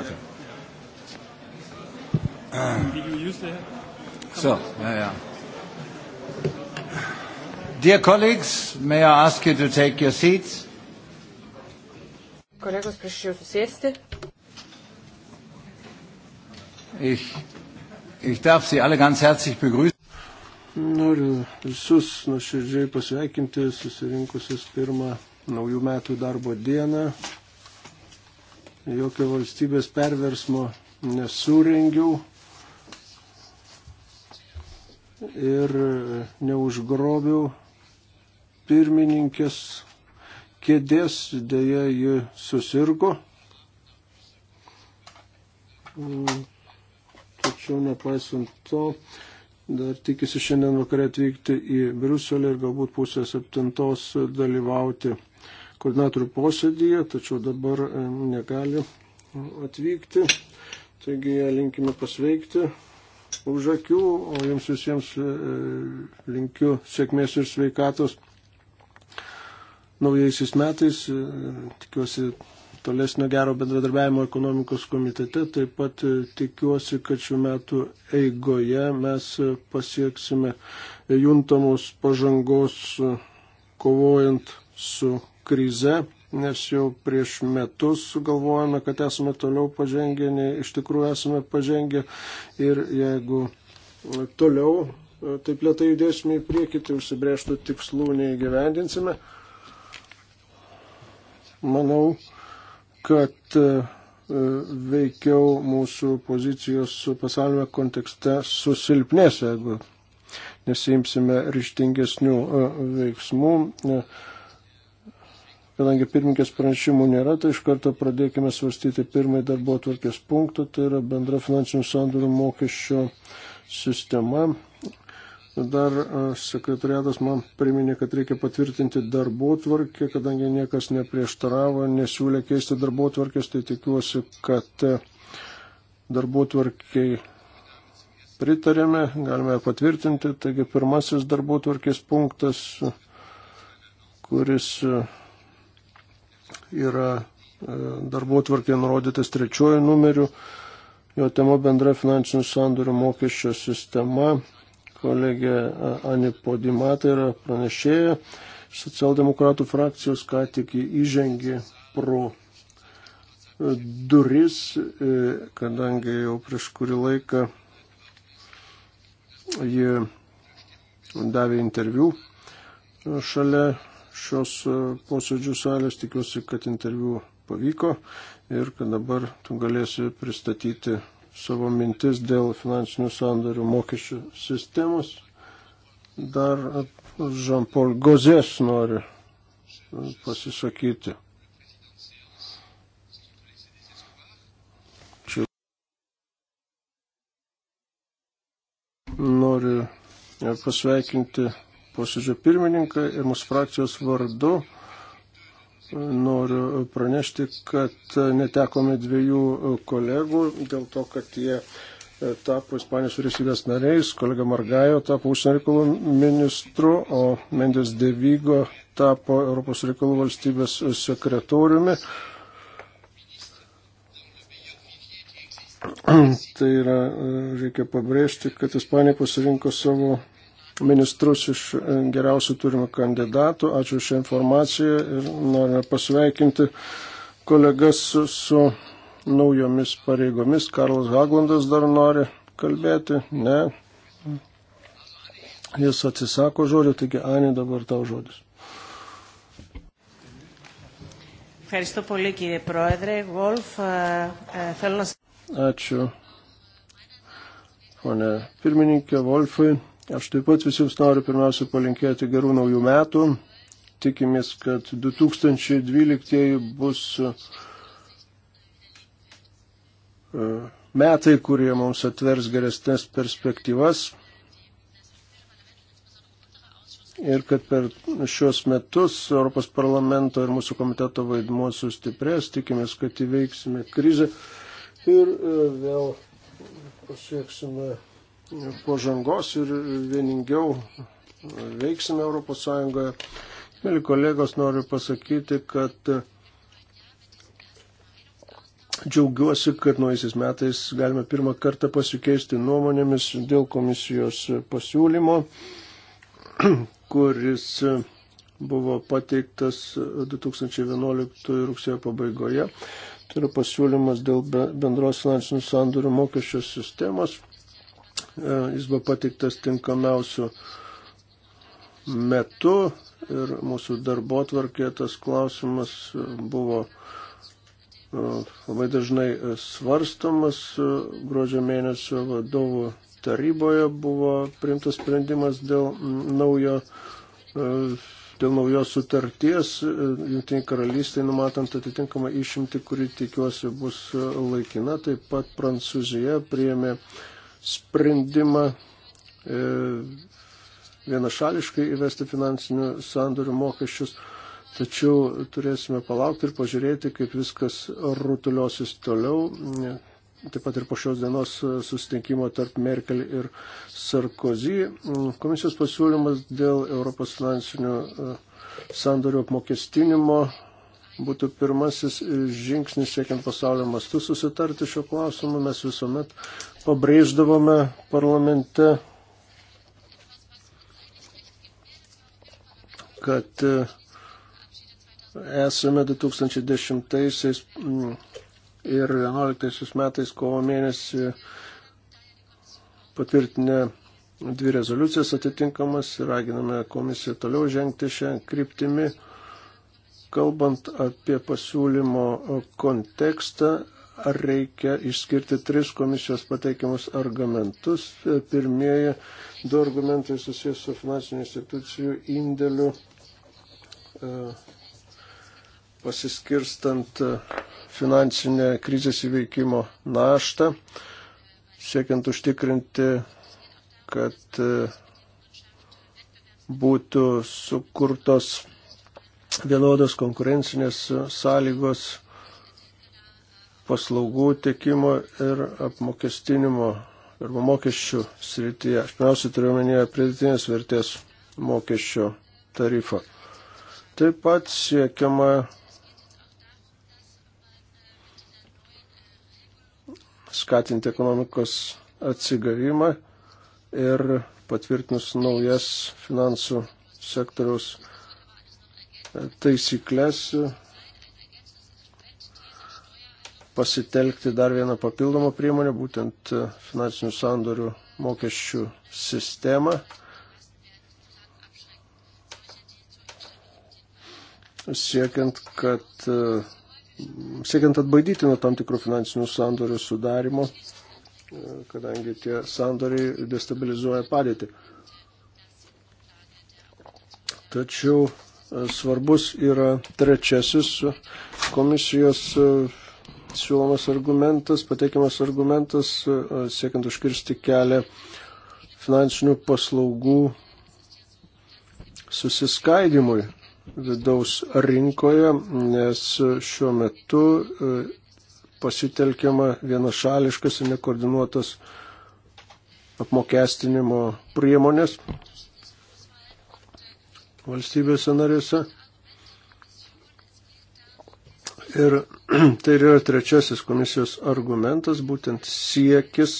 Okay. So, ja, ja. Dear colleagues, may I ask you to take your seats? Kolegos, prašau jūsų sėsti. Ich, ich darf Sie alle ganz herzlich begrüßen. Noriu visus nuoširdžiai pasveikinti susirinkusius pirmą naujų metų darbo dieną jokio valstybės perversmo nesurengiau ir neužgrobiau pirmininkės kėdės, dėja ji susirgo. Mm, tačiau nepaisant to, dar tikisi šiandien vakarė atvykti į Briuselį ir galbūt pusę septintos dalyvauti koordinatorių posėdėje, tačiau dabar e, negali atvykti. Taigi linkime pasveikti už akių, o jums visiems e, linkiu sėkmės ir sveikatos naujaisiais metais. E, tikiuosi tolesnio gero bendradarbiavimo ekonomikos komitete. Taip pat tikiuosi, kad šių metų eigoje mes pasieksime juntamos pažangos kovojant su krize, nes jau prieš metus galvojame, kad esame toliau pažengę, nei iš tikrųjų esame pažengę ir jeigu toliau e, taip lietai judėsime į priekį, tai užsibrėžtų tikslų neįgyvendinsime. Manau, kad e, veikiau mūsų pozicijos pasaulyme kontekste susilpnės, jeigu nesimsime ryštingesnių e, veiksmų. Ne, Kadangi pirmininkės pranešimų nėra, tai iš karto pradėkime svarstyti pirmąjį darbo atvarkės punktą, tai yra bendra finansinių sandorių mokesčio sistema. Dar sekretariatas man priminė, kad reikia patvirtinti darbo tvarkę, kadangi niekas neprieštaravo, nesiūlė keisti darbo tvarkės, tai tikiuosi, kad e, darbo tvarkiai pritarėme, galime patvirtinti. Taigi pirmasis darbo tvarkės punktas, kuris e, yra e, darbo tvarkė nurodytas trečiuoju numeriu. Jo tema bendra finansinių sandorių mokesčio sistema. Kolegė e, Ani Podimata yra pranešėja. Socialdemokratų frakcijos ką tik įžengė pro e, duris, kadangi jau prieš kurį laiką ji davė interviu šalia šios e, posėdžių salės. Tikiuosi, kad interviu pavyko ir kad dabar tu galėsi pristatyti savo mintis dėl finansinių sandarių mokesčių sistemos. Dar Žampol e, Gozės nori pasisakyti. Čia noriu e, pasveikinti posėdžio pirmininką ir mūsų frakcijos vardu noriu pranešti, kad netekome dviejų kolegų dėl to, kad jie e, tapo Ispanijos vyriausybės nariais. Kolega Margajo tapo užsienio reikalų ministru, o Mendes Devygo tapo Europos reikalų valstybės sekretoriumi. tai yra, e, reikia pabrėžti, kad Ispanija pasirinko savo ministrus iš e, geriausių turimų kandidatų. Ačiū šią informaciją ir norime pasveikinti kolegas su, su naujomis pareigomis. Karlas Haglandas dar nori kalbėti? Ne. Jis atsisako žodžio, taigi Ani dabar tau žodis. Ευχαριστώ πολύ κύριε Πρόεδρε. Γολφ, ε, θέλω να... Ačiū. Pone pirmininkė Wolfai, Aš taip pat visiems noriu pirmiausia palinkėti gerų naujų metų. Tikimės, kad 2012 bus e, metai, kurie mums atvers geresnės perspektyvas. Ir kad per šios metus Europos parlamento ir mūsų komiteto vaidmuo sustiprės, tikimės, kad įveiksime krizę ir e, vėl pasieksime pažangos ir vieningiau veiksime Europos Sąjungoje. Mėly kolegos, noriu pasakyti, kad džiaugiuosi, kad nuaisiais metais galime pirmą kartą pasikeisti nuomonėmis dėl komisijos pasiūlymo, kuris buvo pateiktas 2011 rugsėjo pabaigoje. Tai yra pasiūlymas dėl bendros finansinių sandorių mokesčio sistemos E, jis buvo pateiktas tinkamiausių metų ir mūsų darbo tvarkė tas klausimas buvo e, labai dažnai svarstomas e, gruodžio mėnesio vadovų taryboje buvo priimtas sprendimas dėl naujo dėl naujos sutarties, jungtiniai karalystiai numatant atitinkamą išimtį, kuri tikiuosi bus laikina, taip pat Prancūzija priėmė uh, sprendimą e, vienašališkai įvesti finansinių sandorių mokesčius, tačiau turėsime palaukti ir pažiūrėti, kaip viskas rutuliosis toliau. E, taip pat ir po šios dienos susitinkimo tarp Merkel ir Sarkozy. Komisijos pasiūlymas dėl Europos finansinių e, sandorių apmokestinimo būtų pirmasis žingsnis siekiant pasaulio mastu susitarti šio klausimu. Mes visuomet pabrėždavome parlamente, kad e, esame 2010 mm, ir 2011 metais kovo mėnesį patvirtinę dvi rezoliucijas atitinkamas ir raginame komisiją toliau žengti šią kryptimį. Kalbant apie pasiūlymo kontekstą, ar reikia išskirti tris komisijos pateikiamus argumentus. Pirmieji du argumentai susijęs su finansinių institucijų indėliu e, pasiskirstant finansinę krizės įveikimo naštą, siekiant užtikrinti, kad e, būtų sukurtos vienodos konkurencinės sąlygos paslaugų tiekimo ir apmokestinimo arba mokesčių srityje. Aš pirmiausia turiu omenyje pridėtinės vertės mokesčio tarifą. Taip pat siekiama skatinti ekonomikos atsigavimą ir patvirtinus naujas finansų sektoriaus taisyklės pasitelkti dar vieną papildomą priemonę, būtent finansinių sandorių mokesčių sistemą. Siekiant, kad siekiant atbaidyti nuo tam tikrų finansinių sandorių sudarimo, kadangi tie sandoriai destabilizuoja padėtį. Tačiau svarbus yra trečiasis komisijos e, siūlomas argumentas, pateikiamas argumentas, e, siekiant užkirsti kelią finansinių paslaugų susiskaidimui vidaus rinkoje, nes šiuo metu e, pasitelkiama vienašališkas ir nekoordinuotas apmokestinimo priemonės, valstybėse narėse. Ir tai yra trečiasis komisijos argumentas, būtent siekis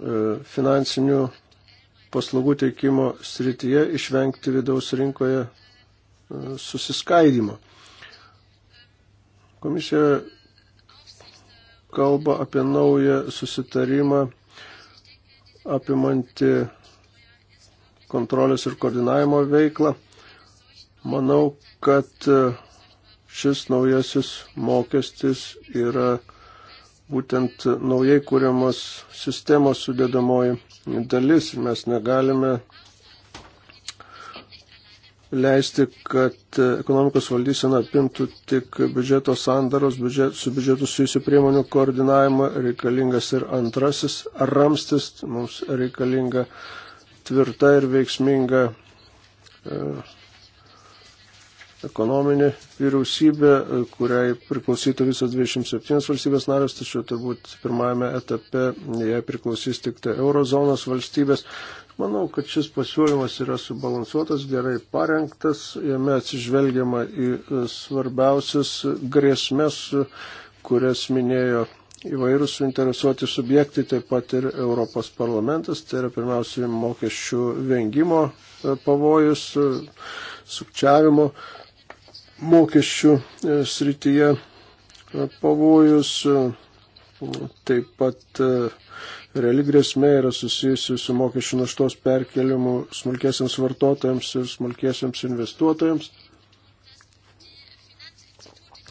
e, finansinių paslaugų teikimo srityje išvengti vidaus rinkoje e, susiskaidimo. Komisija kalba apie naują susitarimą apimanti kontrolės ir koordinavimo veiklą. Manau, kad e, šis naujasis mokestis yra būtent naujai kūriamos sistemos sudėdamoji dalis ir mes negalime leisti, kad e, ekonomikos valdysena apimtų tik biudžeto sandaros, biudžet, su biudžetu susijusių priemonių koordinavimą, reikalingas ir antrasis ramstis, mums reikalinga uh, tvirta ir veiksminga e, ekonominė vyriausybė, kuriai priklausytų visos 27 valstybės narės, tačiau turbūt pirmajame etape jai priklausys tik tai eurozonos valstybės. Manau, kad šis pasiūlymas yra subalansuotas, gerai parengtas, jame atsižvelgiama į e, svarbiausias grėsmės, kurias minėjo įvairūs suinteresuoti subjektai, taip pat ir Europos parlamentas, tai yra pirmiausiai mokesčių vengimo e, pavojus, e, sukčiavimo mokesčių e, srityje pavojus, taip pat reali grėsmė yra susijusi su mokesčių naštos perkeliamu smulkėsiams vartotojams ir smulkėsiams investuotojams.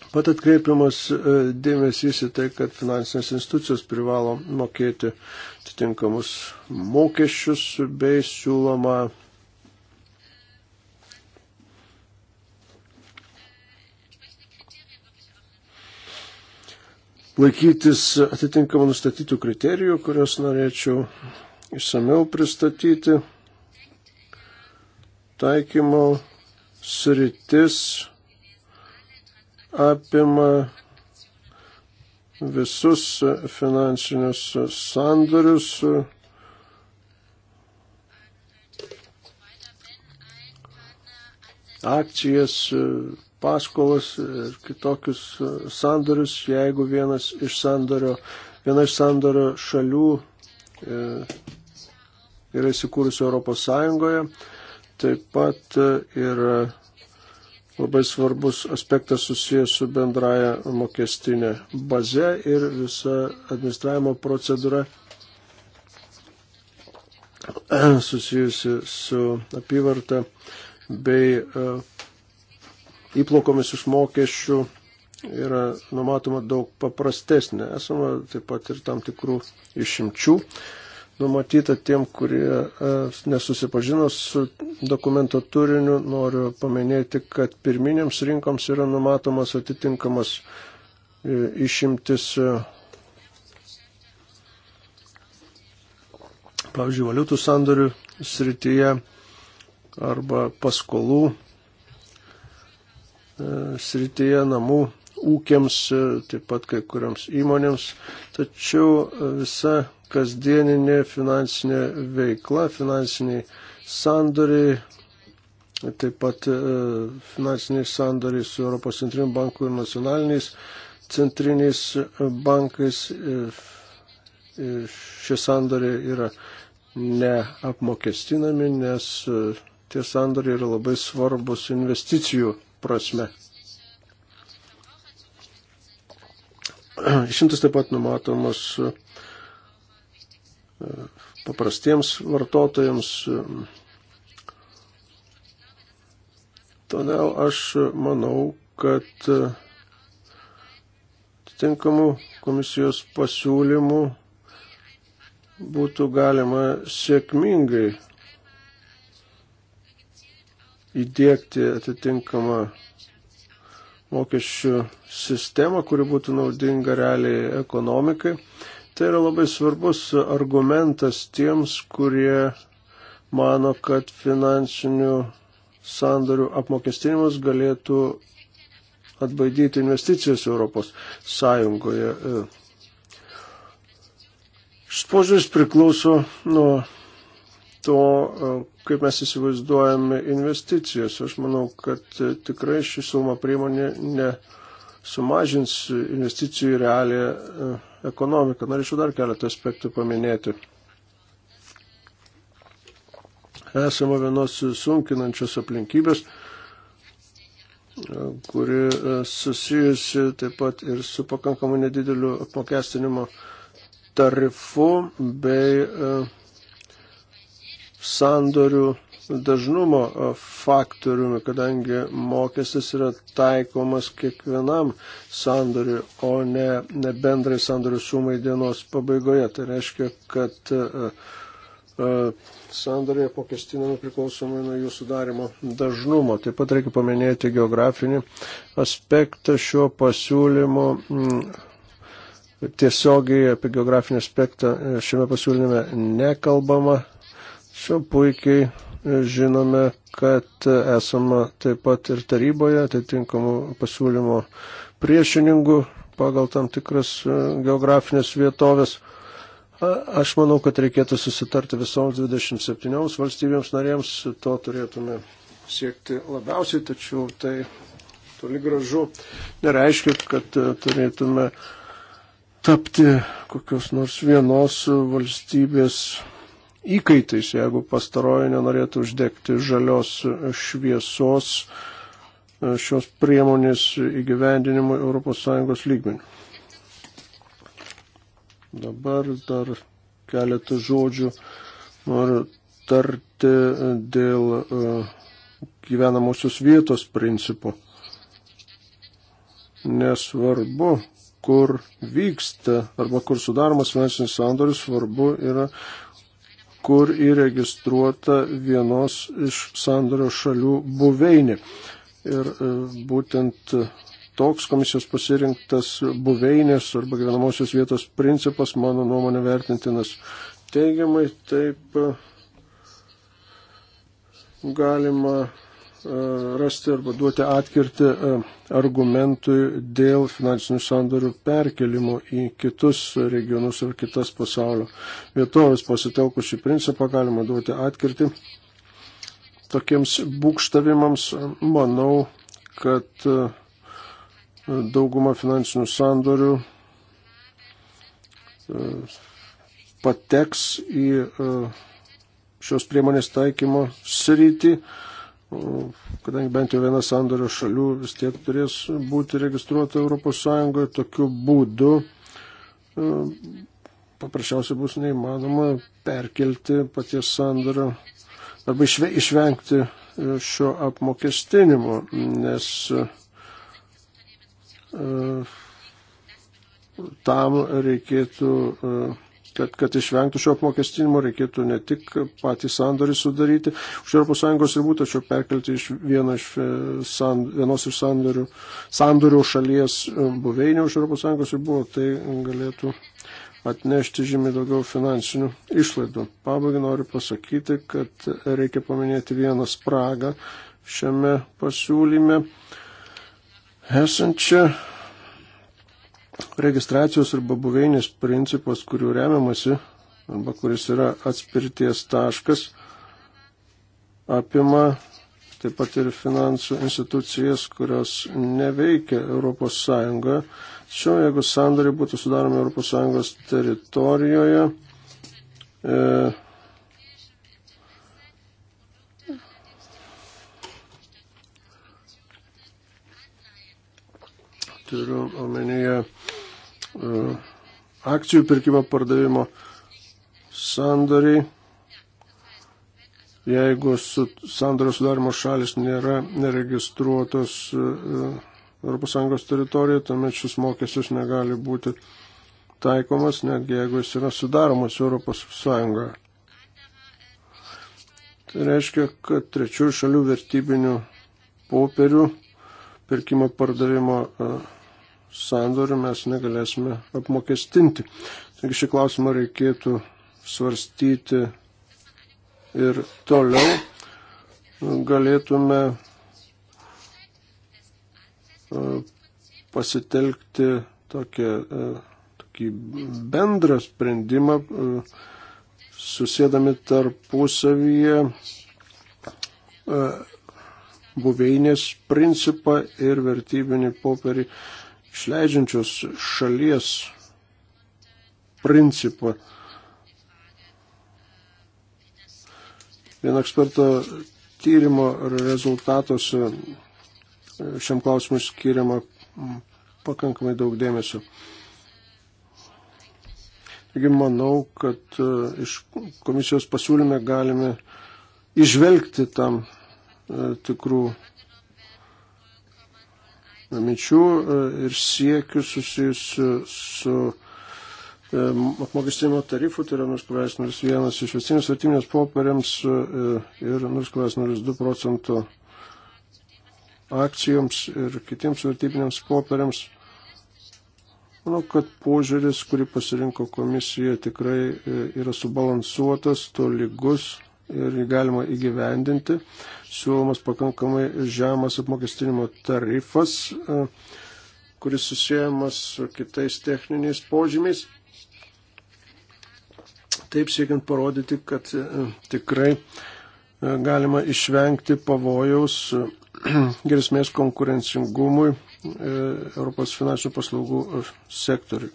Pat atkreipiamas e, dėmesys į tai, kad finansinės institucijos privalo mokėti atitinkamus mokesčius bei siūloma laikytis atitinkamų nustatytų kriterijų, kuriuos norėčiau išsameu pristatyti. Taikymo sritis apima visus finansinius sandorius. akcijas, paskolas ir kitokius sandorius, jeigu vienas iš sandorio, viena iš sandorio šalių e, yra įsikūrusi Europos Sąjungoje, taip pat e, yra labai svarbus aspektas susijęs su bendraja mokestinė baze ir visa administravimo procedūra susijusi su apyvarta bei e, įplokomis iš mokesčių yra numatoma daug paprastesnė. Esama taip pat ir tam tikrų išimčių. Iš numatyta tiem, kurie e, nesusipažino su dokumento turiniu. Noriu paminėti, kad pirminėms rinkoms yra numatomas atitinkamas e, išimtis. E, pavyzdžiui, valiutų sandorių srityje arba paskolų srityje namų ūkiams, taip pat kai kuriams įmonėms. Tačiau visa kasdieninė finansinė veikla, finansiniai sandoriai, taip pat e, finansiniai sandoriai su Europos centriniu banku ir nacionaliniais centriniais e, bankais. E, šie sandoriai yra neapmokestinami, nes tie sandoriai yra labai svarbus investicijų prasme. Išimtis taip pat numatomas uh, paprastiems vartotojams. Todėl aš manau, kad atitinkamų komisijos pasiūlymų būtų galima sėkmingai įdėkti atitinkamą mokesčių sistemą, kuri būtų naudinga realiai ekonomikai. Tai yra labai svarbus argumentas tiems, kurie mano, kad finansinių sandorių apmokestinimas galėtų atbaidyti investicijas Europos Sąjungoje. Šis požiūris priklauso nuo to, kaip mes įsivaizduojame investicijas. Aš manau, kad tikrai ši suma priemonė nesumažins investicijų realią ekonomiką. Norėčiau dar keletą aspektų paminėti. Esame vienos sunkinančios aplinkybės, kuri e, susijusi taip pat ir su pakankamai nedideliu apmokestinimo tarifu bei e, sandorių dažnumo faktoriumi, kadangi mokestis yra taikomas kiekvienam sandoriu, o ne, ne bendrai sandorių sumai dienos pabaigoje. Tai reiškia, kad sandoriai apmokestinami priklausomai nuo jų sudarimo dažnumo. Taip pat reikia paminėti geografinį aspektą šio pasiūlymo. Tiesiogiai apie geografinį aspektą šiame pasiūlyme nekalbama, Čia puikiai Žinome, kad esama taip pat ir taryboje atitinkamų pasiūlymo priešininkų pagal tam tikras e, geografinės vietovės. Aš manau, kad reikėtų susitarti visoms 27 valstybėms narėms, to turėtume siekti labiausiai, tačiau tai toli gražu nereiškia, kad e, turėtume tapti kokios nors vienos valstybės įkaitais, jeigu pastaroji nenorėtų uždegti žalios šviesos e, šios priemonės įgyvendinimui ES lygmenių. Dabar dar keletą žodžių noriu tarti dėl e, gyvenamosios vietos principo. Nesvarbu, kur vyksta arba kur sudaromas finansinis sandoris, svarbu yra, kur įregistruota vienos iš sandorio šalių buveinė. Ir e, būtent toks komisijos pasirinktas buveinės arba gyvenamosios vietos principas, mano nuomonė, vertintinas teigiamai, taip e, galima E, rasti arba duoti atkirti e, argumentui dėl finansinių sandorių perkelimo į kitus regionus ar kitas pasaulio vietovės. Pasitelkus šį principą galima duoti atkirti. Tokiems būkštavimams manau, kad e, dauguma finansinių sandorių pateks į šios priemonės taikymo sritį kadangi bent jau viena sandorio šalių vis tiek turės būti registruota ES, tokiu būdu e, paprasčiausiai bus neįmanoma perkelti paties sandorio arba išvengti e, šio apmokestinimo, nes e, tam reikėtų uh, kad, kad išvengtų šio apmokestinimo, reikėtų ne tik patį sandorį sudaryti už ES ribų, tačiau perkelti iš, vieno iš e, sand, vienos iš sandorių, sandorių šalies e, buveinių už ES ribų, tai galėtų atnešti žymiai daugiau finansinių išlaidų. Pabaigai noriu pasakyti, kad reikia paminėti vieną spragą šiame pasiūlyme esančią registracijos arba buveinės principas, kurių remiamasi, arba kuris yra atspirties taškas, apima taip pat ir finansų institucijas, kurios neveikia ES. Šiuo, jeigu sandoriai būtų sudaromi ES teritorijoje, e, turiu omenyje E, akcijų pirkimo pardavimo sandoriai. Jeigu su sandorio sudarimo šalis nėra neregistruotos ES teritorijoje, tuomet šis mokestis negali būti taikomas, netgi jeigu jis yra sudaromas ES. Tai reiškia, kad trečiųjų šalių vertybinių popierių pirkimo pardavimo uh, sandorių mes negalėsime apmokestinti. Taigi šį klausimą reikėtų svarstyti ir toliau. Galėtume e, pasitelkti tokią, e, tokį bendrą sprendimą, e, susėdami tarpusavyje buveinės principą ir vertybinį popierį išleidžiančios šalies principą. Vieno eksperto tyrimo rezultatuose e, šiam klausimui skiriama pakankamai daug dėmesio. Taigi manau, kad e, iš komisijos pasiūlyme galime išvelgti tam e, tikrų minčių e, ir siekių susijusių su e, apmokestinimo tarifų, tai yra 0,01 išvestinės vertinės popieriams e, ir 0,02 procento akcijoms ir kitiems vertybiniams popieriams. Manau, kad požiūris, kurį pasirinko komisija, tikrai yra subalansuotas, tolygus ir jį galima įgyvendinti. Siūlomas pakankamai žemas apmokestinimo tarifas, e, kuris susijęs su kitais techniniais požymiais. Taip siekiant parodyti, kad e, tikrai e, galima išvengti pavojaus grėsmės konkurencingumui Europos finansinių paslaugų sektoriui.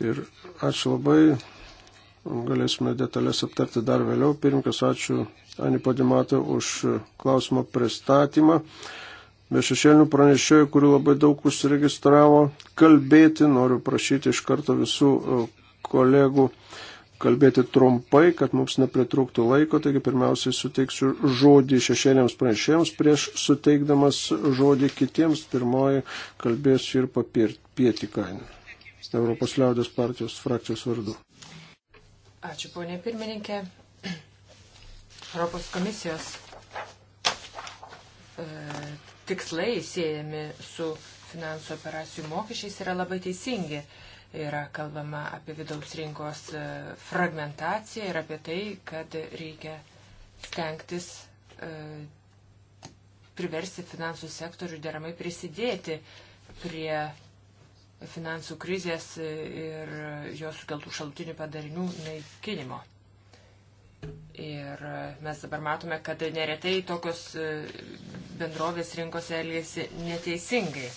Ir ačiū labai, galėsime detalės aptarti dar vėliau. Pirmkas, ačiū Ani Padimatą už klausimo pristatymą. Be šešėlinių pranešėjų, kurių labai daug užsiregistravo kalbėti, noriu prašyti iš karto visų e, kolegų kalbėti trumpai, kad mums nepritrūktų laiko, taigi pirmiausiai suteiksiu žodį šešėliams pranešėjams prieš suteikdamas žodį kitiems. Pirmoji kalbės ir papieti kainą. Europos liaudės partijos frakcijos vardu. Ačiū, ponė pirmininkė. Europos komisijos e, tikslai siejami su finansų operacijų mokesčiais yra labai teisingi. Yra kalbama apie vidaus rinkos e, fragmentaciją ir apie tai, kad reikia stengtis e, priversti finansų sektorių deramai prisidėti prie finansų krizės ir jos sukeltų šaltinių padarinių naikinimo. Ir mes dabar matome, kad neretai tokios e, bendrovės rinkose elgėsi neteisingai.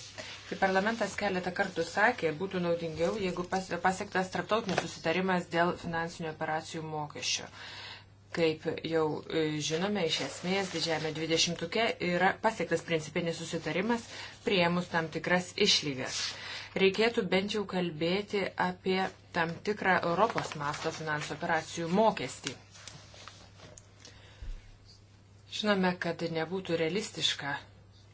Kaip parlamentas keletą kartų sakė, būtų naudingiau, jeigu pasiektas tarptautinis susitarimas dėl finansinių operacijų mokesčio. Kaip jau e, žinome, iš esmės didžiame dvidešimtuke yra pasiektas principinis susitarimas prieimus tam tikras išlygas reikėtų bent jau kalbėti apie tam tikrą Europos masto finansų operacijų mokestį. Žinome, kad nebūtų realistiška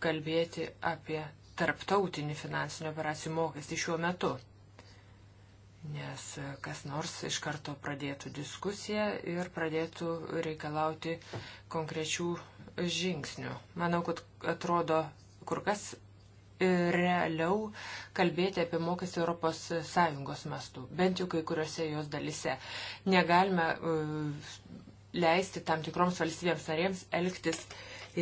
kalbėti apie tarptautinį finansinių operacijų mokestį šiuo metu, nes kas nors iš karto pradėtų diskusiją ir pradėtų reikalauti konkrečių žingsnių. Manau, kad atrodo kur kas realiau kalbėti apie mokestį Europos Sąjungos mastu, bent jau kai kuriuose jos dalise. Negalime uh, leisti tam tikroms valstybėms narėms elgtis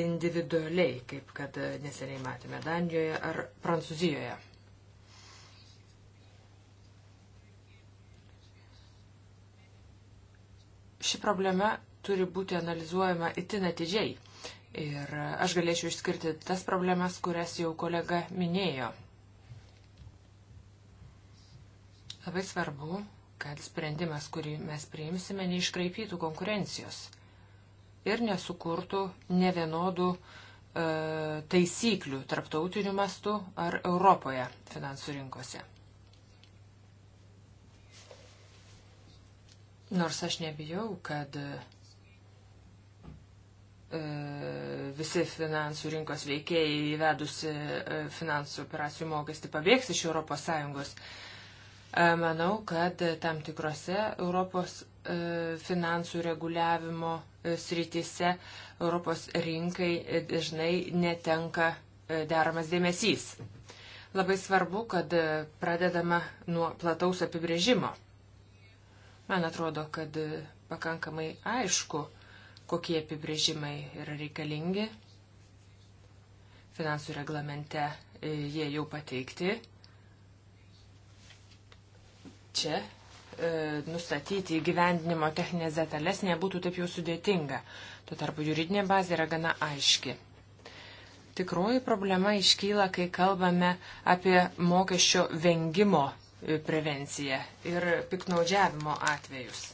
individualiai, kaip kad neseniai matėme Danijoje ar Prancūzijoje. Ši problema turi būti analizuojama itin atidžiai Ir aš galėčiau išskirti tas problemas, kurias jau kolega minėjo. Labai svarbu, kad sprendimas, kurį mes priimsime, neiškraipytų konkurencijos ir nesukurtų nevienodų e, taisyklių tarptautiniu mastu ar Europoje finansų rinkose. Nors aš nebijau, kad e, E, visi finansų rinkos veikėjai įvedusi e, finansų operacijų mokestį pabėgs iš ES. E, manau, kad tam tikrose Europos finansų reguliavimo srityse Europos rinkai dažnai netenka deramas dėmesys. Labai svarbu, kad pradedama nuo plataus apibrėžimo. Man atrodo, kad pakankamai aišku, kokie apibrėžimai yra reikalingi. Finansų reglamente e, jie jau pateikti. Čia e, nustatyti įgyvendinimo techninės detalės nebūtų taip jau sudėtinga. Tuo tarpu juridinė bazė yra gana aiški. Tikroji problema iškyla, kai kalbame apie mokesčio vengimo e, prevenciją ir piknaudžiavimo atvejus.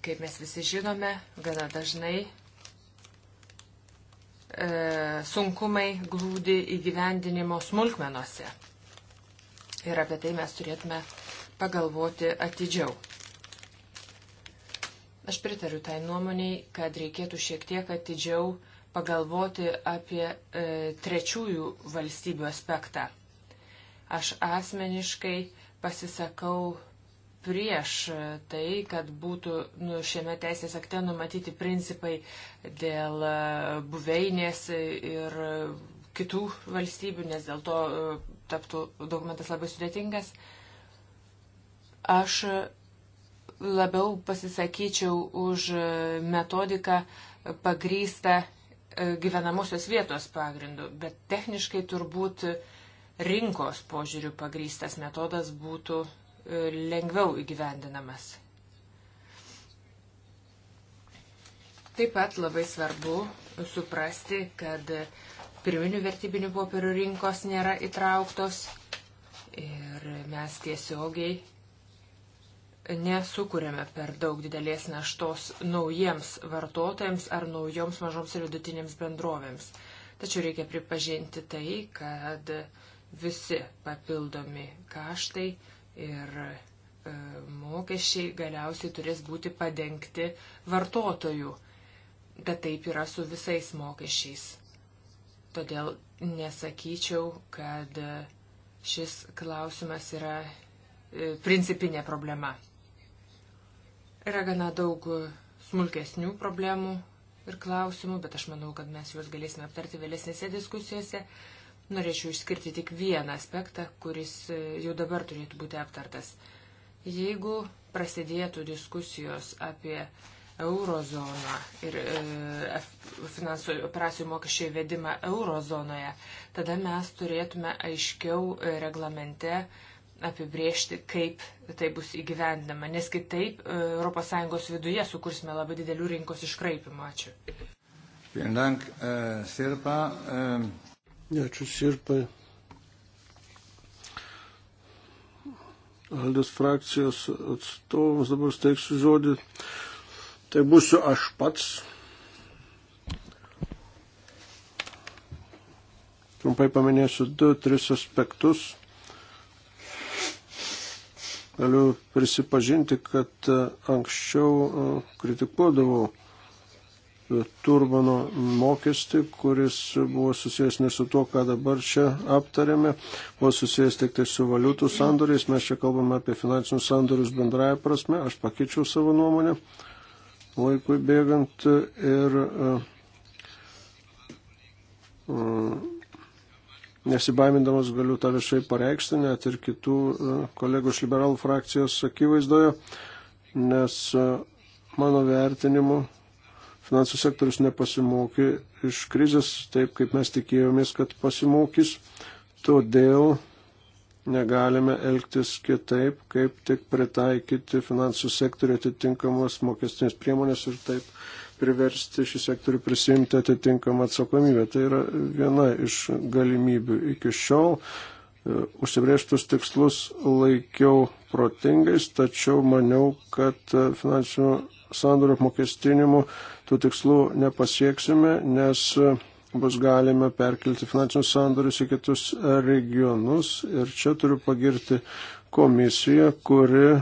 Kaip mes visi žinome, gana dažnai e, sunkumai glūdi įgyvendinimo smulkmenuose. Ir apie tai mes turėtume pagalvoti atidžiau. Aš pritariu tai nuomoniai, kad reikėtų šiek tiek atidžiau pagalvoti apie e, trečiųjų valstybių aspektą. Aš asmeniškai pasisakau prieš tai, kad būtų nu, šiame teisės akte numatyti principai dėl e, buveinės ir kitų valstybių, nes dėl to e, taptų dokumentas labai sudėtingas. Aš labiau pasisakyčiau už metodiką pagrystą e, gyvenamosios vietos pagrindu, bet techniškai turbūt rinkos požiūrių pagrystas metodas būtų lengviau įgyvendinamas. Taip pat labai svarbu suprasti, kad pirminių vertybinių popierių rinkos nėra įtrauktos ir mes tiesiogiai nesukūrėme per daug didelės naštos naujiems vartotojams ar naujoms mažoms ir vidutinėms bendrovėms. Tačiau reikia pripažinti tai, kad visi papildomi kaštai Ir e, mokesčiai galiausiai turės būti padengti vartotojų. Bet taip yra su visais mokesčiais. Todėl nesakyčiau, kad šis klausimas yra e, principinė problema. Yra gana daug smulkesnių problemų ir klausimų, bet aš manau, kad mes juos galėsime aptarti vėlesnėse diskusijose. Norėčiau išskirti tik vieną aspektą, kuris e, jau dabar turėtų būti aptartas. Jeigu prasidėtų diskusijos apie eurozoną ir e, finansų operacijų mokesčio įvedimą eurozonoje, tada mes turėtume aiškiau e, reglamente apibriežti, kaip tai bus įgyvendinama, nes kitaip e, ES viduje sukursime labai didelių rinkos iškraipimų. Ačiū. Dank, uh, äh, Sirpa, um... Ähm, Ačiū Sirpai. Aldės frakcijos atstovams dabar steiksiu žodį. Tai būsiu aš pats. Trumpai paminėsiu du, tris aspektus. Galiu prisipažinti, kad e, anksčiau e, kritikuodavau Turbano mokestį, kuris buvo susijęs ne su to, ką dabar čia aptarėme, buvo susijęs tik tai su valiutų sandoriais. Mes čia kalbame apie finansinius sandorius bendrąją prasme. Aš pakeičiau savo nuomonę laikui bėgant ir e, e, nesibaimindamas galiu tą viešai pareikšti, net ir kitų e, kolegų iš liberalų frakcijos akivaizdoje, nes mano vertinimu finansų sektorius nepasimokė iš krizės taip, kaip mes tikėjomės, kad pasimokys. Todėl negalime elgtis kitaip, kaip tik pritaikyti finansų sektoriu atitinkamos mokestinės priemonės ir taip priversti šį sektorių prisimti atitinkamą atsakomybę. Tai yra viena iš galimybių. Iki šiol e, užsibrėžtus tikslus laikiau protingais, tačiau maniau, kad e, finansinių sandorių apmokestinimu tų tikslų nepasieksime, nes e, bus galima perkelti finansinius sandorius į kitus e, regionus. Ir čia turiu pagirti komisiją, kuri e,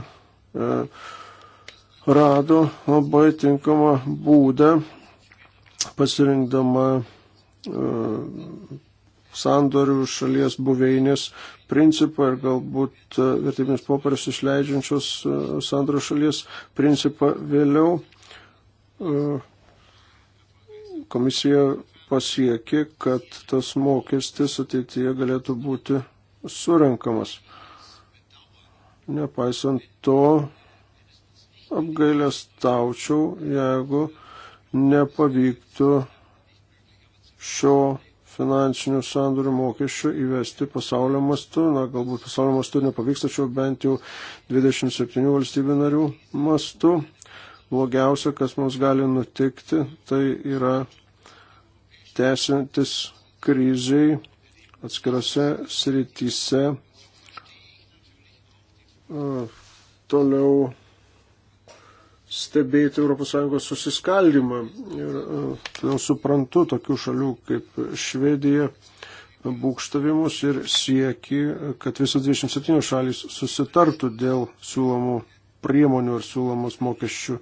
rado labai tinkamą būdą pasirinkdama e, sandorių šalies buveinės principą ir galbūt e, vertybinius popierius išleidžiančios sandorių šalies principą vėliau. E, komisija pasiekė, kad tas mokestis ateityje galėtų būti surinkamas. Nepaisant to, apgailės taučiau, jeigu nepavyktų šio finansinių sandorių mokesčio įvesti pasaulio mastu. Na, galbūt pasaulio mastu nepavyks, tačiau bent jau 27 valstybių narių mastu blogiausia, kas mums gali nutikti, tai yra tęsiantis kryžiai atskirose srityse toliau stebėti ES susiskaldimą. Ir todėl suprantu tokių šalių kaip Švedija būkštavimus ir sieki, kad visos 27 šalys susitartų dėl siūlomų priemonių ir siūlomos mokesčių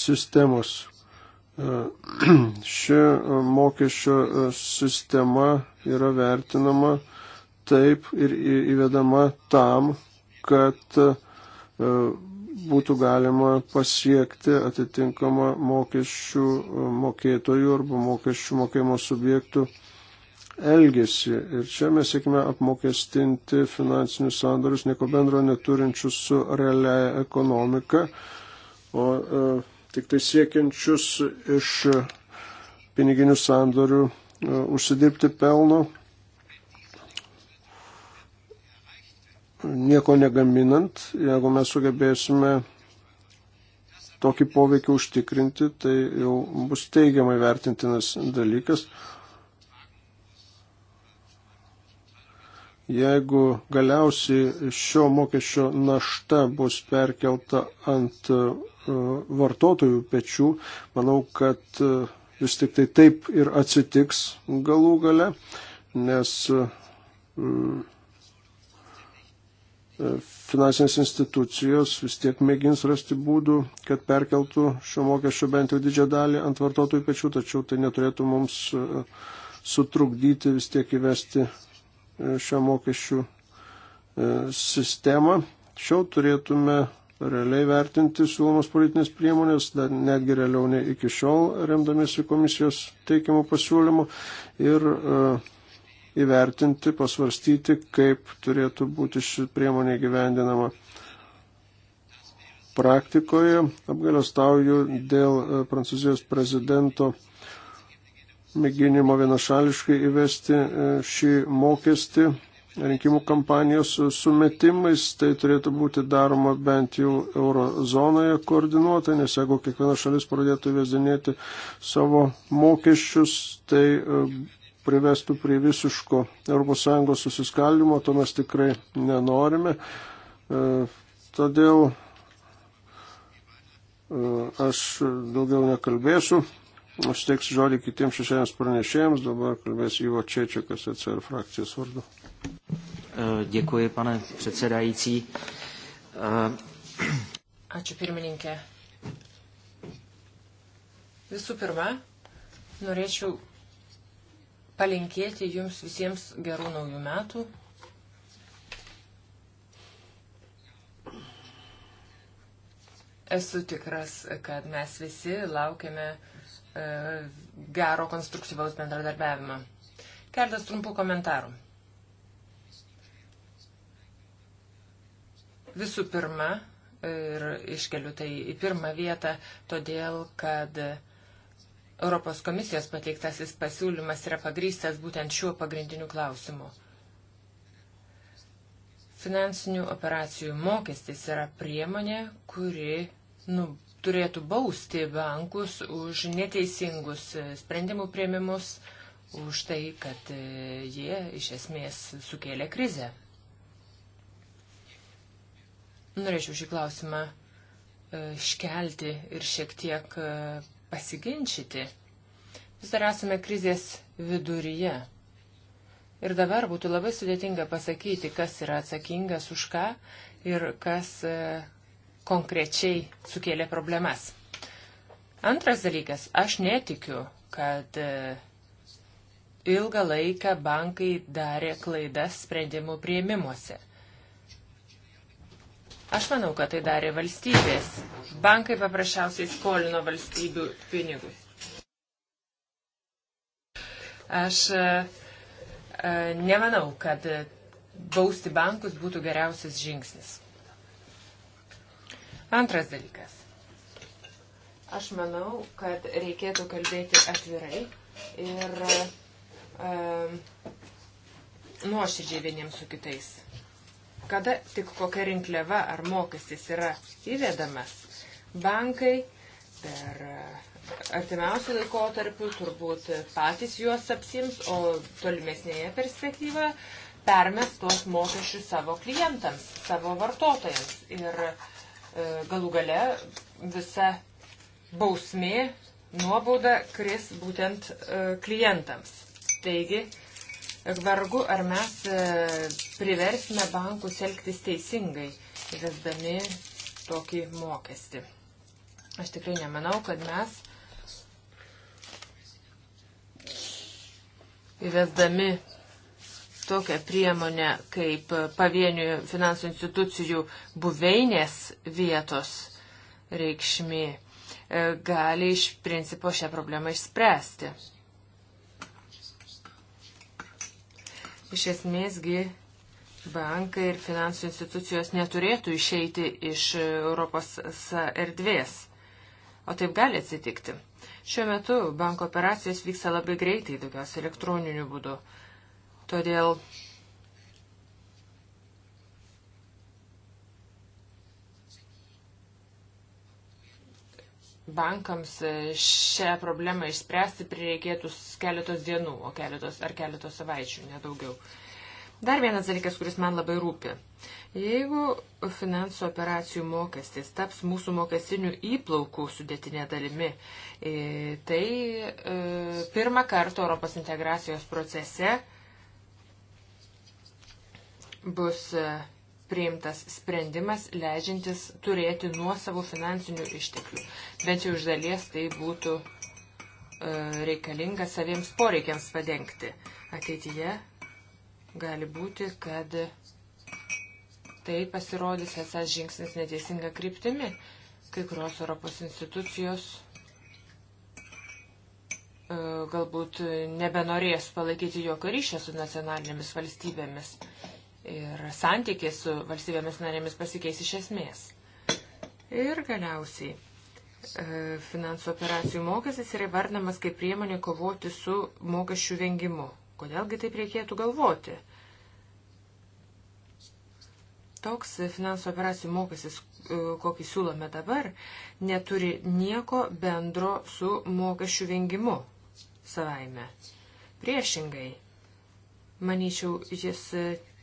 sistemos. E, Ši e, mokesčio e, sistema yra vertinama taip ir įvedama tam, kad būtų galima pasiekti atitinkamą mokesčių mokėtojų arba mokesčių mokėjimo subjektų elgesį. Ir čia mes sėkime apmokestinti finansinius sandorius, nieko bendro neturinčius su realia ekonomika, o e, tik tai siekiančius iš piniginių sandorių e, užsidirbti pelno, nieko negaminant. Jeigu mes sugebėsime tokį poveikį užtikrinti, tai jau bus teigiamai vertintinas dalykas. Jeigu galiausiai šio mokesčio našta bus perkelta ant e, vartotojų pečių, manau, kad e, vis tik tai taip ir atsitiks galų gale, nes e, finansinės institucijos vis tiek mėgins rasti būdų, kad perkeltų šio mokesčio bent jau didžią dalį ant vartotojų pečių, tačiau tai neturėtų mums sutrukdyti vis tiek įvesti šią mokesčių e, sistemą. Šiau turėtume realiai vertinti siūlomas politinės priemonės, dar netgi realiau nei iki šiol, remdamiesi komisijos teikiamų pasiūlymų ir e, įvertinti, pasvarstyti, kaip turėtų būti ši priemonė gyvendinama praktikoje. Apgalėstauju dėl e, Prancūzijos prezidento mėginimo vienašališkai įvesti e, šį mokestį rinkimų kampanijos sumetimais, tai turėtų būti daroma bent jau eurozonoje koordinuotai, nes jeigu kiekviena šalis pradėtų įvesdinėti savo mokesčius, tai e, privestų prie visiško ES susiskaldimo, to mes tikrai nenorime. E, todėl aš daugiau nekalbėsiu. Aš teiksiu žodį kitiems šešiems pranešėjams, dabar kalbės Ivo Čečiakas, ECR frakcijos vardu. E, Dėkuoju, pane předsedající. E, Ačiū pirmininkė. Visų pirma, norėčiau palinkėti jums visiems gerų naujų metų. Esu tikras, kad mes visi laukiame E, gero konstruktyvaus bendradarbiavimo. Keletas trumpų komentarų. Visų pirma, ir iškeliu tai į pirmą vietą, todėl, kad Europos komisijos pateiktasis pasiūlymas yra pagrystas būtent šiuo pagrindiniu klausimu. Finansinių operacijų mokestis yra priemonė, kuri nu, turėtų bausti bankus už neteisingus e, sprendimų prieimimus, už tai, kad e, jie iš esmės sukėlė krizę. Norėčiau šį klausimą e, iškelti ir šiek tiek pasiginčyti. Vis dar esame krizės viduryje. Ir dabar būtų labai sudėtinga pasakyti, kas yra atsakingas už ką ir kas konkrečiai sukėlė problemas. Antras dalykas, aš netikiu, kad e, ilgą laiką bankai darė klaidas sprendimų prieimimuose. Aš manau, kad tai darė valstybės. Bankai paprasčiausiai skolino valstybių pinigus. Aš e, e, nemanau, kad bausti bankus būtų geriausias žingsnis. Antras dalykas. Aš manau, kad reikėtų kalbėti atvirai ir um, nuoširdžiai vieniems su kitais. Kada tik kokia rinkliava ar mokestis yra įvedamas, bankai per artimiausių laikotarpių turbūt patys juos apsims, o tolimesnėje perspektyvoje permes tuos mokesčius savo klientams, savo vartotojams. Ir uh, E, galų gale visa bausmė, nuobauda kris būtent e, klientams. Taigi, vargu ar mes e, priversime bankus elgtis teisingai, įvesdami tokį mokestį. Aš tikrai nemanau, kad mes įvesdami tokią priemonę kaip pavienių finansų institucijų buveinės vietos reikšmė e, gali iš principo šią problemą išspręsti. Iš esmėsgi bankai ir finansų institucijos neturėtų išeiti iš Europos erdvės. O taip gali atsitikti. Šiuo metu banko operacijos vyksta labai greitai, daugiausia elektroniniu būdu. Todėl bankams šią problemą išspręsti prireikėtų keletos dienų, o keletos ar keletos savaičių, nedaugiau. Dar vienas dalykas, kuris man labai rūpi. Jeigu finansų operacijų mokestis taps mūsų mokestinių įplaukų sudėtinė dalimi, tai e, pirmą kartą Europos integracijos procese e, bus e, priimtas sprendimas leidžiantis turėti nuosavų finansinių išteklių. Bent jau iš dalies tai būtų e, reikalinga saviems poreikiams padengti. Ateityje gali būti, kad tai pasirodys esas žingsnis neteisinga kryptimi. Kai kurios Europos institucijos e, galbūt nebenorės palaikyti jokio ryšio su nacionalinėmis valstybėmis ir santykiai su valstybėmis narėmis pasikeis iš esmės. Ir galiausiai e, finansų operacijų mokestis yra įvardinamas kaip priemonė kovoti su mokesčių vengimu. Kodėlgi taip reikėtų galvoti? Toks finansų operacijų mokestis, e, kokį siūlome dabar, neturi nieko bendro su mokesčių vengimu savaime. Priešingai, manyčiau, jis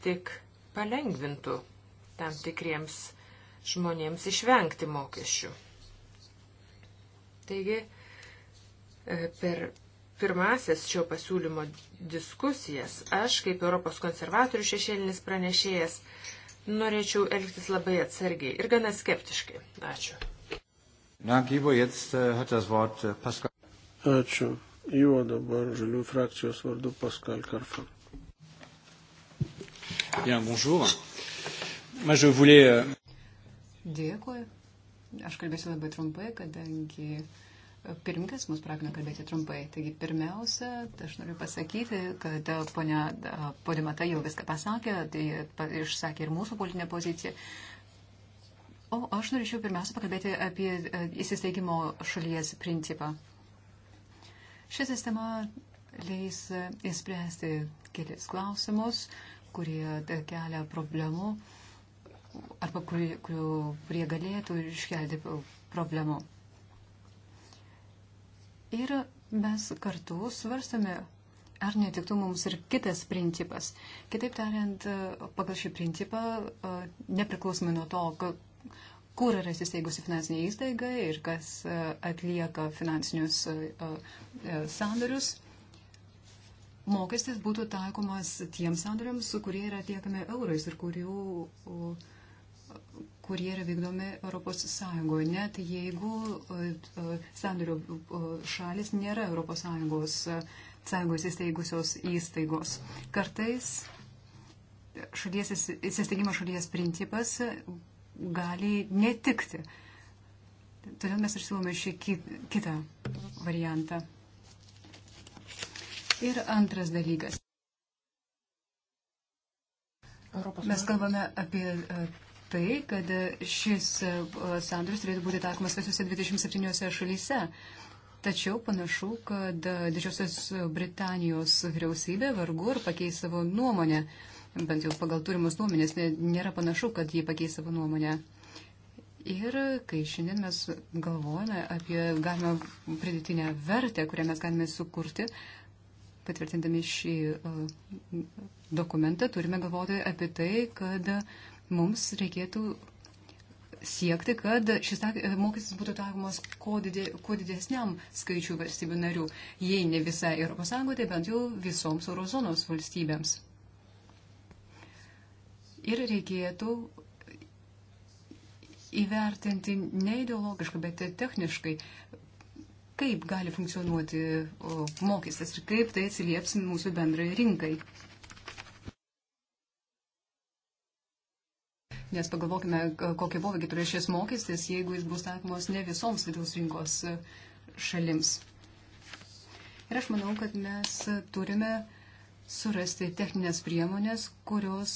tik palengvintų tam tikriems žmonėms išvengti mokesčių. Taigi, e, per pirmasis šio pasiūlymo diskusijas aš, kaip Europos konservatorių šešėlinis pranešėjas, norėčiau elgtis labai atsargiai ir gana skeptiškai. Ačiū. Na, gyvo, jetzt äh, hat das Wort äh, Pascal. Ačiū. Jo dabar žalių frakcijos vardu Pascal Karfan. Bien, bonjour. Moi, je voulais. Euh, Dėkui. Aš kalbėsiu labai trumpai, kadangi e, pirmininkas mus pragino kalbėti trumpai. Taigi, pirmiausia, aš noriu pasakyti, kad e, ponia e, Podimata jau viską pasakė, tai išsakė ir mūsų politinę poziciją. O aš norėčiau pirmiausia pakalbėti apie įsisteigimo šalies principą. Ši sistema leis įspręsti kelis klausimus, kurie e, kelia problemų arba kurie, kurie galėtų iškelti e, problemų. Ir mes kartu svarstame, ar netiktų mums ir kitas principas. Kitaip tariant, e, pagal šį principą, nepriklausomai nuo to, kur yra įsisteigusi finansinė įstaiga ir kas atlieka finansinius sandarius, mokestis būtų taikomas tiems sandoriams, kurie yra tiekami eurais ir kurių, kurie yra vykdomi Europos Sąjungoje, net tai jeigu sandorio šalis nėra Europos Sąjungos, sąjungos įsteigusios įstaigos. Kartais šalies, įsisteigimo šalies principas gali netikti. Todėl mes ir siūlome šį kitą variantą. Ir antras dalykas. Mes kalbame apie e, tai, kad e, šis e, sandoris turėtų būti taikomas visose 27 šalyse. Tačiau panašu, kad Didžiosios Britanijos vyriausybė vargu ar pakeis savo nuomonę. Bent jau pagal turimus nuomonės nėra panašu, kad jie pakeis savo nuomonę. Ir kai šiandien mes galvojame apie galimą pridėtinę vertę, kurią mes galime sukurti, patvirtindami šį e, dokumentą, turime galvoti apie tai, kad mums reikėtų siekti, kad šis e, mokestis būtų taikomas kuo, didė, kuo didesniam skaičių valstybių narių, jei ne visai Europos Sąjungoje, tai bent jau visoms eurozonos valstybėms. Ir reikėtų įvertinti ne ideologiškai, bet techniškai kaip gali funkcionuoti mokestis ir kaip tai atsilieps mūsų bendrai rinkai. Nes pagalvokime, kokie poveikiai turės šis mokestis, jeigu jis bus taikomas ne visoms vidaus rinkos e, šalims. Ir aš manau, kad mes turime surasti techninės priemonės, kurios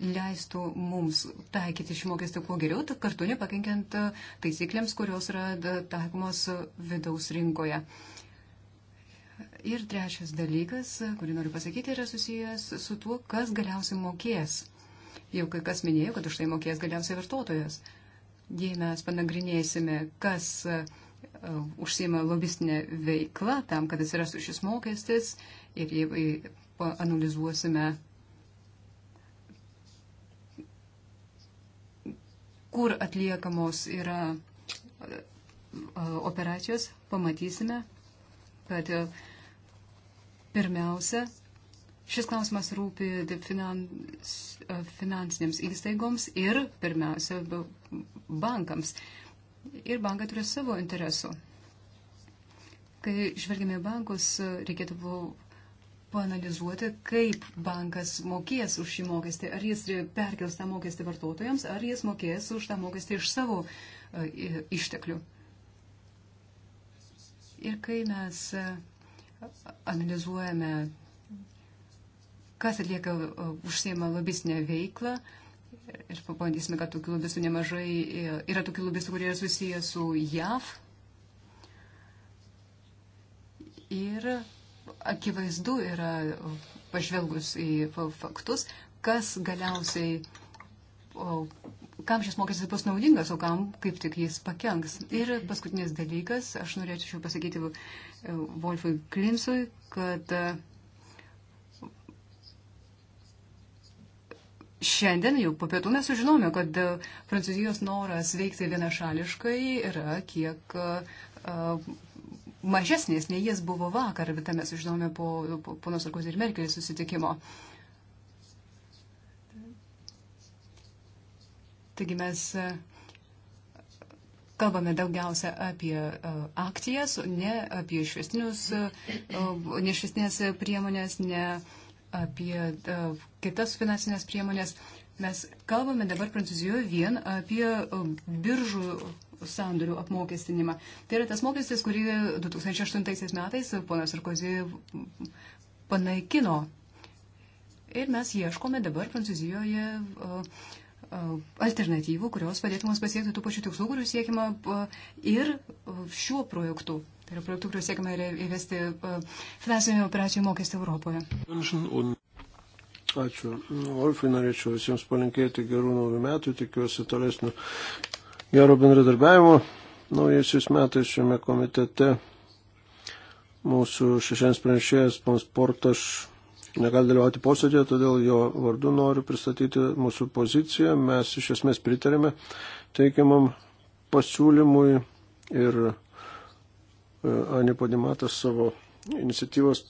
leistų mums taikyti šį mokestį kuo geriau, tad kartu nepakenkiant e, taisyklėms, kurios yra e, taikomos vidaus rinkoje. Ir trečias dalykas, e, kurį noriu pasakyti, yra susijęs su tuo, kas galiausiai mokės. Jau kai kas minėjo, kad už tai mokės galiausiai vartotojas. Jei mes panagrinėsime, kas užsima lobistinę veiklą tam, kad atsirastų šis mokestis ir jei analizuosime kur atliekamos yra e, operacijos, pamatysime, kad e, pirmiausia, šis klausimas rūpi finans, e, finansinėms įstaigoms ir pirmiausia bankams. Ir bankai turi savo interesų. Kai žvelgime bankus, reikėtų panalizuoti, kaip bankas mokės už šį mokestį. Ar jis perkels tą mokestį vartotojams, ar jis mokės už tą mokestį iš savo e, išteklių. Ir kai mes e, analizuojame, kas atlieka e, užsieima lobistinę veiklą, ir pabandysime, kad tokių lobistų nemažai yra tokių lobistų, kurie yra susiję su JAV. Ir akivaizdu yra, pažvelgus į faktus, kas galiausiai, o, kam šis mokestis bus naudingas, o kam kaip tik jis pakenks. Ir paskutinis dalykas, aš norėčiau pasakyti e, Wolfui Klinsui, kad e, Šiandien jau po pietų mes sužinome, kad e, Prancūzijos noras veikti vienašališkai yra kiek uh, mažesnės, nei jis buvo vakar, bet mes žinome po, po ponos Sarkozy ir Merkelį susitikimo. Taigi mes e, kalbame daugiausia apie e, akcijas, ne apie e, išvestinės priemonės, ne apie kitas finansinės priemonės. Mes kalbame dabar Prancūzijoje vien apie biržų sandorių apmokestinimą. Tai yra tas mokestis, kurį 2008 metais ponas Sarkozy panaikino. Ir mes ieškome dabar Prancūzijoje alternatyvų, kurios padėtų mums pasiekti tų pačių tikslų, kurių siekima ir šiuo projektu. Tai yra projektų, kuriuos siekime įvesti finansinių operacijų mokestį Europoje. Ačiū. Wolfai, norėčiau visiems palinkėti gerų naujų metų, tikiuosi tolesnių gero bendradarbiavimo naujaisiais metais šiame komitete. Mūsų šešiems pranešėjas Pansportas negali dalyvauti posėdėje, todėl jo vardu noriu pristatyti mūsų poziciją. Mes iš esmės pritarėme teikiamam pasiūlymui ir e, Ani Podimatas savo iniciatyvos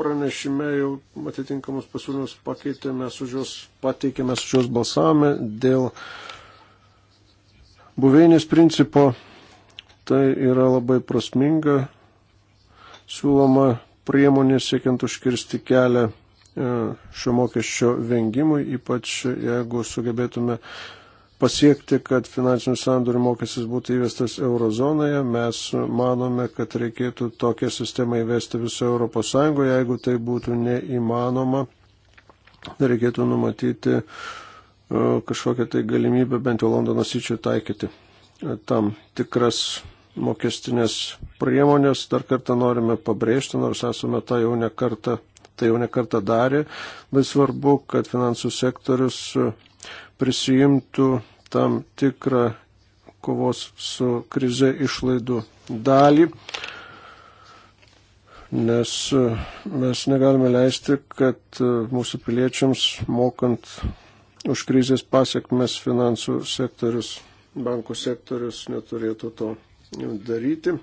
pranešime jau atitinkamus pasiūlymus pakeitėme, už juos pateikėme, už juos balsavome dėl uh, buveinės principo, tai yra labai prasminga siūloma priemonė siekiant užkirsti kelią e, šio mokesčio vengimui, ypač jeigu sugebėtume pasiekti, kad finansinių sandorių mokestis būtų įvestas eurozonoje. Mes manome, kad reikėtų tokią sistemą įvesti visoje Europos Sąjungoje. Jeigu tai būtų neįmanoma, reikėtų numatyti uh, kažkokią tai galimybę bent jau Londono sičių taikyti e, tam tikras mokestinės priemonės. Dar kartą norime pabrėžti, nors esame tą jau ne kartą, tai jau ne kartą darė, bet svarbu, kad finansų sektorius e, prisijimtų tam tikrą kovos su krize išlaidų dalį nes e, mes negalime leisti, kad mūsų piliečiams mokant už krizės pasiekmes finansų sektorius, bankų sektorius neturėtų to daryti.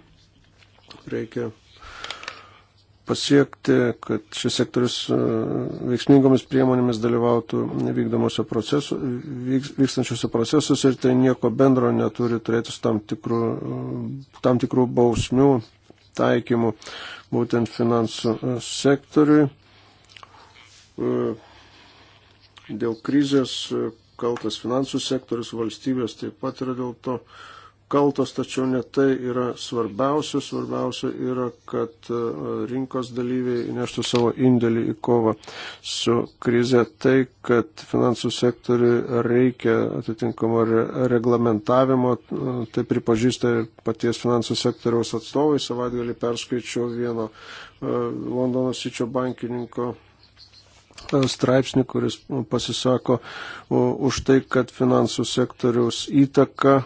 Reikia pasiekti, kad šis sektorius e, veiksmingomis priemonėmis dalyvautų procesu, vyks, vykstančiuose procesuose ir tai nieko bendro neturi turėti su tam tikrų, e, tam tikrų bausmių taikymų būtent finansų e, sektoriui. Dėl krizės e, kaltas finansų sektorius, valstybės taip pat yra dėl to kaltos, tačiau ne tai yra svarbiausia. Svarbiausia yra, kad e, rinkos dalyviai neštų savo indėlį į kovą su krize. Tai, kad finansų sektoriui reikia atitinkamo reglamentavimo, e, tai pripažįsta ir paties finansų sektoriaus atstovai. Savaitgalį perskaičiau vieno Londono sičio bankininko straipsnį, kuris pasisako už tai, kad finansų sektoriaus įtaka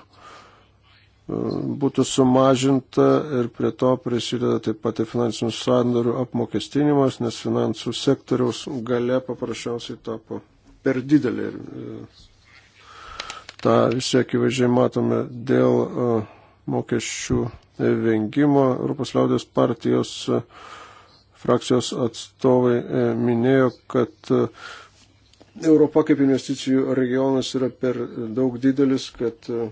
būtų sumažinta ir prie to prisideda taip pat ir finansinių sandorių apmokestinimas, nes finansų sektoriaus gale paprasčiausiai tapo per didelį. Ir e, tą visi akivaizdžiai matome dėl e, mokesčių vengimo. Europos liaudės partijos uh, frakcijos atstovai e, minėjo, kad e, Europa kaip investicijų regionas yra per daug didelis, kad e,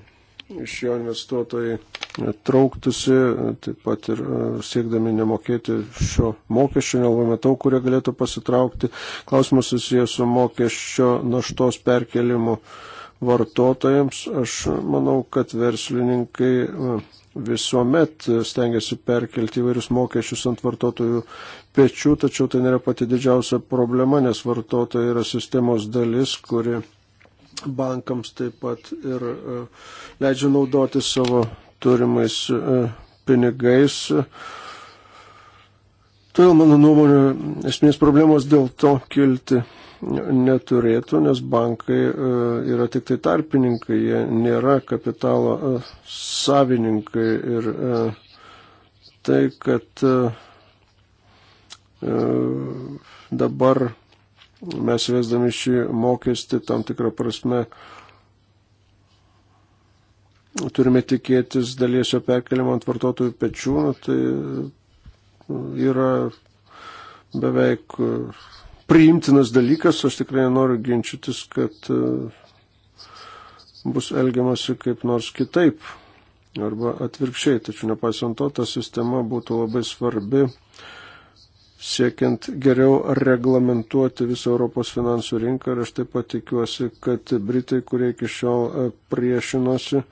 iš jo investuotojai trauktusi, taip pat ir siekdami nemokėti šio mokesčio, nelabai matau, kurie galėtų pasitraukti. Klausimas susijęs su mokesčio naštos perkelimu vartotojams. Aš manau, kad verslininkai visuomet stengiasi perkelti įvairius mokesčius ant vartotojų pečių, tačiau tai nėra pati didžiausia problema, nes vartotojai yra sistemos dalis, kuri bankams taip pat ir e, leidžia naudoti savo turimais e, pinigais. Todėl, mano nuomonė, esminės problemos dėl to kilti neturėtų, nes bankai e, yra tik tai tarpininkai, jie nėra kapitalo e, savininkai ir e, tai, kad dabar mes vesdami šį mokestį tam tikrą prasme turime tikėtis dalies jo perkeliamą ant vartotojų pečių, nu, tai yra beveik priimtinas dalykas, aš tikrai noriu ginčytis, kad e, bus elgiamasi kaip nors kitaip arba atvirkščiai. Tačiau nepaisant to, ta sistema būtų labai svarbi siekiant geriau reglamentuoti visą Europos finansų rinką ir aš taip pat tikiuosi, kad Britai, kurie iki šiol e, priešinosi,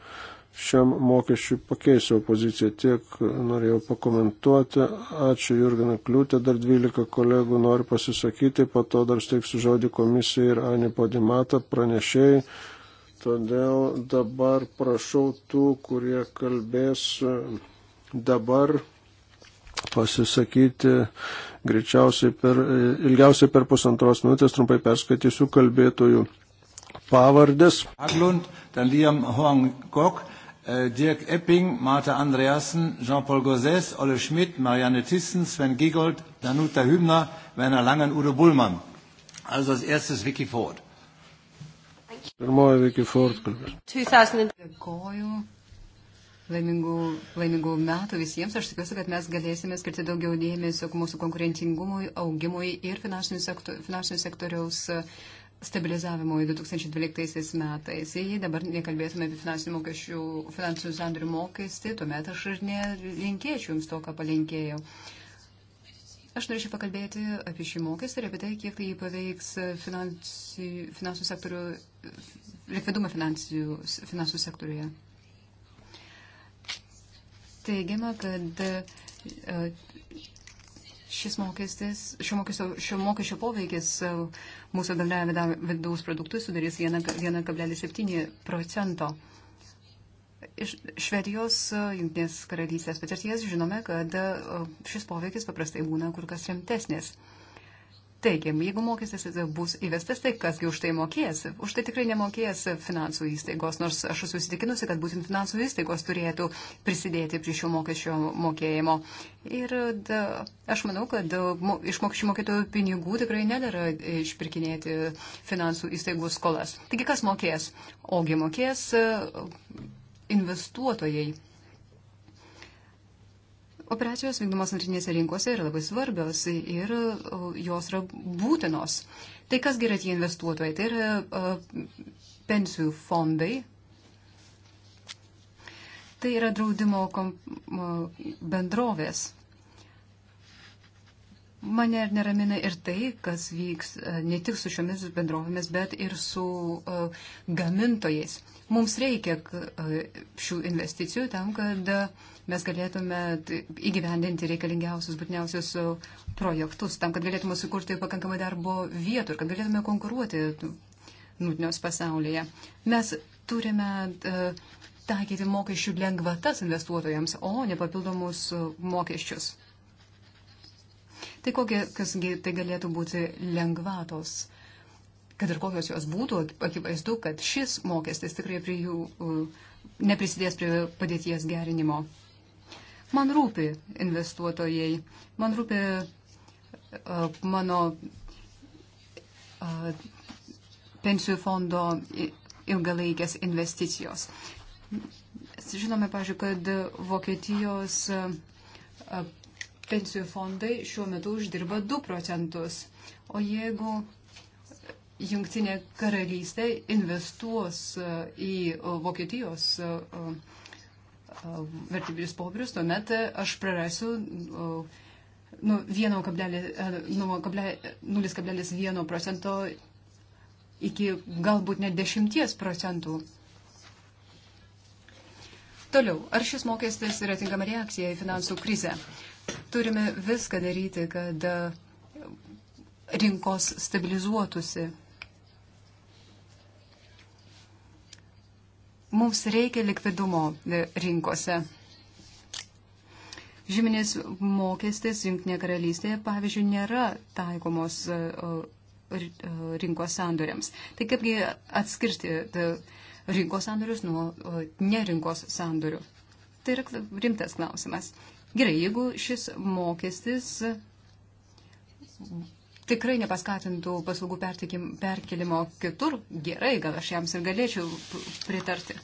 šiam mokesčiui pakeis opoziciją. Tiek norėjau pakomentuoti. Ačiū Jurgina Kliūtė, dar 12 kolegų nori pasisakyti, po to dar steiksiu žodį komisijai ir Ani Podimata pranešėjai. Todėl dabar prašau tų, kurie kalbės dabar pasisakyti greičiausiai per, ilgiausiai per pusantros minutės, trumpai perskaitysiu kalbėtojų pavardės. Aglund, Liam Hoang Kok, Äh, Dirk Epping, Martha Andreassen, Jean-Paul Gauzès, Olle Schmidt, Marianne Thyssen, Sven Giegold, Danuta Hübner, Werner Langen, Udo Bullmann. Also als erstes Vicky Ford. Pirmoji Vicky Ford. Dėkoju. Laimingų, laimingų metų visiems. Aš tikiuosi, kad mes galėsime skirti daugiau dėmesio mūsų konkurencingumui, augimui ir finansinių, sektor, finansinių sektoriaus uh, stabilizavimui 2012 metais. Jei dabar nekalbėtume apie finansinių mokesčių, finansinių sandorių mokestį, tuomet aš ir nelinkėčiau jums to, ką palinkėjau. Aš norėčiau pakalbėti apie šį mokestį ir apie tai, kiek tai paveiks finansi, finansų sektorių, likvidumą finansijų, finansų sektoriuje. Teigiama, kad e, šis mokestis, šio mokesčio, šio mokesčio poveikis uh, mūsų bendravimo vidaus produktui sudarys 1,7 procento. Iš Švedijos jungtinės karalystės patirties žinome, kad šis poveikis paprastai būna kur kas rimtesnis. Taigi, jeigu mokestis bus įvestas, tai kasgi už tai mokės? Už tai tikrai nemokės finansų įstaigos, nors aš esu įsitikinusi, kad būtent finansų įstaigos turėtų prisidėti prie šio mokesčio mokėjimo. Ir da, aš manau, kad mo, iš mokesčių mokėtojų pinigų tikrai nedara išpirkinėti finansų įstaigų skolas. Taigi, kas mokės? Ogi mokės e, investuotojai Operacijos vykdomos antrinėse rinkose yra labai svarbios ir jos yra būtinos. Tai kas yra tie investuotojai? Tai yra uh, pensijų fondai. Tai yra draudimo kom, uh, bendrovės. Mane neramina ir tai, kas vyks e, ne tik su šiomis bendrovėmis, bet ir su uh, gamintojais. Mums reikia uh, šių investicijų tam, kad uh, mes galėtume įgyvendinti reikalingiausius, būtiniausius projektus, tam, kad galėtume sukurti pakankamai darbo vietų ir kad galėtume konkuruoti nūtinios pasaulyje. Mes turime taikyti mokesčių lengvatas investuotojams, o ne papildomus mokesčius. Tai kokie, kasgi tai galėtų būti lengvatos? Kad ir kokios jos būtų, akivaizdu, kad šis mokestis tikrai prie jų neprisidės prie padėties gerinimo. Man rūpi investuotojai, man rūpi uh, mano uh, pensijų fondo ilgalaikės investicijos. Žinome, pažiūrėjau, kad Vokietijos e, pensijų fondai šiuo metu uždirba 2 procentus. O jeigu Jungtinė karalystė investuos į Vokietijos E, vertybinius popierius, tuomet e, aš prarasiu nuo 0,1 e, nu, procento iki galbūt net 10 procentų. Toliau, ar šis mokestis yra tinkama reakcija į finansų krizę? Turime viską daryti, kad rinkos stabilizuotųsi. Mums reikia likvidumo e, rinkose. Žyminės mokestis Junktinė karalystėje, pavyzdžiui, nėra taikomos e, e, rinkos sandoriams. Tai kaipgi atskirti rinkos sandorius nuo nerinkos sandorių? Tai yra rimtas klausimas. Gerai, jeigu šis mokestis tikrai nepaskatintų paslaugų perkelimo kitur, gerai, gal aš jiems ir galėčiau pritarti.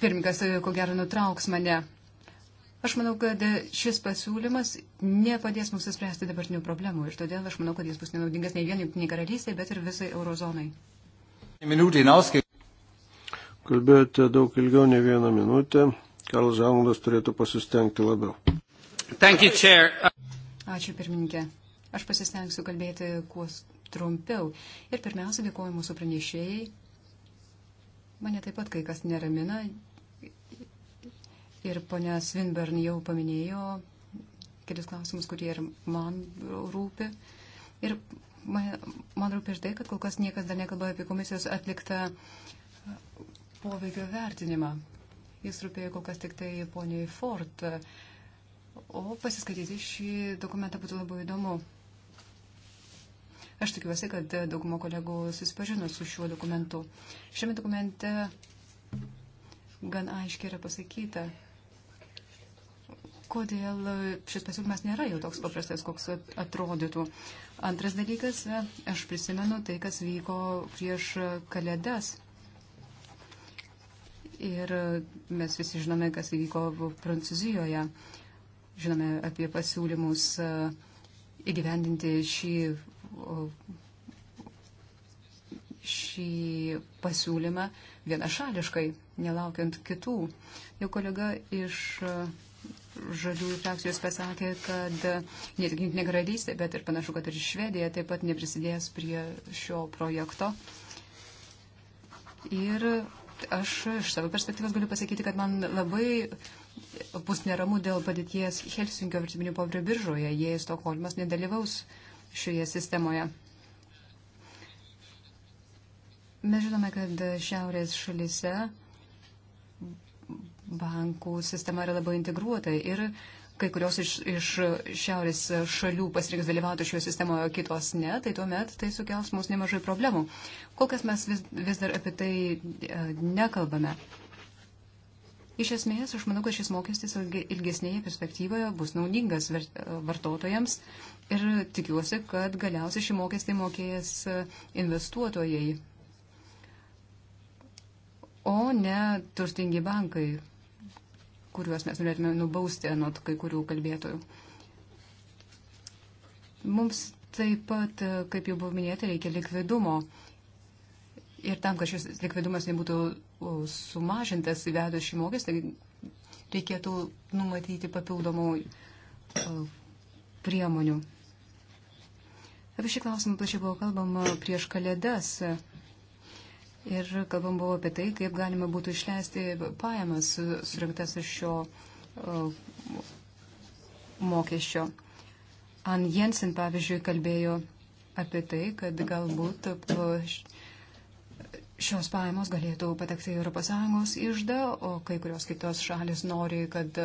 Pirmininkas, ko gero, nutrauks mane. Aš manau, kad šis pasiūlymas nepadės mums spręsti dabartinių problemų ir todėl aš manau, kad jis bus nenaudingas ne vien Junktiniai karalystiai, bet ir visai eurozonai. Kalbėjote daug ilgiau ne vieną minutę. Karlas Žangulas turėtų pasistengti labiau. You, Ačiū pirmininkė. Aš pasistengsiu kalbėti kuo trumpiau. Ir pirmiausia, dėkoju mūsų pranešėjai. Mane taip pat kai kas neramina. Ir ponia Svinbern jau paminėjo kelis klausimus, kurie ir man rūpi. Ir man, man rūpi ir tai, kad kol kas niekas dar nekalba apie komisijos atliktą poveikio vertinimą. Jis rūpėjo kol kas tik tai poniai Ford. O pasiskaityti šį dokumentą būtų labai įdomu. Aš tikiuosi, kad daugumo kolegų susipažino su šiuo dokumentu. Šiame dokumente gan aiškiai yra pasakyta, kodėl šis pasiūlymas nėra jau toks paprastas, koks atrodytų. Antras dalykas, aš prisimenu tai, kas vyko prieš kalėdas. Ir mes visi žinome, kas įvyko Prancūzijoje. Žinome apie pasiūlymus įgyvendinti šį šį pasiūlymą vienašališkai, nelaukiant kitų. Jau kolega iš e, žaliųjų frakcijos pasakė, kad ne tik Junktinė karalystė, bet ir panašu, kad ir Švedija taip pat neprisidės prie šio projekto. Ir aš iš savo perspektyvos galiu pasakyti, kad man labai bus neramu dėl padėties Helsinkio vertybinio pobrio biržoje, jei Stokholmas nedalyvaus šioje sistemoje. Mes žinome, kad šiaurės šalyse bankų sistema yra labai integruota ir kai kurios iš, iš šiaurės šalių pasirinks dalyvauti šioje sistemoje, kitos ne, tai tuomet tai sukels mums nemažai problemų. Kol kas mes vis, vis dar apie tai e, nekalbame. Iš esmės, aš manau, kad šis mokestis ilgesnėje perspektyvoje bus naudingas e, vartotojams Ir tikiuosi, kad galiausiai šį mokestį mokės e, investuotojai, o ne turtingi bankai, kuriuos mes norėtume nubausti anot kai kurių kalbėtojų. Mums taip pat, e, kaip jau buvo minėta, reikia likvidumo. Ir tam, kad šis likvidumas nebūtų sumažintas įvedus šį mokestį, reikėtų numatyti papildomų e, priemonių. Apie šį klausimą plačiai buvo kalbama prieš kalėdas. Ir kalbam buvo apie tai, kaip galima būtų išleisti pajamas surinktas iš šio uh, mokesčio. An Jensen, pavyzdžiui, kalbėjo apie tai, kad galbūt uh, šios pajamos galėtų patekti į ES išdą, o kai kurios kitos šalis nori, kad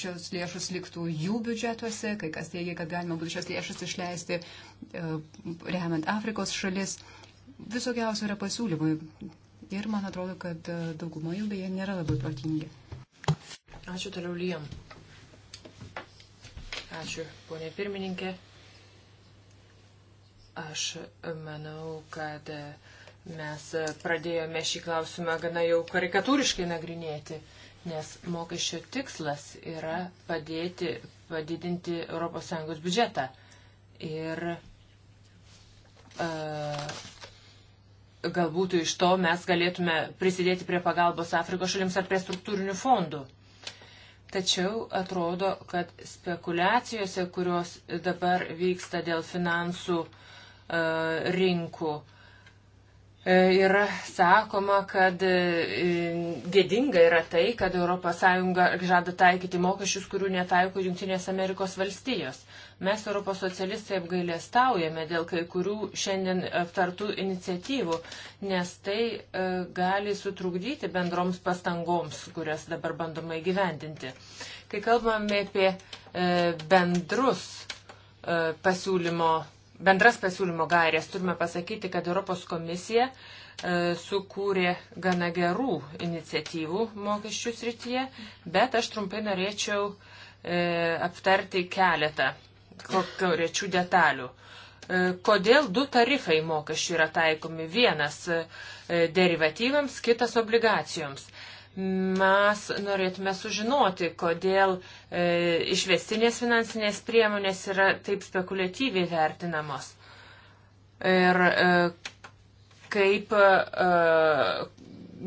šios lėšus liktų jų biudžetuose, kai kas teigia, kad galima būtų šios lėšas išleisti e, remiant Afrikos šalis. Visokiausių yra pasiūlymų ir man atrodo, kad e, dauguma jų beje nėra labai protingi. Ačiū toliau, Lyjam. Ačiū, ponė pirmininkė. Aš manau, kad uh, Mes e, pradėjome šį klausimą gana jau karikatūriškai nagrinėti, nes mokesčio tikslas yra padėti padidinti ES biudžetą. Ir uh, galbūt iš to mes galėtume prisidėti prie pagalbos Afrikos šalims ar prie struktūrinių fondų. Tačiau atrodo, kad spekulacijose, kurios dabar vyksta dėl finansų e, rinkų, E, yra sakoma, kad e, gėdinga yra tai, kad ES žada taikyti mokesčius, kurių netaiko Junktinės Amerikos valstijos. Mes Europos socialistai apgailėstaujame dėl kai kurių šiandien aptartų iniciatyvų, nes tai e, gali sutrukdyti bendroms pastangoms, kurias dabar bandoma įgyvendinti. Kai kalbame apie e, bendrus e, pasiūlymo bendras pasiūlymo gairės, turime pasakyti, kad Europos komisija e, sukūrė gana gerų iniciatyvų mokesčių srityje, bet aš trumpai norėčiau e, aptarti keletą konkrečių detalių. E, kodėl du tarifai mokesčių yra taikomi? Vienas derivatyvams, kitas obligacijoms mes norėtume sužinoti, kodėl e, išvestinės finansinės priemonės yra taip spekuliatyviai vertinamos. Ir e, kaip e,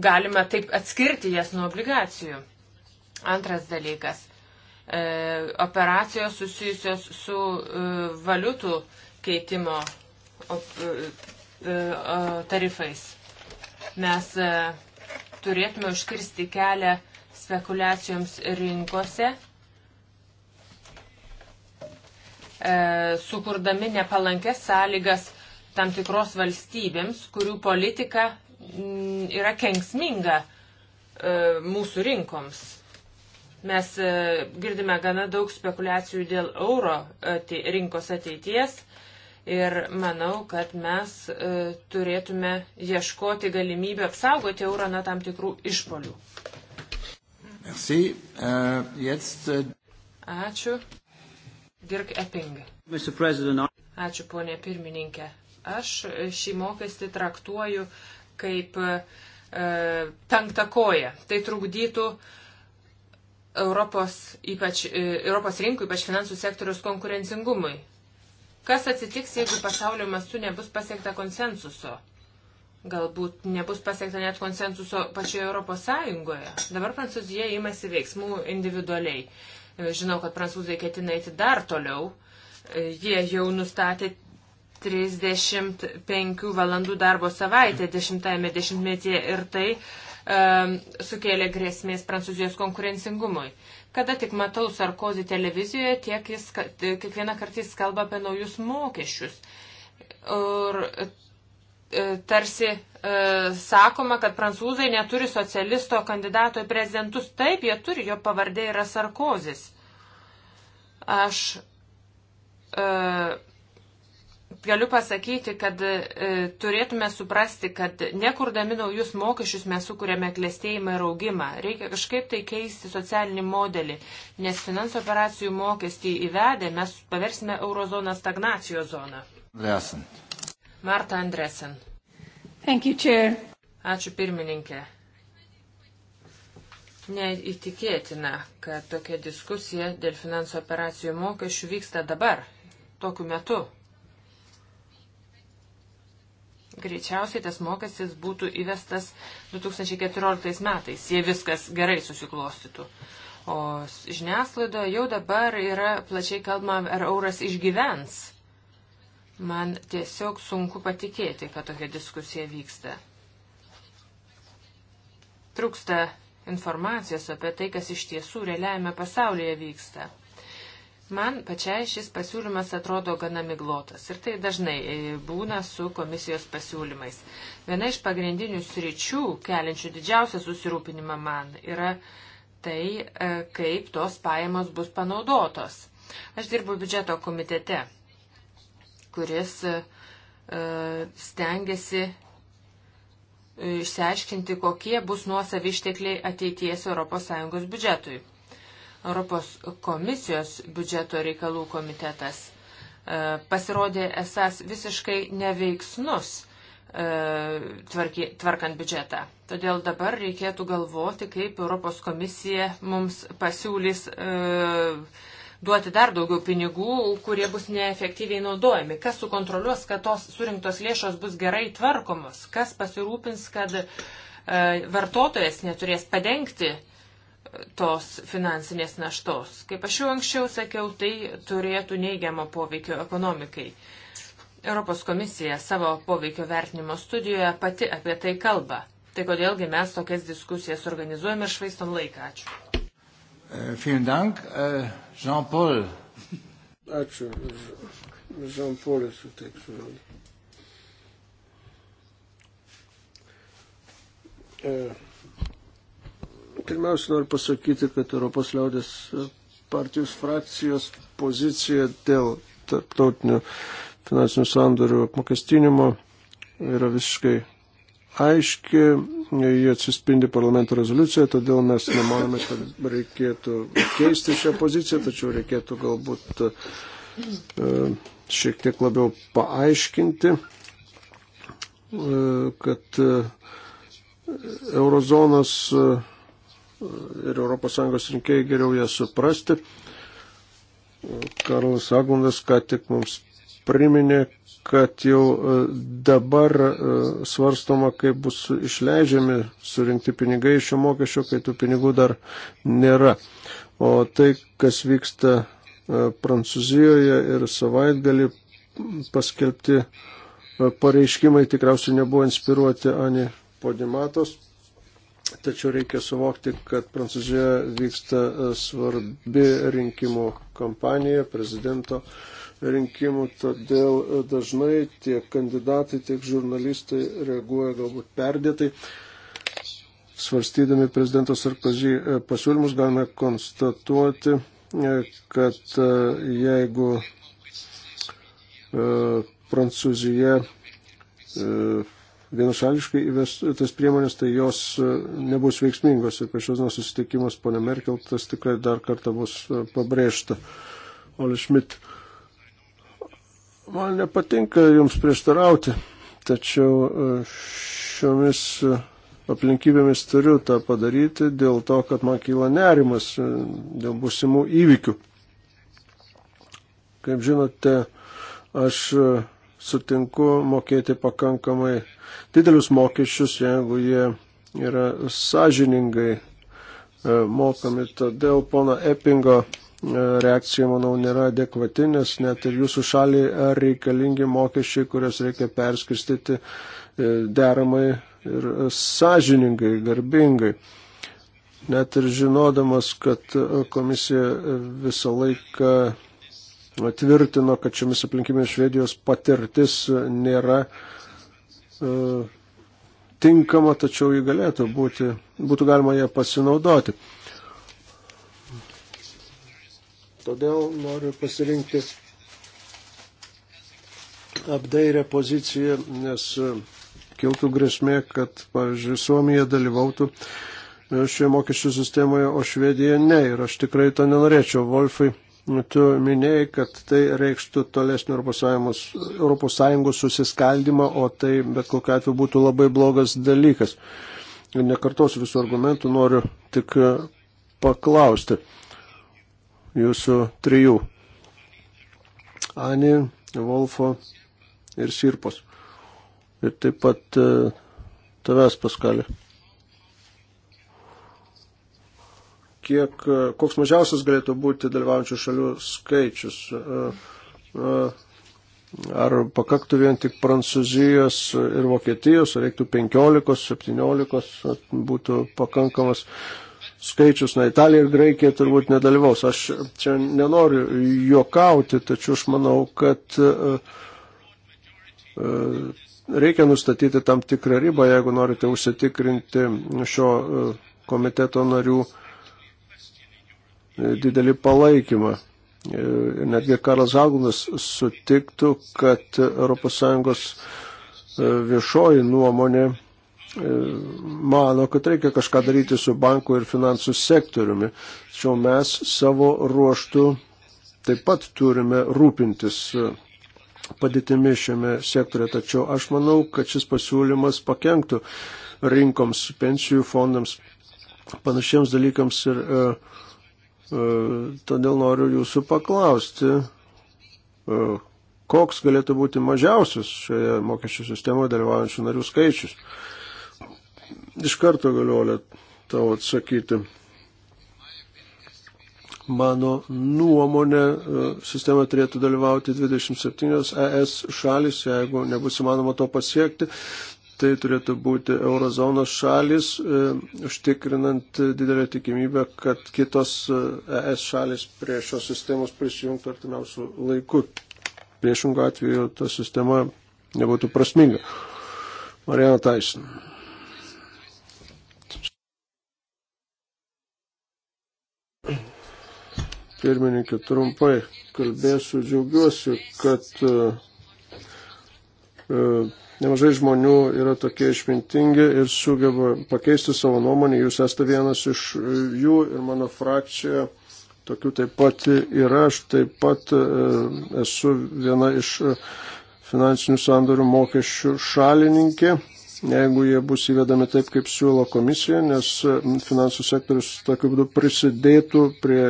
galima taip atskirti jas nuo obligacijų. Antras dalykas. E, operacijos susijusios su e, valiutų keitimo op, e, e, tarifais. Mes e, turėtume užkirsti kelią spekulacijoms rinkose, e, sukurdami nepalankės sąlygas tam tikros valstybėms, kurių politika mm, yra kenksminga e, mūsų rinkoms. Mes e, girdime gana daug spekulacijų dėl euro rinkos ateities Ir manau, kad mes e, turėtume ieškoti galimybę apsaugoti eurą nuo tam tikrų išpolių. Merci. Uh, jetzt, uh... Ačiū. Dirk Epping. Ačiū, ponė pirmininkė. Aš šį mokestį traktuoju kaip e, penktą koją. Tai trukdytų Europos, ypač, e, Europos rinkų, ypač finansų sektoriaus konkurencingumui. Kas atsitiks, jeigu pasaulio mastu nebus pasiekta konsensuso? Galbūt nebus pasiekta net konsensuso pačioje Europos Sąjungoje. Dabar Prancūzija imasi veiksmų individualiai. Žinau, kad prancūzai ketina eiti dar toliau. Jie jau nustatė 35 valandų darbo savaitę 10-ame dešimtmetyje ir tai um, sukėlė grėsmės Prancūzijos konkurencingumui. Uh, Kada tik matau Sarkozy televizijoje, tiek jis kiekvieną kartą jis kalba apie naujus mokesčius. Ir e, tarsi e, sakoma, kad prancūzai neturi socialisto kandidato į prezidentus. Taip, jie turi, jo pavardė yra Sarkozis. Aš e, galiu pasakyti, kad e, turėtume suprasti, kad nekurdami naujus mokesčius mes sukūrėme klėstėjimą ir augimą. Reikia kažkaip tai keisti socialinį modelį, nes finansų operacijų mokestį įvedę mes paversime eurozoną stagnacijos zoną. Andresen. Marta Andresen. Thank you, Chair. Ačiū pirmininkė. Neįtikėtina, kad tokia diskusija dėl finansų operacijų mokesčių vyksta dabar, tokiu metu. Greičiausiai tas mokestis būtų įvestas 2014 metais, jei viskas gerai susiklostytų. O žiniasklaidoje jau dabar yra plačiai kalbama, ar euras išgyvens. Man tiesiog sunku patikėti, kad tokia diskusija vyksta. Truksta informacijos apie tai, kas iš tiesų realiajame pasaulyje vyksta. Man pačiai šis pasiūlymas atrodo gana miglotas ir tai dažnai e, būna su komisijos pasiūlymais. Viena iš pagrindinių sričių, keliančių didžiausią susirūpinimą man, yra tai, e, kaip tos pajamos bus panaudotos. Aš dirbu biudžeto komitete, kuris e, stengiasi išsiaiškinti, kokie bus nuosavi ištekliai ateities ES biudžetui. Europos komisijos biudžeto reikalų komitetas e, pasirodė esas visiškai neveiksnus e, tvarky, tvarkant biudžetą. Todėl dabar reikėtų galvoti, kaip Europos komisija mums pasiūlys e, duoti dar daugiau pinigų, kurie bus neefektyviai naudojami. Kas sukontroliuos, kad tos surinktos lėšos bus gerai tvarkomos, kas pasirūpins, kad vartotojas neturės padengti uh, tos finansinės naštos. Kaip aš jau anksčiau sakiau, tai turėtų neigiamo poveikio ekonomikai. Europos komisija savo poveikio vertinimo studijoje pati apie tai kalba. Tai kodėlgi mes tokias diskusijas organizuojame ir švaistom laiką. Ačiū. Uh, dank, uh, Jean-Paul. Ačiū. Jean-Paul suteiksiu žodį. Uh. Pirmiausia, noriu pasakyti, kad Europos liaudės partijos frakcijos pozicija dėl tarptautinių finansinių sandorių apmokestinimo yra visiškai aiški, jie atsispindi parlamento rezoliucijoje, todėl mes nemanome, kad reikėtų keisti šią poziciją, tačiau reikėtų galbūt e, šiek tiek labiau paaiškinti, e, kad e, eurozonos ir ES rinkėjai geriau ją suprasti. Karlas Agundas ką tik mums priminė, kad jau e, dabar e, svarstoma, kaip bus išleidžiami surinkti pinigai iš šio mokesčio, kai tų pinigų dar nėra. O tai, kas vyksta e, Prancūzijoje ir savaitgalį paskelbti pareiškimai tikriausiai nebuvo inspiruoti Ani Podimatos. Tačiau reikia suvokti, kad Prancūzijoje vyksta e, svarbi rinkimų kampanija, prezidento rinkimų, todėl e, dažnai tiek kandidatai, tiek žurnalistai reaguoja galbūt perdėtai. Svarstydami prezidento Sarkozy e, pasiūlymus galime konstatuoti, kad jeigu Prancūzija vienašališkai įves tas priemonės, tai jos e, nebus veiksmingos. Ir prieš šios dienos susitikimas, ponė Merkel, tas tikrai dar kartą bus e, pabrėžta. Ole Schmidt, man nepatinka jums prieštarauti, tačiau e, šiomis aplinkybėmis turiu tą padaryti dėl to, kad man kyla nerimas dėl būsimų įvykių. Kaip žinote, aš sutinku mokėti pakankamai didelius mokesčius, jeigu jie yra sąžiningai e, mokami. Todėl pono Epingo e, reakcija, manau, nėra adekvati, nes net ir jūsų šaliai reikalingi mokesčiai, kurias reikia perskirstyti e, deramai ir sąžiningai, garbingai. Net ir žinodamas, kad komisija visą laiką tvirtino, kad šiomis aplinkybėmis Švedijos patirtis e, nėra e, tinkama, tačiau jį galėtų būti, būtų galima ją pasinaudoti. Todėl noriu pasirinkti apdairę poziciją, nes e, kiltų grėsmė, kad, pavyzdžiui, Suomija dalyvautų e, šioje mokesčių sistemoje, o Švedija ne. Ir aš tikrai to nenorėčiau. Wolfai, Nu, tu minėjai, kad tai reikštų tolesnį ES, ES susiskaldimą, o tai bet kokiu atveju būtų labai blogas dalykas. Nekartosiu visų argumentų, noriu tik e, paklausti jūsų trijų. Ani, Volfo ir Sirpos. Ir taip pat e, tavęs, Paskalė. kiek, e, koks mažiausias galėtų būti dalyvaujančių šalių skaičius. E, e, ar pakaktų vien tik Prancūzijos ir Vokietijos, ar reiktų 15, 17, būtų pakankamas skaičius. Na, Italija ir Graikija turbūt nedalyvaus. Aš čia nenoriu juokauti, tačiau aš manau, kad reikia nustatyti tam tikrą ribą, jeigu norite užsitikrinti šio komiteto narių uh, E, didelį palaikymą. E, ir netgi Karlas Hagunas sutiktų, kad ES e, viešoji nuomonė mano, kad reikia kažką daryti su bankų ir finansų sektoriumi. Tačiau mes savo ruoštų taip pat turime rūpintis padėtimi šiame sektorė. Tačiau aš manau, kad šis pasiūlymas pakenktų rinkoms, pensijų fondams, panašiems dalykams ir uh, E, todėl noriu jūsų paklausti, e, koks galėtų būti mažiausias šioje mokesčių sistemoje dalyvaujančių narių skaičius. Iš karto galiu tau atsakyti. Mano nuomonė, e, sistema turėtų dalyvauti 27 ES šalis, jeigu nebus įmanoma to pasiekti, tai turėtų būti eurozonos šalis, e, užtikrinant didelę tikimybę, kad kitos e, ES šalis prie šios sistemos prisijungtų artimiausių laikų. Priešingų atveju ta sistema nebūtų prasminga. Mariana Taisin. Pirmininkė, trumpai kalbėsiu, džiaugiuosi, kad uh, uh, Nemažai žmonių yra tokie išmintingi ir sugeba pakeisti savo nuomonę. Jūs esate vienas iš e, jų ir mano frakcija tokių taip pat yra. Aš taip pat e, esu viena iš e, finansinių sandorių mokesčių šalininkė jeigu jie bus įvedami taip, kaip siūlo komisija, nes finansų sektorius tokiu būdu prisidėtų prie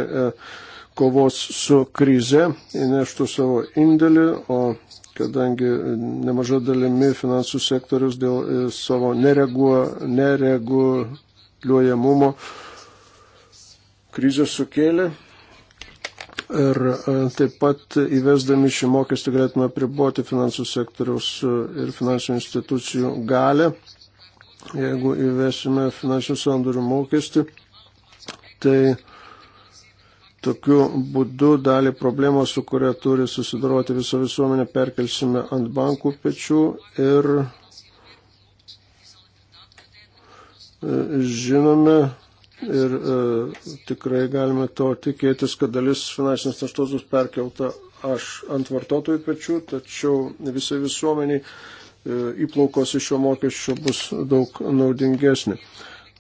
kovos su krize, įneštų savo indėlį, o kadangi nemaža dalimi finansų sektorius dėl e, savo nereguliuojamumo krizę sukėlė. Ir e, taip pat įvesdami šį mokestį galėtume priboti finansų sektoriaus e, ir finansų institucijų galę. Jeigu įvesime finansinių sandorių mokestį, tai uh, Tokiu būdu dalį problemos, su kuria turi susidoroti viso visuomenė, perkelsime ant bankų pečių ir e, žinome ir e, tikrai galime to tikėtis, kad dalis finansinės naštos bus perkelta aš ant vartotojų pečių, tačiau visai visuomeniai e, įplaukos iš šio mokesčio bus daug naudingesnė.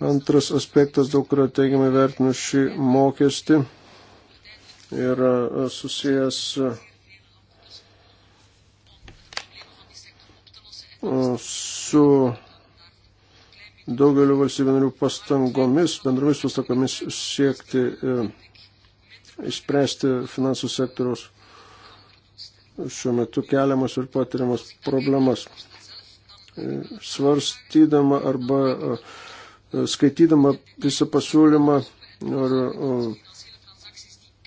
Antras aspektas, dėl kurio teigiamai vertinu šį mokestį, yra e, susijęs e, su daugeliu valstybių narių pastangomis, bendromis pastangomis siekti e, išspręsti finansų sektoriaus šiuo metu keliamas ir patiriamas problemas. Svarstydama arba skaitydama visą pasiūlymą noriu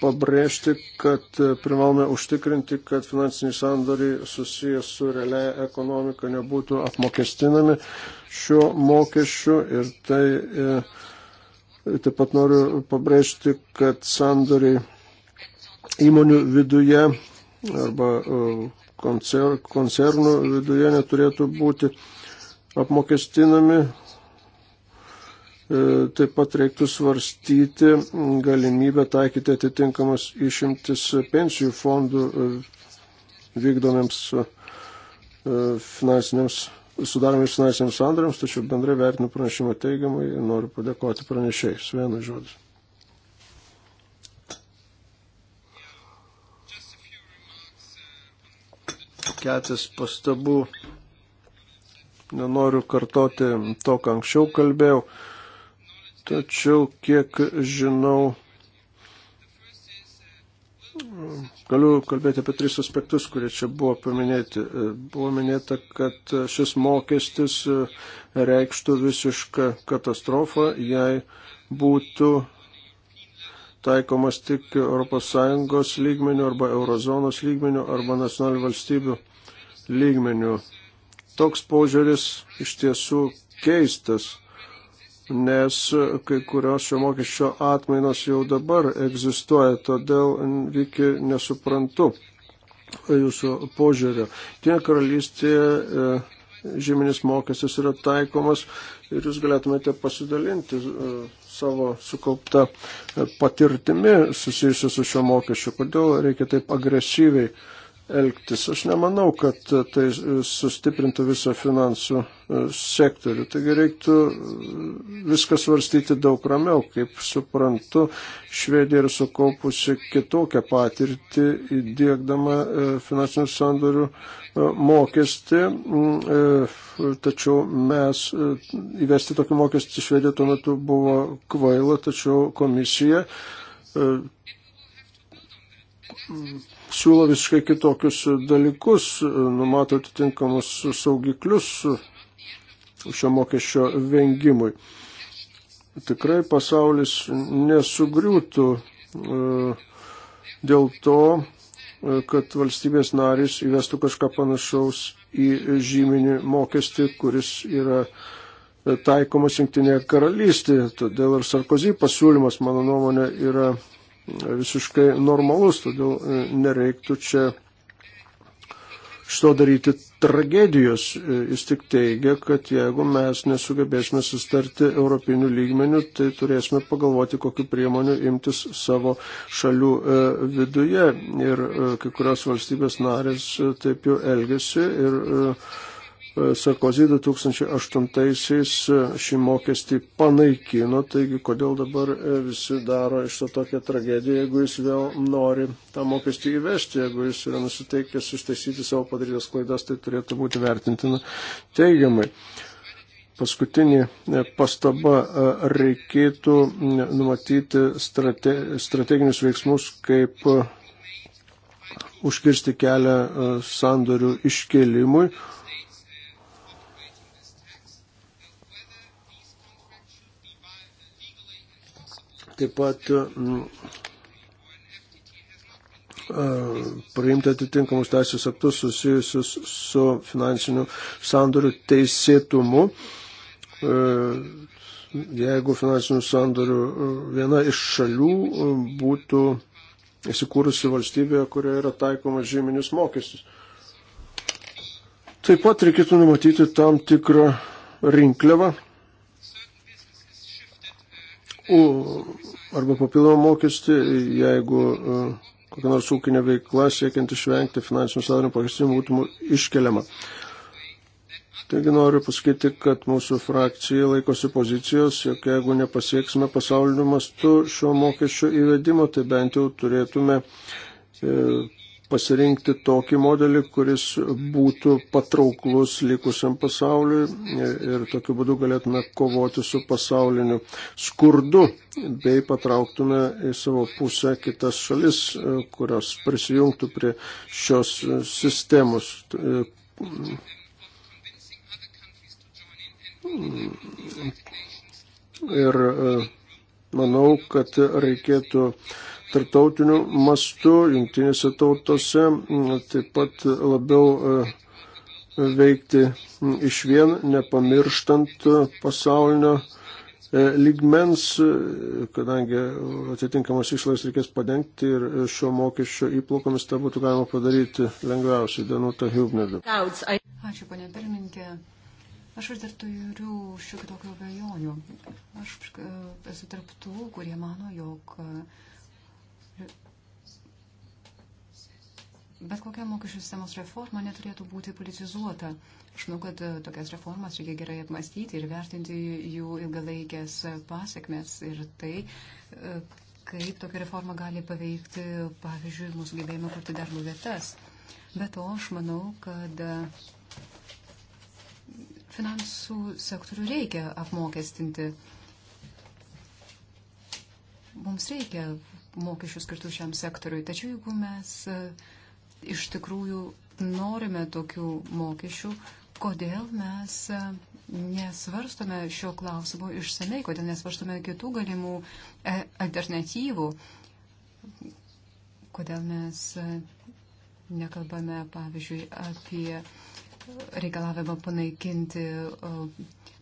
pabrėžti, kad e, privalome užtikrinti, kad finansiniai sandoriai susijęs su realia ekonomika nebūtų apmokestinami šiuo mokesčiu ir tai e, taip pat noriu pabrėžti, kad sandoriai įmonių viduje arba e, koncernų viduje neturėtų būti apmokestinami E, taip pat reiktų svarstyti galimybę taikyti atitinkamas išimtis pensijų fondų e, vykdomiams e, finansiniams, sudaromiams finansiniams sandariams, tačiau bendrai vertinu pranešimą teigiamai ir noriu padėkoti pranešėjai. Svienas žodis. Ketis pastabų. Nenoriu kartoti to, ką anksčiau kalbėjau. Tačiau, kiek žinau, galiu kalbėti apie tris aspektus, kurie čia buvo paminėti. Buvo minėta, kad šis mokestis reikštų visišką katastrofą, jei būtų taikomas tik ES lygmenių arba eurozonos lygmenių arba nacionalinių valstybių lygmenių. Toks požiūris iš tiesų keistas nes kai kurios šio mokesčio atmainos jau dabar egzistuoja, todėl vykį nesuprantu jūsų požiūrio. Tie karalystėje žyminis mokestis yra taikomas ir jūs galėtumėte pasidalinti e, savo sukauptą e, patirtimi susijusiu su šio mokesčiu. Kodėl reikia taip agresyviai uh, elgtis. Aš nemanau, kad tai sustiprintų visą finansų e, sektorių. Taigi reiktų viską svarstyti daug ramiau. Kaip suprantu, Švedija yra sukaupusi kitokią patirtį įdėkdama e, finansinių sandorių e, mokestį, mm, tačiau mes įvesti tokį mokestį Švedija tuo metu buvo kvaila, tačiau komisija siūlo visiškai kitokius dalykus, numato atitinkamus saugiklius šio mokesčio vengimui. Tikrai pasaulis nesugriūtų e, dėl to, e, kad valstybės narys įvestų kažką panašaus į žyminį mokestį, kuris yra e, taikomas Junktinėje karalystėje. Todėl ir Sarkozy pasiūlymas, mano nuomonė, yra visiškai normalus, todėl e, nereiktų čia šito daryti tragedijos. E, jis tik teigia, kad jeigu mes nesugebėsime sustarti europinių lygmenių, tai turėsime pagalvoti, kokiu priemoniu imtis savo šalių e, viduje. Ir kai kurios valstybės narės taip jau elgesi ir Sarkozy 2008-aisiais e, šį mokestį panaikino, taigi kodėl dabar e, visi daro iš to tokią tragediją, jeigu jis vėl nori tą mokestį įvesti, jeigu jis yra nusiteikęs ištaisyti savo padarytas klaidas, tai turėtų būti vertintina teigiamai. Paskutinė e, pastaba reikėtų numatyti strate, strateginius veiksmus, kaip užkirsti kelią sandorių iškelimui taip pat mm, priimti atitinkamus teisės aktus susijusius su finansiniu sandoriu teisėtumu. E, jeigu finansinių sandorių e, viena iš šalių e, būtų įsikūrusi valstybėje, kurioje yra taikomas žyminis mokestis. Taip pat reikėtų numatyti tam tikrą rinkliavą U arba papildomą mokestį, jeigu e, kokia nors ūkinė veikla siekiant išvengti finansinių sąlygų pakestimų būtų iškeliama. Taigi noriu pasakyti, kad mūsų frakcija laikosi pozicijos, jog jeigu nepasieksime pasauliniu mastu šio mokesčio įvedimo, tai bent jau turėtume e, pasirinkti tokį modelį, kuris būtų patrauklus likusiam pasauliui ir tokiu būdu galėtume kovoti su pasauliniu skurdu bei patrauktume į savo pusę kitas šalis, kurios prisijungtų prie šios sistemos. Ir e, manau, kad reikėtų uh, tarptautiniu mastu, jungtinėse tautose, mm, taip pat labiau e, veikti mm, iš vien, nepamirštant pasaulinio e, lygmens, kadangi atitinkamas išlaidas reikės padengti ir šio mokesčio įplokomis tą būtų galima padaryti lengviausiai. Danuta Hubnerdu. Ačiū, ponė pirmininkė. Aš vis dar turiu šiek tiek tokių abejonių. Aš e, esu tarptų, kurie mano, jog uh, Bet kokia mokesčių sistemos reforma neturėtų būti politizuota. Aš manau, kad e, tokias reformas reikia gerai apmastyti ir vertinti jų ilgalaikės pasiekmes ir tai, e, kaip tokia reforma gali paveikti, pavyzdžiui, mūsų gyvėjimą kurti darbo vietas. Bet to aš manau, kad e, finansų sektorių reikia apmokestinti. Mums reikia mokesčių skirtų šiam sektoriui. Tačiau jeigu mes e, iš tikrųjų norime tokių mokesčių, kodėl mes e, nesvarstome šio klausimo išsamei, kodėl nesvarstome kitų galimų e, alternatyvų, kodėl mes nekalbame, pavyzdžiui, apie reikalavimą panaikinti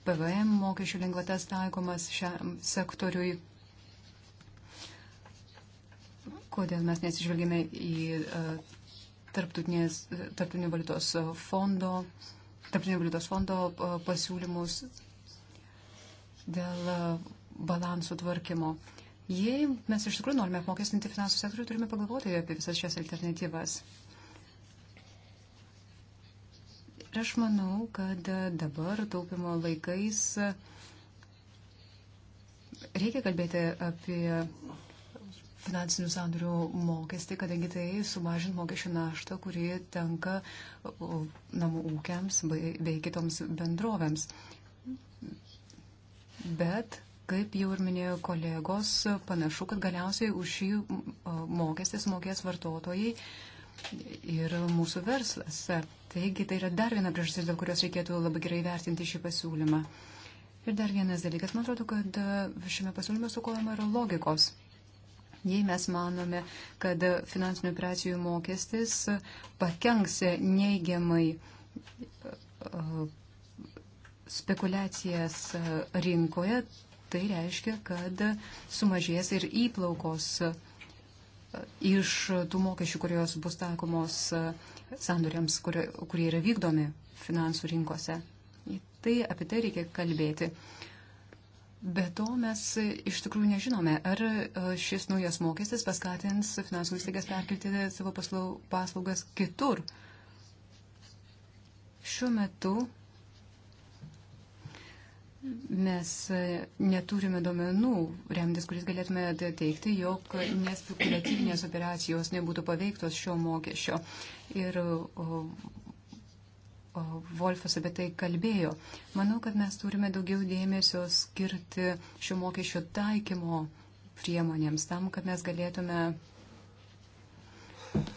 PVM mokesčių lengvatas taikomas šiam sektoriui kodėl mes nesižvelgėme į e, e, tarptautinio valiutos fondo, tarptautinio valiutos fondo e, pasiūlymus dėl balansų tvarkymo. Jei mes iš tikrųjų norime apmokestinti finansų sektorių, turime pagalvoti apie visas šias alternatyvas. Ir aš manau, kad dabar taupimo laikais reikia kalbėti apie finansinių sandorių mokestį, kadangi tai sumažint mokesčių naštą, kuri tenka namų ūkiams bei kitoms bendrovėms. Bet, kaip jau ir minėjo kolegos, panašu, kad galiausiai už šį mokestį sumokės vartotojai ir mūsų verslas. Taigi tai yra dar viena priežastis, dėl kurios reikėtų labai gerai vertinti šį pasiūlymą. Ir dar vienas dalykas, man atrodo, kad e, šiame pasiūlyme sukojama yra logikos nei mes manome, kad finansinių operacijų mokestis pakenks neigiamai e, spekulacijas e, rinkoje, tai reiškia, kad sumažės ir įplaukos e, iš tų mokesčių, kurios bus taikomos sandoriams, kurie yra vykdomi finansų rinkose. Tai apie tai reikia kalbėti. Be to mes e, iš tikrųjų nežinome, ar e, šis naujas mokestis paskatins finansų įstaigas perkelti savo paslaugas kitur. Šiuo metu mes e, neturime domenų remdis, kuris galėtume teikti, jog nespekuliatyvinės operacijos nebūtų paveiktos šio mokesčio. Ir Volfas apie tai kalbėjo. Manau, kad mes turime daugiau dėmesio skirti šio mokesčio taikymo priemonėms, tam, kad mes galėtume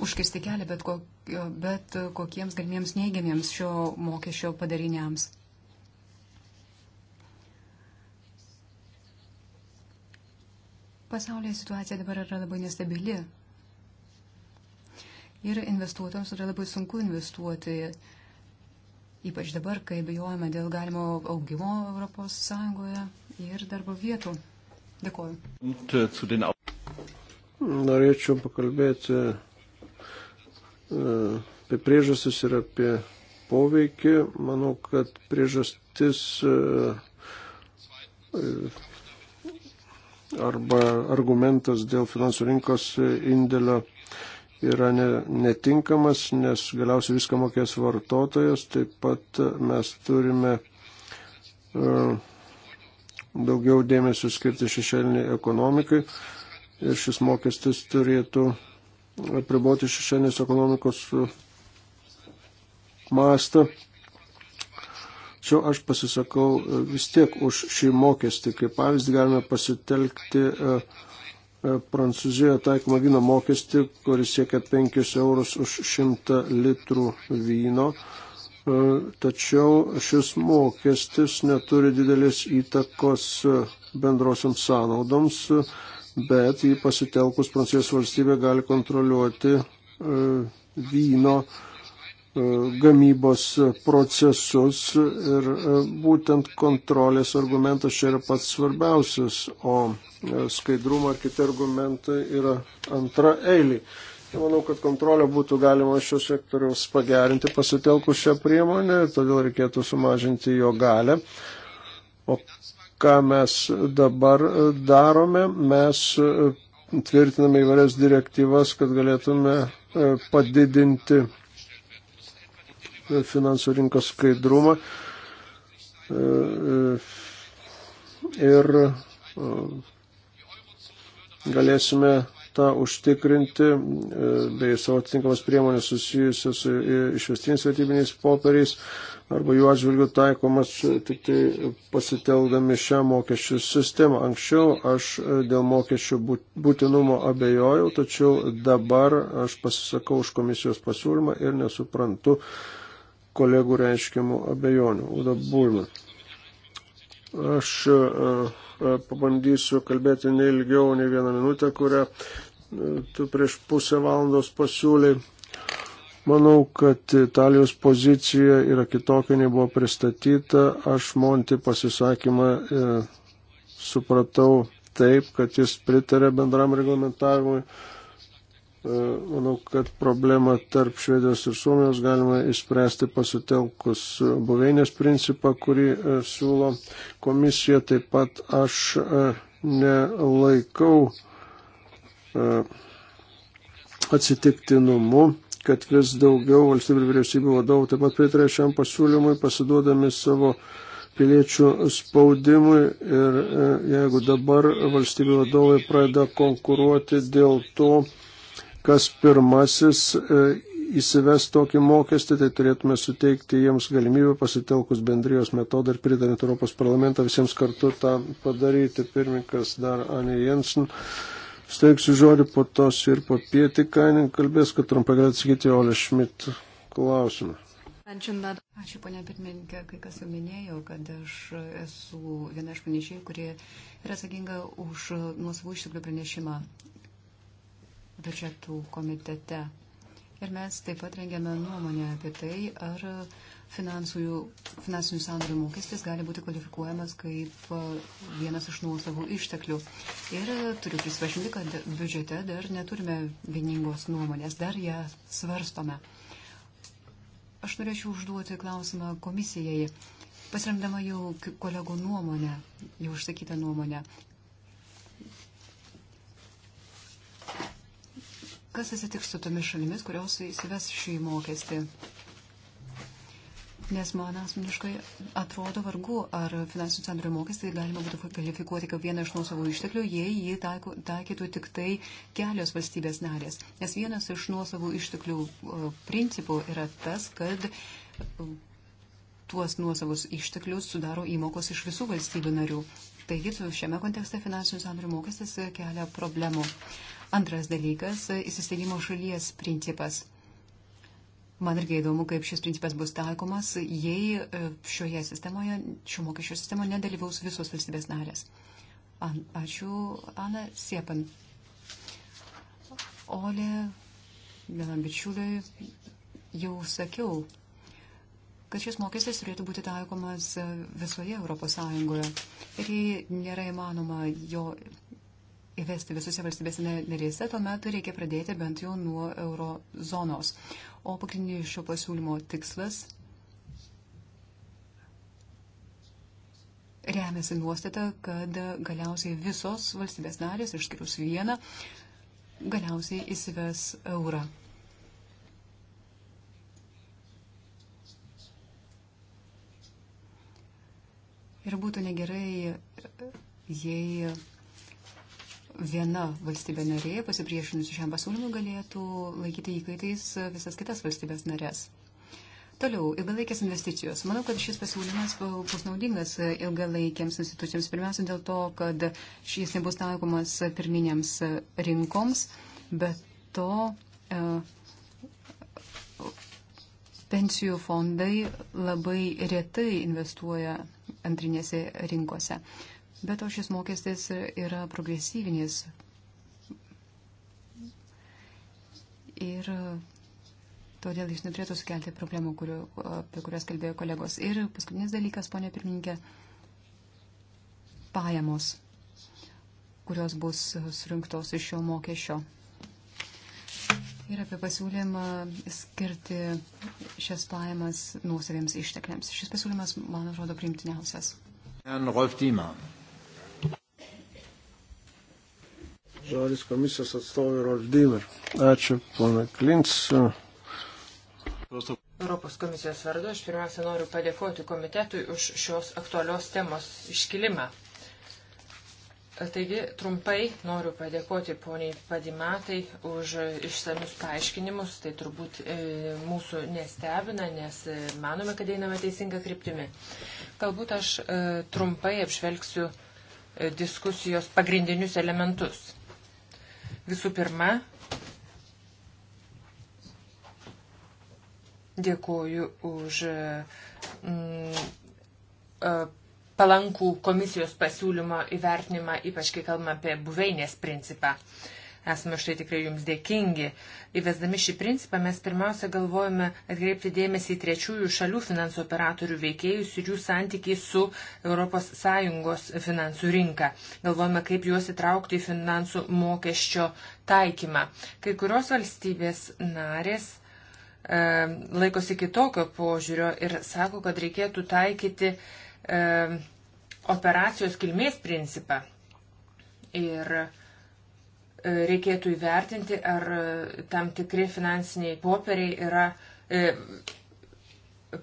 užkirsti kelią bet, kok, bet kokiems galimiems neigiamiems šio mokesčio padariniams. Pasaulėje situacija dabar yra labai nestabili. Ir investuotojams yra labai sunku investuoti uh, Ypač dabar, kai bijojame dėl galimo augimo Europos Sąjungoje ir darbo vietų. Dėkuoju. Norėčiau pakalbėti e, apie priežastis ir apie poveikį. Manau, kad priežastis e, e, arba argumentas dėl finansų rinkos indėlio yra ne, netinkamas, nes galiausiai viską mokės vartotojas. Taip pat mes turime uh, daugiau dėmesio skirti šešėliniai ekonomikai ir šis mokestis turėtų apriboti šešėlinės ekonomikos e, mastą. Čia aš pasisakau e, vis tiek už šį mokestį. Kaip pavyzdį galime pasitelkti uh, E, Prancūzijoje taikoma vyno mokestį, kuris siekia 5 eurus už 100 litrų vyno. E, Tačiau šis mokestis neturi didelės įtakos bendrosiams sąnaudoms, bet jį pasitelkus Prancūzijos valstybė gali kontroliuoti e, vyno uh, E, gamybos procesus ir e, būtent kontrolės argumentas čia yra pats svarbiausias, o e, skaidrumo ar kiti argumentai yra antra eilė. Tai manau, kad kontrolę būtų galima šio sektoriaus pagerinti pasitelkus šią priemonę, todėl reikėtų sumažinti jo galę. O ką mes dabar darome, mes tvirtiname įvairias direktyvas, kad galėtume padidinti finansų rinkos skaidrumą e, e, ir e, galėsime tą užtikrinti bei savo atitinkamas priemonės susijusios su išvestiniais vertybiniais popieriais arba jų atžvilgių taikomas tik tai pasiteldami šią mokesčių sistemą. Anksčiau aš dėl mokesčių būtinumo abejojau, tačiau dabar aš pasisakau už komisijos pasiūlymą ir nesuprantu, kolegų reiškiamų abejonių. Uda Bulman. Aš e, e, pabandysiu kalbėti neilgiau, ne vieną minutę, kurią e, tu prieš pusę valandos pasiūlyi. Manau, kad Italijos pozicija yra kitokia, nei buvo pristatyta. Aš Monti pasisakymą e, supratau taip, kad jis pritarė bendram reglamentavimui E, manau, kad problemą tarp Švedijos ir Suomijos galima išspręsti pasitelkus buveinės principą, kurį e, siūlo komisija. Taip pat aš e, nelaikau atsitiktinumu, kad vis daugiau valstybių vyriausybių vadovų taip pat pritarė šiam pasiūlymui, pasiduodami savo piliečių spaudimui ir jeigu dabar valstybių vadovai pradeda konkuruoti dėl to, kas pirmasis e, įsives tokį mokestį, tai turėtume suteikti jiems galimybę pasitelkus bendrijos metodą ir pridarint Europos parlamentą visiems kartu tą padaryti. Pirmininkas dar Anė Jensen. Steiksiu žodį po tos ir po pietį kainį kalbės, kad trumpai galėtų atsakyti Olė Šmit klausimą. Ačiū, ponia pirmininkė, kai kas jau minėjo, kad aš esu viena iš pranešėjų, kurie yra atsakinga už nuosavų išteklių pranešimą biudžetų komitete. Ir mes taip pat rengiame nuomonę apie tai, ar finansų, finansinių sandorių mokestis gali būti kvalifikuojamas kaip vienas iš nuosavų išteklių. Ir turiu prisipažinti, kad biudžete dar neturime vieningos nuomonės, dar ją svarstome. Aš norėčiau užduoti klausimą komisijai. Pasiremdama jau kolegų nuomonę, jau užsakytą nuomonę, Kas atsitiks su tomis šalimis, kurios įsives šį mokestį? Nes man asmeniškai atrodo vargu, ar finansinių sandorių mokestį galima būtų kvalifikuoti kaip vieną iš nuosavų išteklių, jei jį taiko, taikytų tik tai kelios valstybės narės. Nes vienas iš nuosavų išteklių principų yra tas, kad tuos nuosavus išteklius sudaro įmokos iš visų valstybių narių. Taigi, šiame kontekste finansinių sandorių mokestis kelia problemų. Antras dalykas - įsisteigimo šalies principas. Man irgi įdomu, kaip šis principas bus taikomas, jei e, šioje sistemoje, šio mokesčio sistemoje nedalyvaus visos valstybės narės. An, ačiū, Ana Siepan. Olė, vienam bičiuliui jau sakiau, kad šis mokestis turėtų būti taikomas e, visoje Europos Sąjungoje. Ir jei nėra įmanoma jo įvesti visose valstybėse narėse, tuomet reikia pradėti bent jau nuo eurozonos. O pagrindinis šio pasiūlymo tikslas remiasi nuostata, kad galiausiai visos valstybės narės, išskyrus vieną, galiausiai įsives eurą. Ir būtų negerai, jei viena valstybė narė pasipriešinusi šiam pasiūlymui galėtų laikyti įkaitais visas kitas valstybės narės. Toliau, ilgalaikės investicijos. Manau, kad šis pasiūlymas bus naudingas ilgalaikėms institucijoms. Pirmiausia, dėl to, kad šis nebus taikomas pirminėms rinkoms, bet to e, pensijų fondai labai retai investuoja antrinėse rinkose. Bet o šis mokestis yra progresyvinis. Ir todėl jis neturėtų sukelti problemų, kuriu, apie kurias kalbėjo kolegos. Ir paskutinis dalykas, ponė pirmininkė, pajamos, kurios bus surinktos iš šio mokesčio. Ir apie pasiūlymą skirti šias pajamas nuosaviems ištekliams. Šis pasiūlymas, man atrodo, priimtiniausias. Rolf Diemer. Žodis komisijos atstovai Roldimer. Ačiū, pana Klins. Europos komisijos vardu aš pirmiausia noriu padėkoti komitetui už šios aktualios temos iškilimą. Taigi trumpai noriu padėkoti poniai Padimatai už išsamius paaiškinimus. Tai turbūt e, mūsų nestebina, nes e, manome, kad einame teisinga kryptimi. Galbūt aš e, trumpai apžvelgsiu e, diskusijos pagrindinius elementus. Visų pirma, dėkoju už mm, palankų komisijos pasiūlymo įvertinimą, ypač kai kalbame apie buveinės principą. Uh, Esame štai tikrai jums dėkingi. Įvesdami šį principą mes pirmiausia galvojame atkreipti dėmesį į trečiųjų šalių finansų operatorių veikėjus ir jų santykiai su ES finansų rinka. Galvojame, kaip juos įtraukti į finansų mokesčio taikymą. Kai kurios valstybės narės e, laikosi kitokio požiūrio ir sako, kad reikėtų taikyti e, operacijos kilmės principą. Ir E, reikėtų įvertinti, ar e, tam tikri finansiniai popieriai yra e,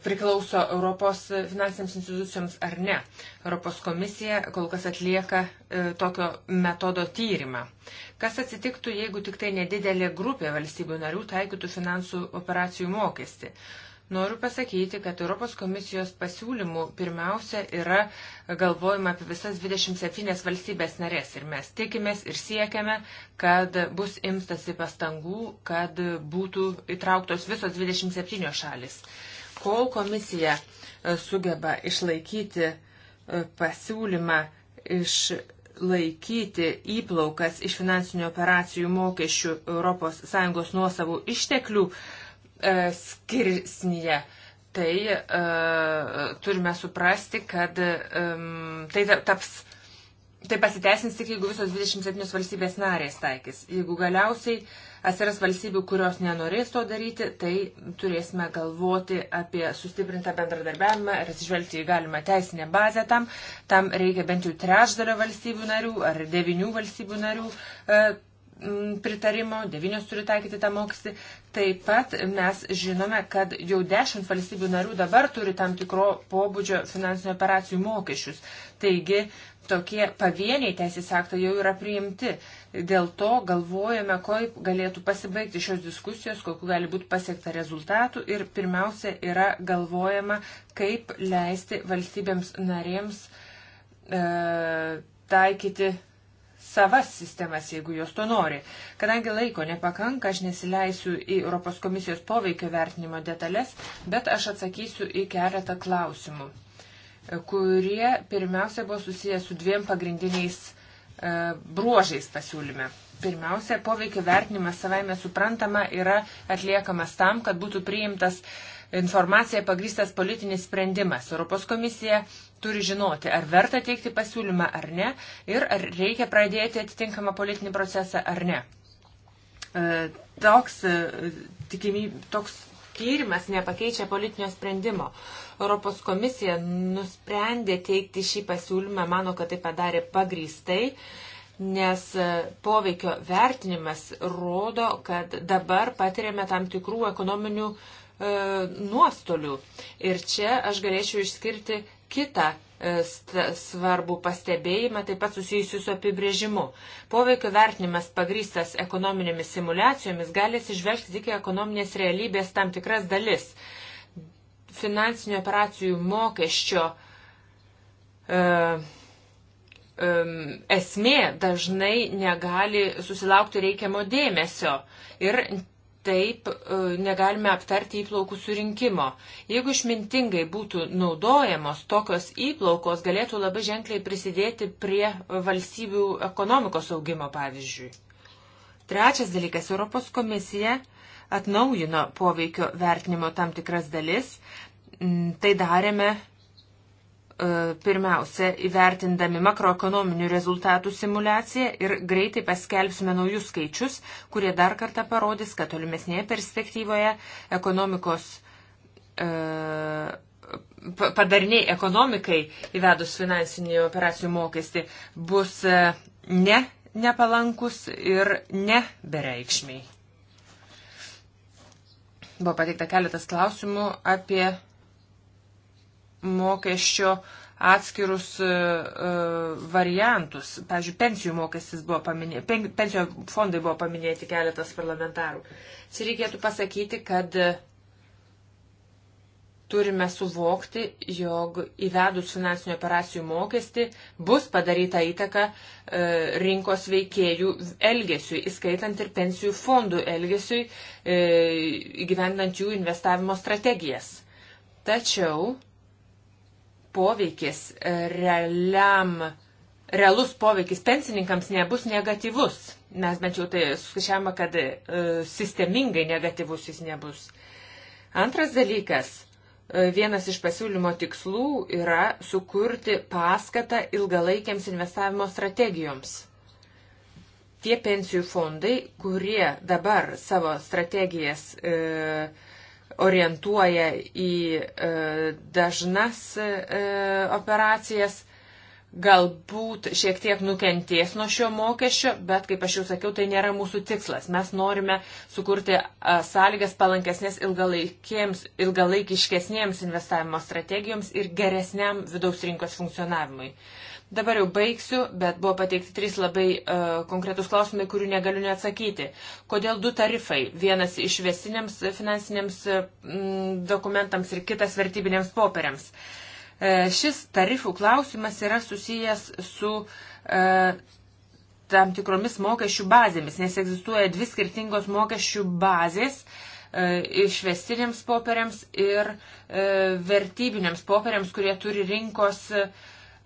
priklauso Europos finansinėms institucijoms ar ne. Europos komisija kol kas atlieka e, tokio metodo tyrimą. Kas atsitiktų, jeigu tik tai nedidelė grupė valstybių narių taikytų finansų operacijų mokestį? E, Noriu pasakyti, kad Europos komisijos pasiūlymų pirmiausia yra galvojama apie visas 27 valstybės narės ir mes tikimės ir siekiame, kad bus imstasi pastangų, kad būtų įtrauktos visos 27 šalis. Kol komisija e, sugeba išlaikyti e, pasiūlymą iš laikyti įplaukas iš finansinių operacijų mokesčių ES nuosavų išteklių E, skirsnyje. Tai e, turime suprasti, kad e, tai taps, tai pasiteisins tik jeigu visos 27 valstybės narės taikys. Jeigu galiausiai atsiras valstybių, kurios nenorės to daryti, tai turėsime galvoti apie sustiprintą bendradarbiavimą ir atsižvelgti į galimą teisinę bazę tam. Tam reikia bent jau trečdalio valstybių narių ar devinių valstybių narių e, pritarimo, devynios turi taikyti tą mokestį, Taip pat mes žinome, kad jau dešimt valstybių narių dabar turi tam tikro pobūdžio finansinių operacijų mokesčius. Taigi tokie pavieniai teisės aktai jau yra priimti. Dėl to galvojame, kaip galėtų pasibaigti šios diskusijos, kokiu gali būti pasiekta rezultatų ir pirmiausia yra galvojama, kaip leisti valstybėms narėms e, taikyti savas sistemas, jeigu jos to nori. Kadangi laiko nepakanka, aš nesileisiu į Europos komisijos poveikio vertinimo detalės, bet aš atsakysiu į keletą klausimų, kurie pirmiausia buvo susijęs su dviem pagrindiniais e, bruožais pasiūlyme. Pirmiausia, poveikio vertinimas savaime suprantama yra atliekamas tam, kad būtų priimtas informacija pagristas politinis sprendimas. Europos komisija turi žinoti, ar verta teikti pasiūlymą ar ne ir ar reikia pradėti atitinkamą politinį procesą ar ne. E, toks, e, tikimy, toks tyrimas nepakeičia politinio sprendimo. Europos komisija nusprendė teikti šį pasiūlymą, mano, kad tai padarė pagrįstai, nes e, poveikio vertinimas rodo, kad dabar patiriame tam tikrų ekonominių e, nuostolių. Ir čia aš galėčiau išskirti kitą e, svarbų pastebėjimą, taip pat susijusiu su apibrėžimu. Poveikio vertinimas pagrystas ekonominėmis simulacijomis gali atsižvelgti tik į ekonominės realybės tam tikras dalis. Finansinių operacijų mokesčio e, e, esmė dažnai negali susilaukti reikiamo dėmesio ir taip e, negalime aptarti įplaukų surinkimo. Jeigu išmintingai būtų naudojamos, tokios įplaukos galėtų labai ženkliai prisidėti prie valstybių ekonomikos augimo, pavyzdžiui. Trečias dalykas - Europos komisija atnaujino poveikio vertinimo tam tikras dalis. Mm, tai darėme E, pirmiausia įvertindami makroekonominių rezultatų simulaciją ir greitai paskelbsime naujus skaičius, kurie dar kartą parodys, kad tolimesnėje perspektyvoje ekonomikos e, padarniai ekonomikai įvedus finansinių operacijų mokestį bus e, ne nepalankus ir ne bereikšmiai. Buvo pateikta keletas klausimų apie mokesčio atskirus uh, variantus. Pavyzdžiui, pensijų mokestis buvo paminė, pen, pensijų fondai buvo paminėti keletas parlamentarų. Čia reikėtų pasakyti, kad e, turime suvokti, jog įvedus finansinių operacijų mokestį bus padaryta įtaka e, rinkos veikėjų elgesiui, įskaitant ir pensijų fondų elgesiui, e, įgyvendant jų investavimo strategijas. Tačiau poveikis e, realiam, realus poveikis pensininkams nebus negatyvus. Mes bent jau tai suskaičiavome, kad e, sistemingai negatyvus jis nebus. Antras dalykas. E, vienas iš pasiūlymo tikslų yra sukurti paskatą ilgalaikiams investavimo strategijoms tie pensijų fondai, kurie dabar savo strategijas e, orientuoja į e, dažnas e, operacijas, galbūt šiek tiek nukentės nuo šio mokesčio, bet, kaip aš jau sakiau, tai nėra mūsų tikslas. Mes norime sukurti e, sąlygas palankesnės ilgalaikiškesniems investavimo strategijoms ir geresniam vidaus rinkos funkcionavimui. Dabar jau baigsiu, bet buvo pateikti trys labai uh, e, konkretus klausimai, kurių negaliu neatsakyti. Kodėl du tarifai? Vienas išvesiniams finansiniams mm, dokumentams ir kitas vertybinėms popieriams. Uh, šis tarifų klausimas yra susijęs su uh, tam tikromis mokesčių bazėmis, nes egzistuoja dvi skirtingos mokesčių bazės e, išvestiniams popieriams ir e, vertybiniams popieriams, kurie turi rinkos e,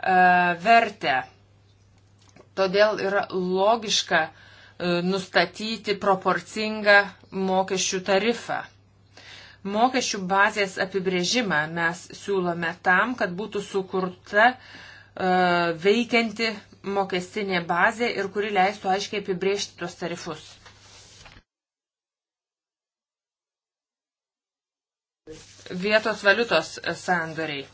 E, vertę. Todėl yra logiška e, nustatyti proporcingą mokesčių tarifą. Mokesčių bazės apibrėžimą mes siūlome tam, kad būtų sukurta e, veikianti mokestinė bazė ir kuri leistų aiškiai apibrėžti tuos tarifus. Vietos valiutos sandoriai.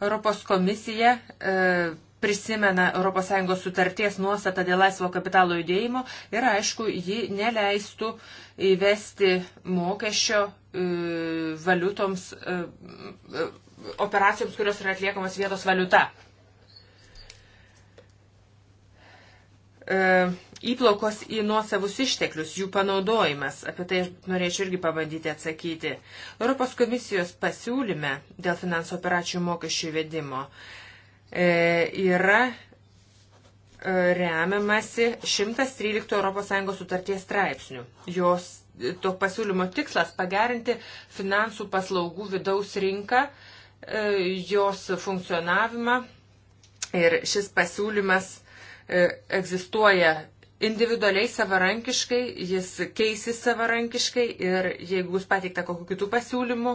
Europos komisija e, prisimena ES sutarties nuostatą dėl laisvo kapitalo judėjimo ir aišku, ji neleistų įvesti mokesčio e, valiutoms, e, operacijoms, kurios yra atliekamas vietos valiuta. Uh Įplaukos į nuosavus išteklius, jų panaudojimas, apie tai norėčiau irgi pabandyti atsakyti. Europos komisijos pasiūlyme dėl finansų operacijų mokesčių įvedimo e, yra e, remiamasi 113 ES sutarties straipsnių. Jos e, to pasiūlymo tikslas pagerinti finansų paslaugų vidaus rinką, e, jos funkcionavimą ir šis pasiūlymas e, egzistuoja individualiai savarankiškai, jis keisys savarankiškai ir jeigu bus pateikta kokiu kitų pasiūlymų,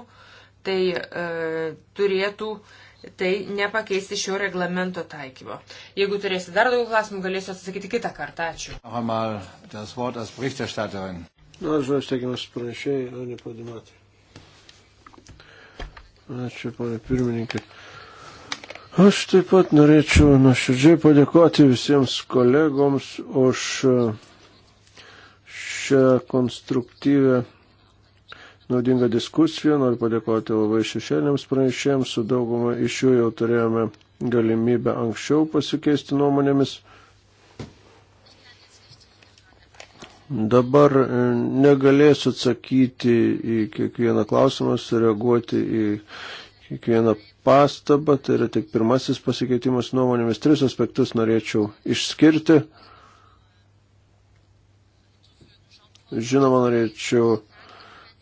tai e, turėtų tai nepakeisti šio reglamento taikymo. Jeigu turėsi dar daugiau klausimų, galėsiu atsakyti kitą kartą. Ačiū. Na, žodžiu, teikiamas pranešėjai, o ne padimatė. Ačiū, ponė pirmininkė. Aš taip pat norėčiau nuoširdžiai padėkoti visiems kolegoms už e, šią konstruktyvę naudingą diskusiją. Noriu padėkoti labai šešėliams pranešėjams, su dauguma iš jų jau turėjome galimybę anksčiau pasikeisti nuomonėmis. Dabar e, negalėsiu atsakyti į kiekvieną klausimą, sureaguoti į kiekvieną pastabą, tai yra tik pirmasis pasikeitimas nuomonėmis. Tris aspektus norėčiau išskirti. Žinoma, norėčiau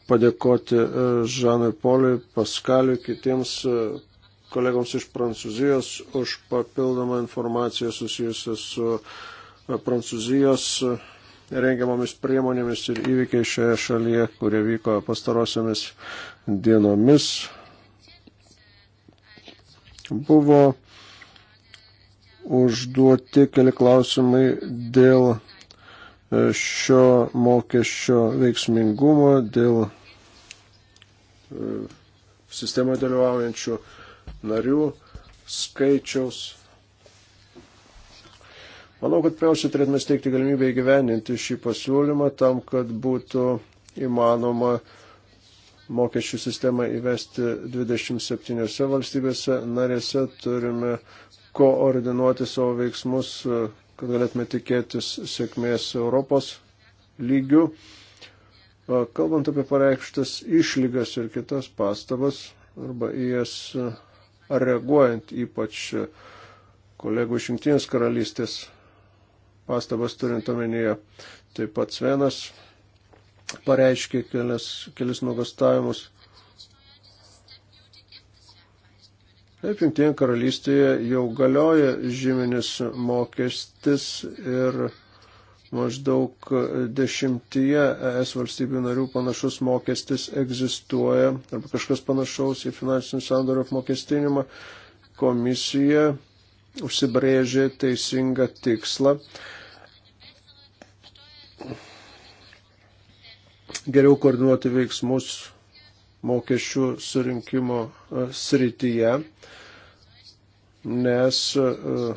padėkoti e, Žanui Poliui, Paskaliui, kitiems e, kolegoms iš Prancūzijos už papildomą informaciją susijusią su e, Prancūzijos rengiamomis priemonėmis ir įvykiai šioje šalyje, kurie vyko pastarosiamis dienomis. Buvo užduoti keli klausimai dėl e, šio mokesčio veiksmingumo, dėl e, sistemoje dalyvaujančių narių skaičiaus. Manau, kad pirmiausia turėtume steigti galimybę įgyveninti šį pasiūlymą tam, kad būtų įmanoma uh, mokesčių sistemą įvesti 27 valstybėse narėse, turime koordinuoti savo veiksmus, kad galėtume tikėtis sėkmės Europos lygių. Kalbant apie pareikštas išlygas ir kitas pastabas, arba į jas reaguojant, ypač kolegų iš Junktinės karalystės pastabas turint omenyje, taip pat Svenas pareiškė kelias, kelias nuogastavimus. Taip, Junktinėje karalystėje jau galioja žyminis mokestis ir maždaug dešimtyje ES valstybių narių panašus mokestis egzistuoja arba kažkas panašaus į finansinių sandorių apmokestinimą. Komisija užsibrėžė teisingą tikslą geriau koordinuoti veiksmus mokesčių surinkimo e, srityje, nes e,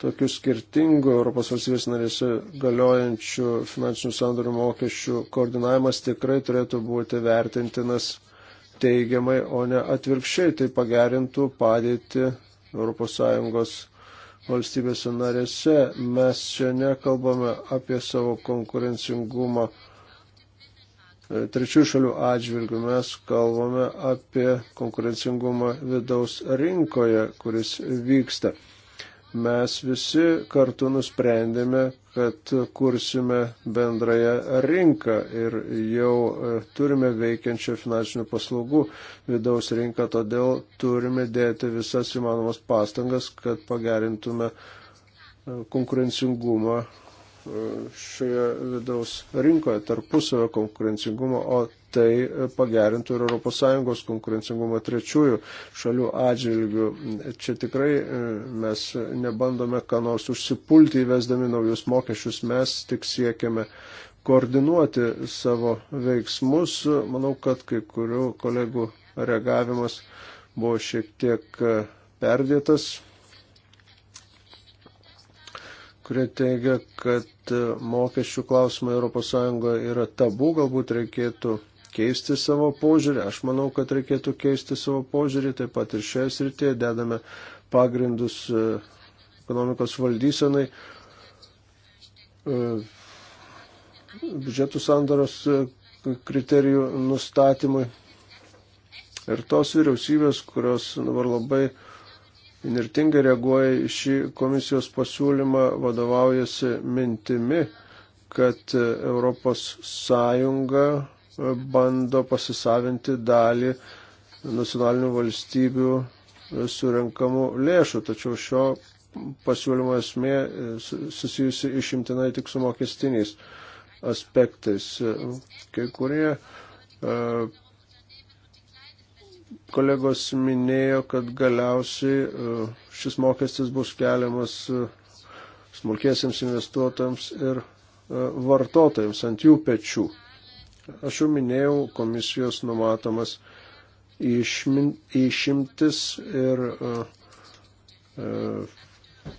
tokių skirtingų Europos valstybės narėse galiojančių finansinių sandorių mokesčių koordinavimas tikrai turėtų būti vertintinas teigiamai, o ne atvirkščiai, tai pagerintų padėti ES valstybėse narėse. Mes čia nekalbame apie savo konkurencingumą E, trečių šalių atžvilgių. Mes kalbame apie konkurencingumą vidaus rinkoje, kuris vyksta. Mes visi kartu nusprendėme, kad kursime bendrąją rinką ir jau e, turime veikiančią finansinių paslaugų vidaus rinką, todėl turime dėti visas įmanomas pastangas, kad pagerintume e, konkurencingumą šioje vidaus rinkoje tarpusavio konkurencingumo, o tai pagerintų ir ES konkurencingumą trečiųjų šalių atžvilgių. Čia tikrai e, mes nebandome ką nors užsipulti įvesdami naujus mokesčius, mes tik siekiame koordinuoti savo veiksmus. Manau, kad kai kurių kolegų reagavimas buvo šiek tiek e, perdėtas, kurie teigia, kad e, mokesčių klausimai ES yra tabu, galbūt reikėtų keisti savo požiūrį. Aš manau, kad reikėtų keisti savo požiūrį, taip pat ir šioje srityje dedame pagrindus e, ekonomikos valdysenai, e, biudžetų sandaros kriterijų nustatymui. Ir tos vyriausybės, kurios dabar labai uh, inertingai reaguoja į šį komisijos pasiūlymą, vadovaujasi mintimi, kad ES bando pasisavinti dalį nacionalinių valstybių surinkamų lėšų, tačiau šio pasiūlymo esmė susijusi išimtinai tik su mokestiniais aspektais. Kai kurie Kolegos minėjo, kad galiausiai e, šis mokestis bus keliamas e, smulkėsiams investuotojams ir e, vartotojams ant jų pečių. Aš jau minėjau komisijos numatomas išmin, išimtis ir uh, uh,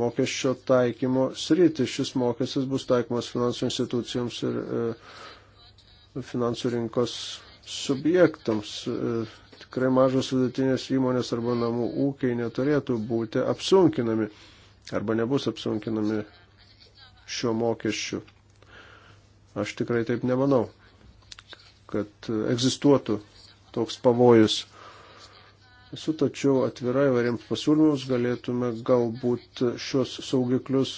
mokesčio taikymo sritis. Šis mokestis bus taikomas finansų institucijoms ir uh, finansų rinkos subjektams. Uh, tikrai mažos vidutinės įmonės arba namų ūkiai neturėtų būti apsunkinami arba nebus apsunkinami šio mokesčiu. Aš tikrai taip nemanau, kad egzistuotų toks pavojus. Esu tačiau atvira įvairiems pasiūlymams, galėtume galbūt šios saugiklius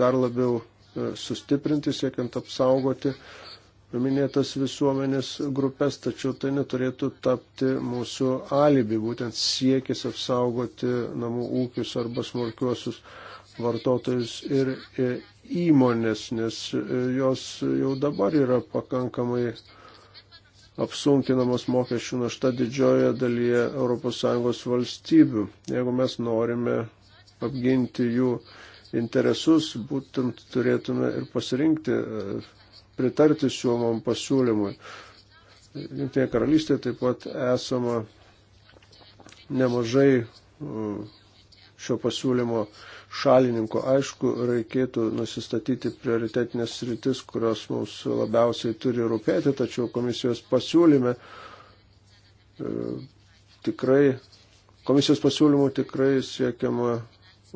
dar labiau e, sustiprinti, siekiant apsaugoti uh, minėtas visuomenės grupės, tačiau tai neturėtų tapti mūsų alibi, būtent siekis apsaugoti namų ūkius arba smulkiuosius vartotojus ir e, įmonės, nes e, jos jau dabar yra pakankamai apsunkinamos mokesčių našta didžiojoje dalyje ES valstybių. Jeigu mes norime apginti jų interesus, būtent turėtume ir pasirinkti e, pritarti siūlomam pasiūlymui. Jungtinė karalystė taip pat esama nemažai šio pasiūlymo šalininko. Aišku, reikėtų nusistatyti prioritetinės sritis, kurios mums labiausiai turi rūpėti, tačiau komisijos pasiūlyme e, tikrai, komisijos pasiūlymų tikrai siekiama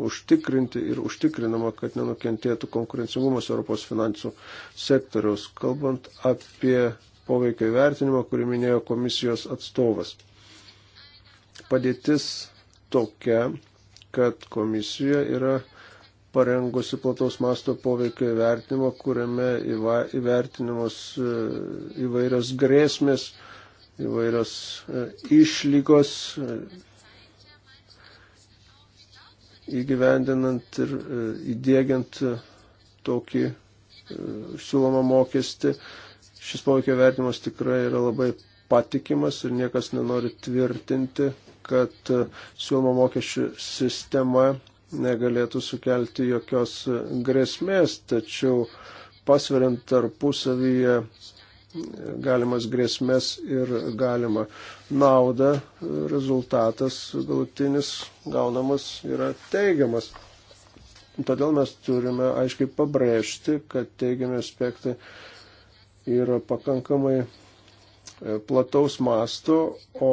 užtikrinti ir užtikrinama, kad nenukentėtų konkurencingumas Europos finansų sektoriaus, kalbant apie poveikio įvertinimą, kurį minėjo komisijos atstovas. Padėtis tokia, kad komisija yra parengusi plataus masto poveikio įvertinimą, kuriame įvertinimos e, įvairios grėsmės, įvairios e, išlygos, įgyvendinant ir e, įdėgiant e, tokį e, siūlomą mokestį. Šis poveikio vertimas tikrai yra labai patikimas ir niekas nenori tvirtinti, kad siūloma mokesčių sistema negalėtų sukelti jokios grėsmės, tačiau pasveriant tarpusavyje galimas grėsmės ir galima naudą, rezultatas galutinis gaunamas yra teigiamas. Todėl mes turime aiškiai pabrėžti, kad teigiami aspektai yra pakankamai e, plataus masto, o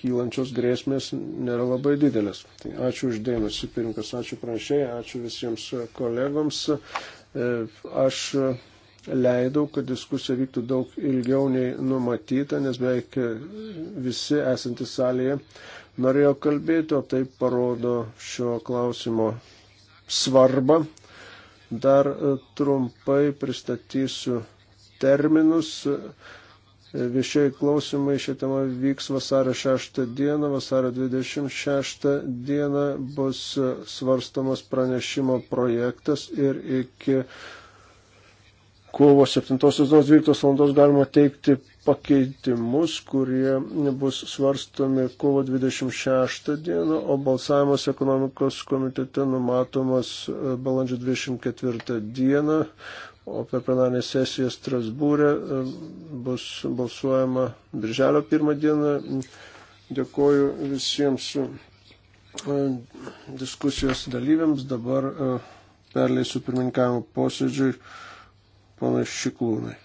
kylančios grėsmės nėra labai didelės. Tai ačiū uždėmesi, pirinkas, ačiū pranešėjai, ačiū visiems kolegoms. E, aš leidau, kad diskusija vyktų daug ilgiau nei numatyta, nes beveik visi esantys salėje norėjo kalbėti, o tai parodo šio klausimo svarbą. Dar e, trumpai pristatysiu terminus. E, Viešiai klausimai šią temą vyks vasario 6 dieną, vasario 26 dieną bus e, svarstamas pranešimo projektas ir iki kovo 7.12 val. galima teikti pakeitimus, kurie bus svarstomi kovo 26 dieną, o balsavimas ekonomikos komitete numatomas e, balandžio 24 dieną, o per plenarinę sesiją Strasbūrė e, bus balsuojama birželio 1 dieną. Dėkoju visiems e, diskusijos dalyviams. Dabar perleisiu pirmininkavimo posėdžiui panas Šiklūnai.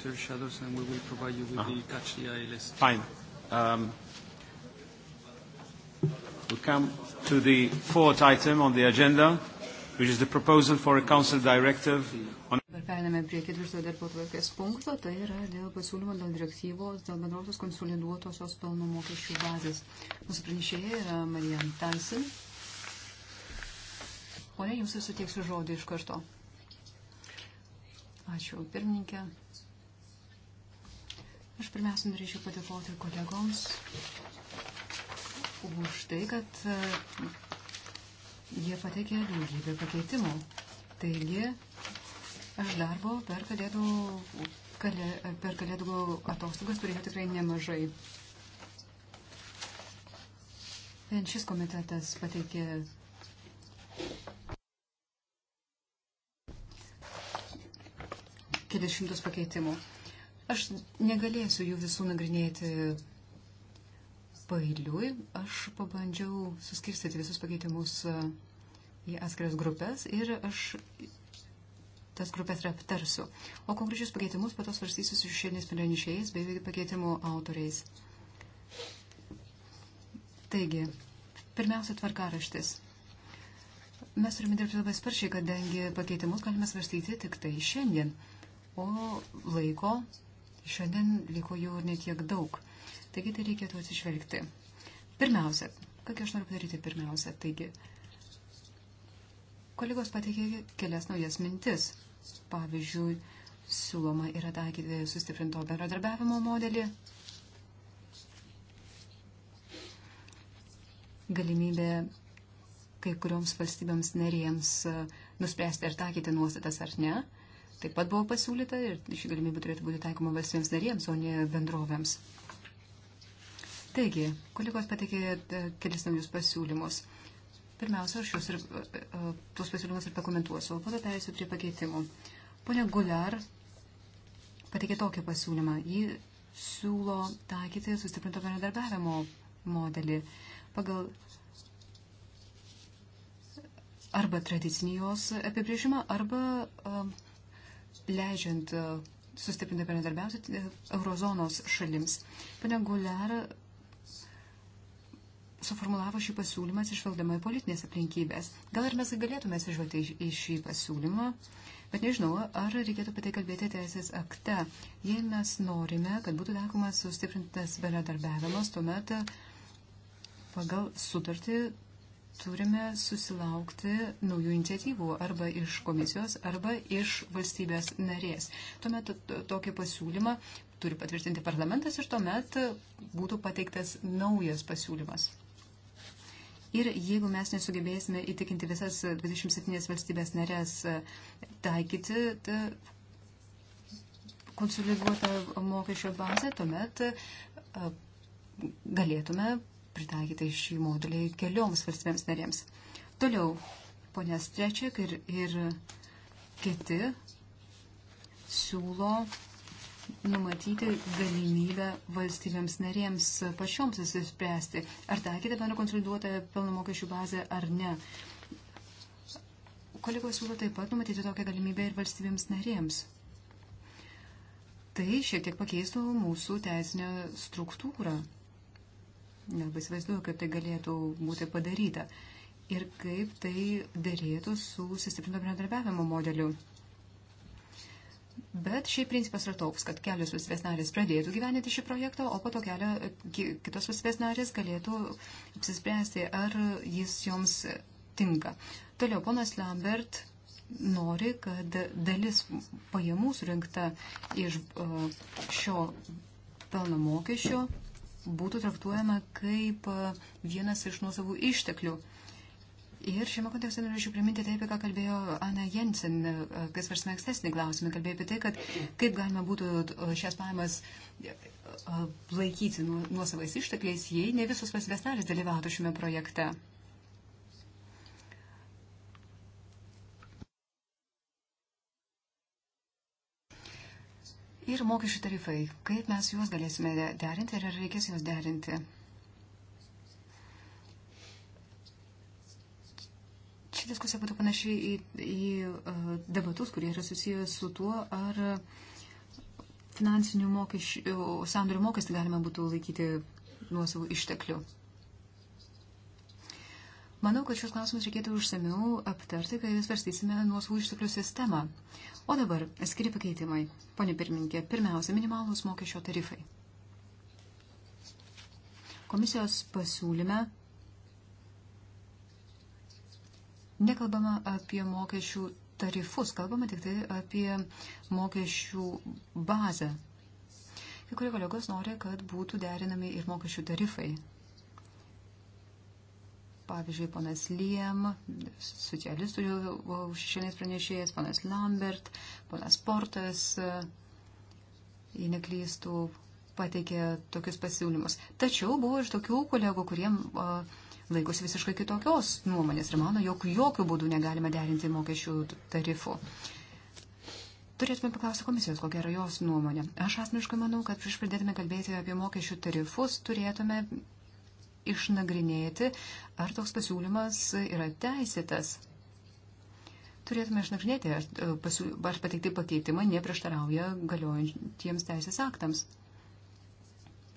after shadows, and we will provide you with uh-huh. the ah. catch the eye list. Fine. Um, we come to the fourth item on the agenda, which is the proposal for a council directive on. Dabar pereiname prie ketvirto darbo tvarkės punkto, tai yra dėl pasiūlymo dėl direktyvos, dėl bendrosios konsoliduotosios pelno mokesčių bazės. Mūsų pranešėja yra Marijan Tansin. Pone, jums ir suteiksiu žodį iš karto. Ačiū, pirmininkė. Aš pirmiausia norėčiau padėkoti kolegoms už tai, kad e, jie patekė daugybę pakeitimų. Taigi, aš darbo per kalėdų, kalė, per kalėdų atostogas turėjau tikrai nemažai. Vien šis komitetas pateikė kelias šimtus pakeitimų. Aš negalėsiu jų visų nagrinėti pailiui. Aš pabandžiau suskirstyti visus pakeitimus e, į atskiras grupės ir aš tas grupės ir aptarsiu. O konkrečius pakeitimus pato svarstysiu su šešėliniais pranešėjais bei pakeitimų autoriais. Taigi, pirmiausia, tvarkaraštis. Mes turime dirbti labai sparčiai, kadangi pakeitimus galime svarstyti tik tai šiandien, o laiko Šiandien liko jų netiek daug. Taigi tai reikėtų atsižvelgti. Pirmiausia, kokią aš noriu padaryti pirmiausia, taigi kolegos pateikė kelias naujas mintis. Pavyzdžiui, siūloma yra taikyti sustiprinto bendradarbiavimo modelį, galimybė kai kurioms valstybėms narėms nuspręsti, ar taikyti nuostatas ar ne taip pat buvo pasiūlyta ir ši galimybė turėtų būti taikoma valstybėms narėms, o ne bendrovėms. Taigi, kolegos pateikė e, kelis naujus pasiūlymus. Pirmiausia, aš jūs ir e, e, tuos pasiūlymus ir pakomentuosiu, o po to perėsiu prie pakeitimų. Pone Guliar pateikė tokį pasiūlymą. Ji siūlo taikyti sustiprinto bendradarbiavimo modelį pagal arba tradicinį jos apibrėžimą, arba uh, leidžiant e, sustiprinti bendradarbiauti e, eurozonos šalims. Pane Guliar e, suformulavo šį pasiūlymą atsižvelgdama į politinės aplinkybės. Gal ir mes galėtume atsižvelgti į šį pasiūlymą, bet nežinau, ar reikėtų apie tai kalbėti teisės akte. Jei mes norime, kad būtų taikomas sustiprintas bendradarbiavimas, tuomet pagal sutartį turime susilaukti naujų iniciatyvų arba iš komisijos, arba iš valstybės narės. Tuomet tokį pasiūlymą turi patvirtinti parlamentas ir tuomet būtų pateiktas naujas pasiūlymas. Ir jeigu mes nesugebėsime įtikinti visas 27 valstybės narės e, taikyti konsoliduotą mokesčio bazę, tuomet e, galėtume pritaikyti šį modelį kelioms valstybėms narėms. Toliau, ponės Trečiak ir, ir kiti siūlo numatyti galimybę valstybėms narėms pačioms susispręsti, ar taikyti bendrą konsoliduotą pelno mokesčių bazę ar ne. Kolegos siūlo taip pat numatyti tokią galimybę ir valstybėms narėms. Tai šiek tiek pakeistų mūsų teisinę struktūrą. Nelabai įsivaizduoju, kaip tai galėtų būti padaryta ir kaip tai dėlėtų su sustiprinto bendradarbiavimo modeliu. Bet šiaip principas yra toks, kad kelios valstybės narės pradėtų gyveninti šį projektą, o po to kelio kitos valstybės narės galėtų apsispręsti, ar jis joms tinka. Toliau, ponas Lambert nori, kad dalis pajamų surinkta iš šio pelno mokesčio būtų traktuojama kaip vienas iš nuosavų išteklių. Ir šiame kontekste norėčiau priminti tai, apie ką kalbėjo Ana Jensen, kas varsime ankstesnį klausimą, kalbėjo apie tai, kad kaip galima būtų šias pajamas laikyti nuosavais ištekliais, jei ne visos valstybės narės dalyvautų šiame projekte. Ir mokesčių tarifai. Kaip mes juos galėsime derinti ir ar reikės juos derinti? Ši diskusija būtų panašiai į, į e, debatus, kurie yra susijęs su tuo, ar finansinių mokesčių, sandorių mokestį galima būtų laikyti nuosavų išteklių. Manau, kad šios klausimus reikėtų užsamiau aptarti, kai svarstysime nuosavų išteklių sistemą. O dabar skiri pakeitimai. Pone pirmininkė, pirmiausia, minimalūs mokesčio tarifai. Komisijos pasiūlyme nekalbama apie mokesčių tarifus, kalbama tik tai apie mokesčių bazę. Kai kurie kolegos nori, kad būtų derinami ir mokesčių tarifai Pavyzdžiui, ponas Liem, socialistų šešėlės pranešėjas, ponas Lambert, ponas Portas, jei neklystų, pateikė tokius pasiūlymus. Tačiau buvo ir tokių kolegų, kuriem laikosi visiškai kitokios nuomonės ir mano, jog jokių būdų negalima derinti mokesčių tarifų. Turėtume paklausti komisijos, kokia yra jos nuomonė. Aš asmeniškai manau, kad prieš pradėtume kalbėti apie mokesčių tarifus, turėtume išnagrinėti, ar toks pasiūlymas yra teisėtas. Turėtume išnagrinėti, ar, e, pasiūly, ar pateikti pakeitimą neprieštarauja galiojantiems teisės aktams.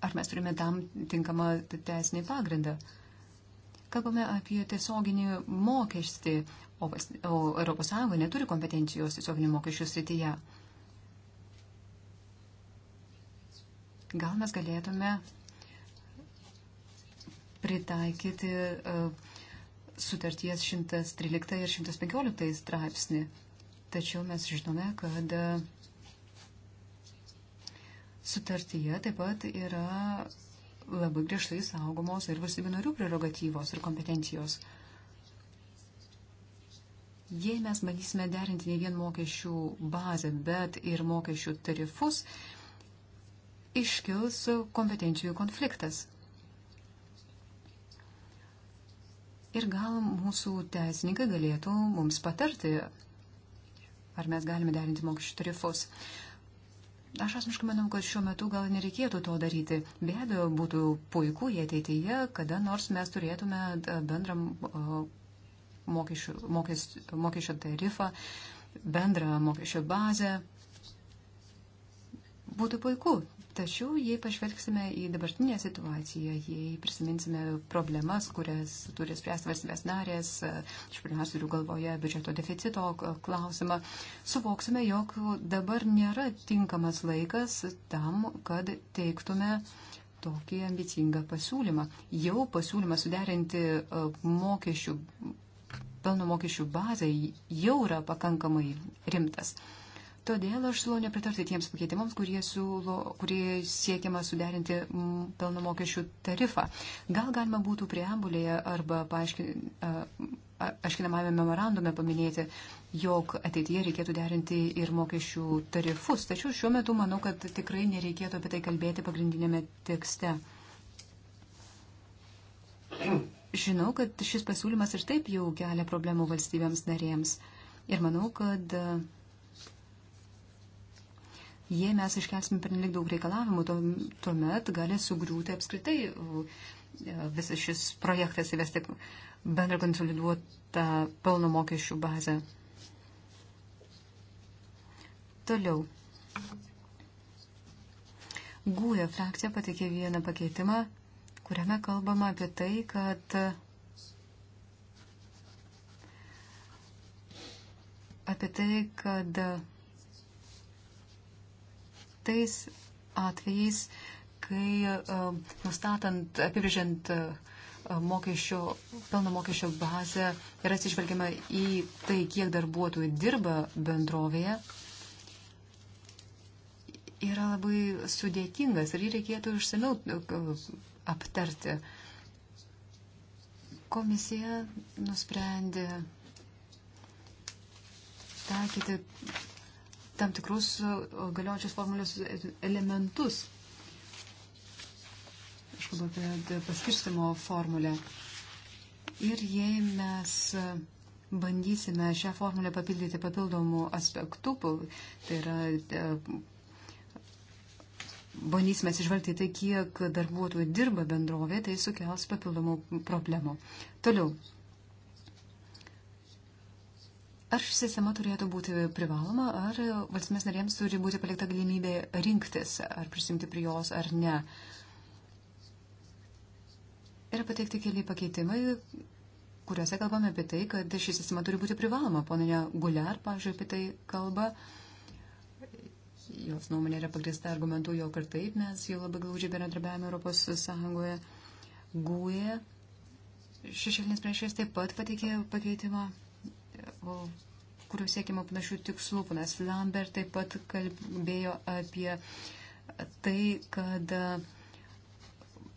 Ar mes turime tam tinkamą teisinį pagrindą. Kalbame apie tiesioginį mokestį, o, o ES neturi kompetencijos tiesioginių mokesčių srityje. Gal mes galėtume pritaikyti e, sutarties 113 ir 115 straipsnį. Tačiau mes žinome, kad e, sutartyje taip pat yra labai griežtai saugomos ir valstybių narių prerogatyvos ir kompetencijos. Jei mes bandysime derinti ne vien mokesčių bazę, bet ir mokesčių tarifus, iškils kompetencijų konfliktas. Ir gal mūsų teisininkai galėtų mums patarti, ar mes galime derinti mokesčių tarifus. Aš asmeniškai manau, kad šiuo metu gal nereikėtų to daryti. Be abejo, būtų puiku, jei ateityje, kada nors mes turėtume bendrą mokesčių, mokesčių, mokesčio tarifą, bendrą mokesčio bazę. Būtų puiku, Tačiau, jei pažvelgsime į dabartinę situaciją, jei prisiminsime problemas, kurias turi spręsti valstybės narės, iš pirmiausia turiu galvoje biudžeto deficito klausimą, suvoksime, jog dabar nėra tinkamas laikas tam, kad teiktume tokį ambicingą pasiūlymą. Jau pasiūlymą suderinti e, mokesčių, pelno mokesčių bazai jau yra pakankamai rimtas. Todėl aš siūlau nepritarti tiems pakeitimams, kurie, siūlo, kurie siekiama suderinti pelno mokesčių tarifą. Gal galima būtų preambulėje arba aiškinamame memorandume paminėti, jog ateityje reikėtų derinti ir mokesčių tarifus. Tačiau šiuo metu manau, kad tikrai nereikėtų apie tai kalbėti pagrindinėme tekste. Žinau, kad šis pasiūlymas ir taip jau kelia problemų valstybėms narėms. Ir manau, kad uh, Jei mes iškelsime pernelik daug reikalavimų, tuomet gali sugriūti apskritai uh, uh, visas šis projektas įvesti bendrą konsoliduotą pelno mokesčių bazę. Toliau. Gūja frakcija patikė vieną pakeitimą, kuriame kalbama apie tai, kad apie tai, kad tais atvejais, kai e, nustatant, apibrėžiant e, mokesčio, pelno mokesčio bazę yra atsižvelgiama į tai, kiek darbuotojų dirba bendrovėje, yra labai sudėtingas ir jį reikėtų išsameu e, aptarti. Komisija nusprendė taikyti tam tikrus e, galiojančios formulės elementus. Aš kalbu apie paskirstimo formulę. Ir jei mes e, bandysime šią formulę papildyti papildomų aspektų, tai yra e, bandysime atsižvelgti tai, kiek darbuotojų dirba bendrovė, tai sukels papildomų problemų. Toliau, Ar ši sistema turėtų būti privaloma, ar valstybės narėms turi būti palikta galimybė rinktis, ar prisimti prie jos, ar ne. Yra pateikti keli pakeitimai, kuriuose kalbame apie tai, kad ši sistema turi būti privaloma. Poninė Guliar, pažiūrėjau, apie tai kalba. Jos nuomonė yra pagrįsta argumentu, jog ir taip mes jau labai glaudžiai bendradarbiavame Europos Sąjungoje. Gūje šešėlinis priešės taip pat pateikė pakeitimą kuriuo siekima panašių tikslų. Panas Lambert taip pat kalbėjo apie tai, kad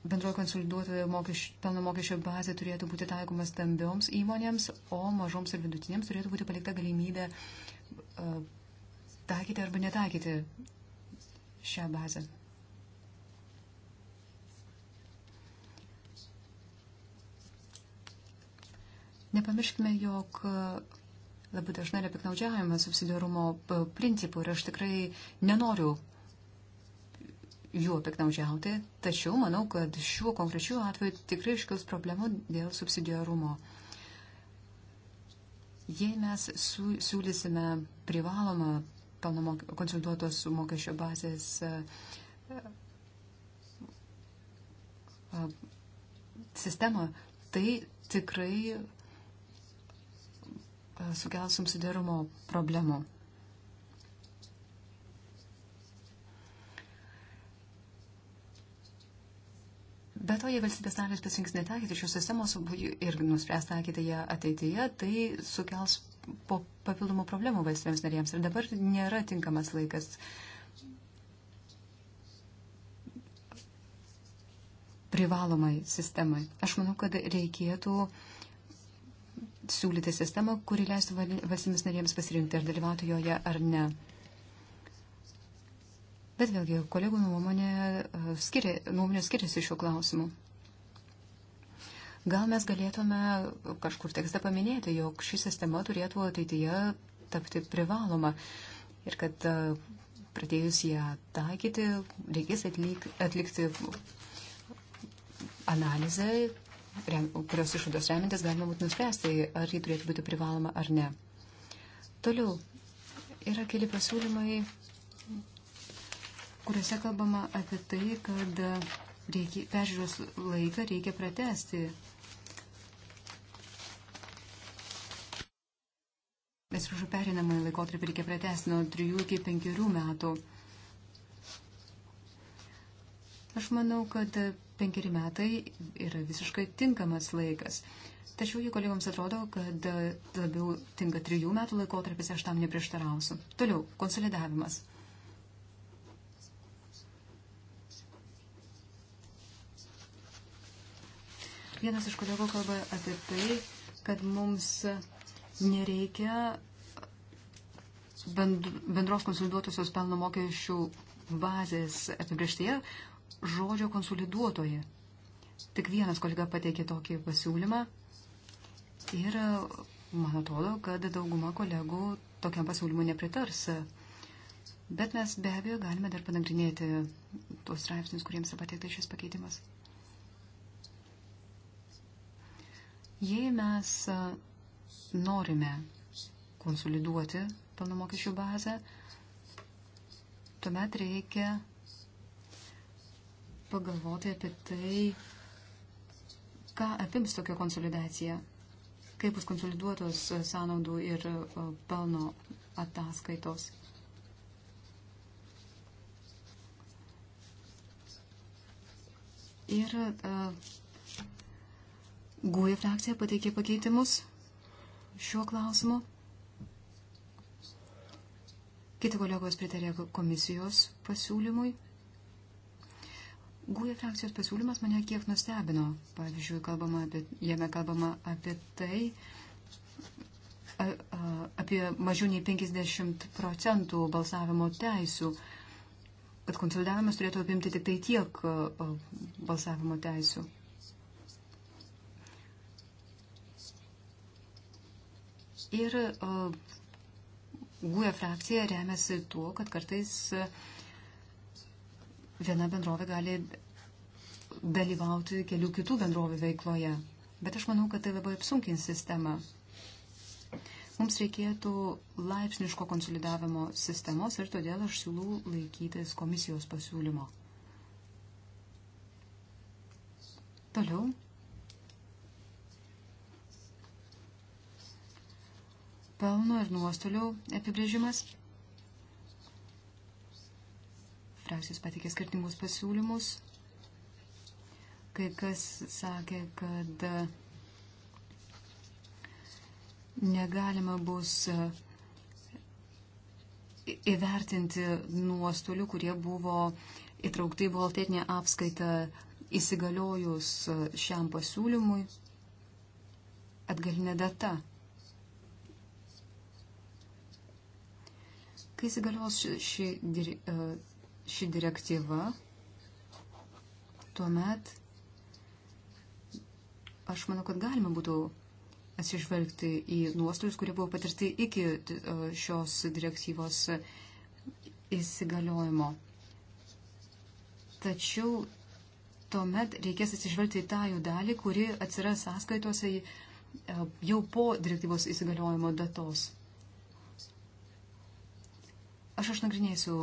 bendroji konsoliduotojo mokesčio, pelno mokesčio bazė turėtų būti taikoma stambioms įmonėms, o mažoms ir vidutinėms turėtų būti palikta galimybė uh, taikyti arba netaikyti šią bazę. Nepamirškime, jog uh, labai dažnai yra piknaudžiavime subsidiarumo principų ir aš tikrai nenoriu juo piknaudžiauti, tačiau manau, kad šiuo konkrečiu atveju tikrai iškils problemų dėl subsidiarumo. Jei mes siūlysime privalomą pelno konsultuotos mokesčio bazės e, e, sistemą, tai tikrai E, sukels subsidiarumo problemų. Be to, jei valstybės narės pasirinks netaikyti šios sistemos ir nuspręs taikyti ją ateityje, tai sukels po papildomų problemų valstybėms narėms. Ir dabar nėra tinkamas laikas privalomai sistemai. Aš manau, kad reikėtų uh, siūlyti sistemą, kuri leistų valstybės narėms pasirinkti, ar dalyvauti joje ar ne. Bet vėlgi, kolegų nuomonė e, skiria, nuomonė skiriasi šiuo klausimu. Gal mes galėtume kažkur tekste paminėti, jog ši sistema turėtų ateityje tapti privaloma ir kad e, pradėjus ją taikyti, reikės atlik, atlikti analizę kurios išvados remintis galima būtų nuspręsti, ar jį turėtų būti privaloma ar ne. Toliau yra keli pasiūlymai, kuriuose kalbama apie tai, kad reikia, peržiūros laiką reikia pratesti. Atsiprašau, perinamąjį laikotarpį reikia pratesti nuo 3 iki 5 metų. Aš manau, kad penkeri metai yra visiškai tinkamas laikas. Tačiau jų kolegoms atrodo, kad labiau tinka trijų metų laikotarpis, aš tam neprieštarausiu. Toliau, konsolidavimas. Vienas iš kolegų kalba apie tai, kad mums nereikia bendros konsoliduotusios pelno mokesčių bazės apibrieštyje, žodžio konsoliduotoji. Tik vienas kolega pateikė tokį pasiūlymą ir man atrodo, kad dauguma kolegų tokiam pasiūlymui nepritars. Bet mes be abejo galime dar panagrinėti tuos straipsnius, kuriems yra pateiktas šis pakeitimas. Jei mes norime konsoliduoti pelno mokesčių bazę, tuomet reikia pagalvoti apie tai, ką apims tokia konsolidacija, kaip bus konsoliduotos sąnaudų ir e, pelno ataskaitos. Ir uh, e, GUI frakcija pateikė pakeitimus šiuo klausimu. Kiti kolegos pritarė komisijos pasiūlymui. Gūja frakcijos pasiūlymas mane kiek nustebino. Pavyzdžiui, kalbama apie, jame kalbama apie tai, a, a, apie mažiau nei 50 procentų balsavimo teisų, kad konsolidavimas turėtų apimti tik tai tiek a, balsavimo teisų. Ir GUE frakcija remiasi tuo, kad kartais uh, viena bendrovė gali dalyvauti kelių kitų bendrovių veikloje. Bet aš manau, kad tai labai apsunkins sistemą. Mums reikėtų laipsniško konsolidavimo sistemos ir todėl aš siūlau laikytis komisijos pasiūlymo. Toliau. Pelno ir nuostolių apibrėžimas frakcijos patikė skirtingus pasiūlymus. Kai kas sakė, kad negalima bus įvertinti nuostolių, kurie buvo įtraukti į buhaltetinę apskaitą įsigaliojus šiam pasiūlymui atgalinė data. Kai įsigalios ši, ši ši direktyva, tuomet aš manau, kad galima būtų atsižvelgti į nuostolius, kurie buvo patirti iki e, šios direktyvos įsigaliojimo. Tačiau tuomet reikės atsižvelgti į tą jų dalį, kuri atsiras sąskaitose e, jau po direktyvos įsigaliojimo datos. Aš išnagrinėsiu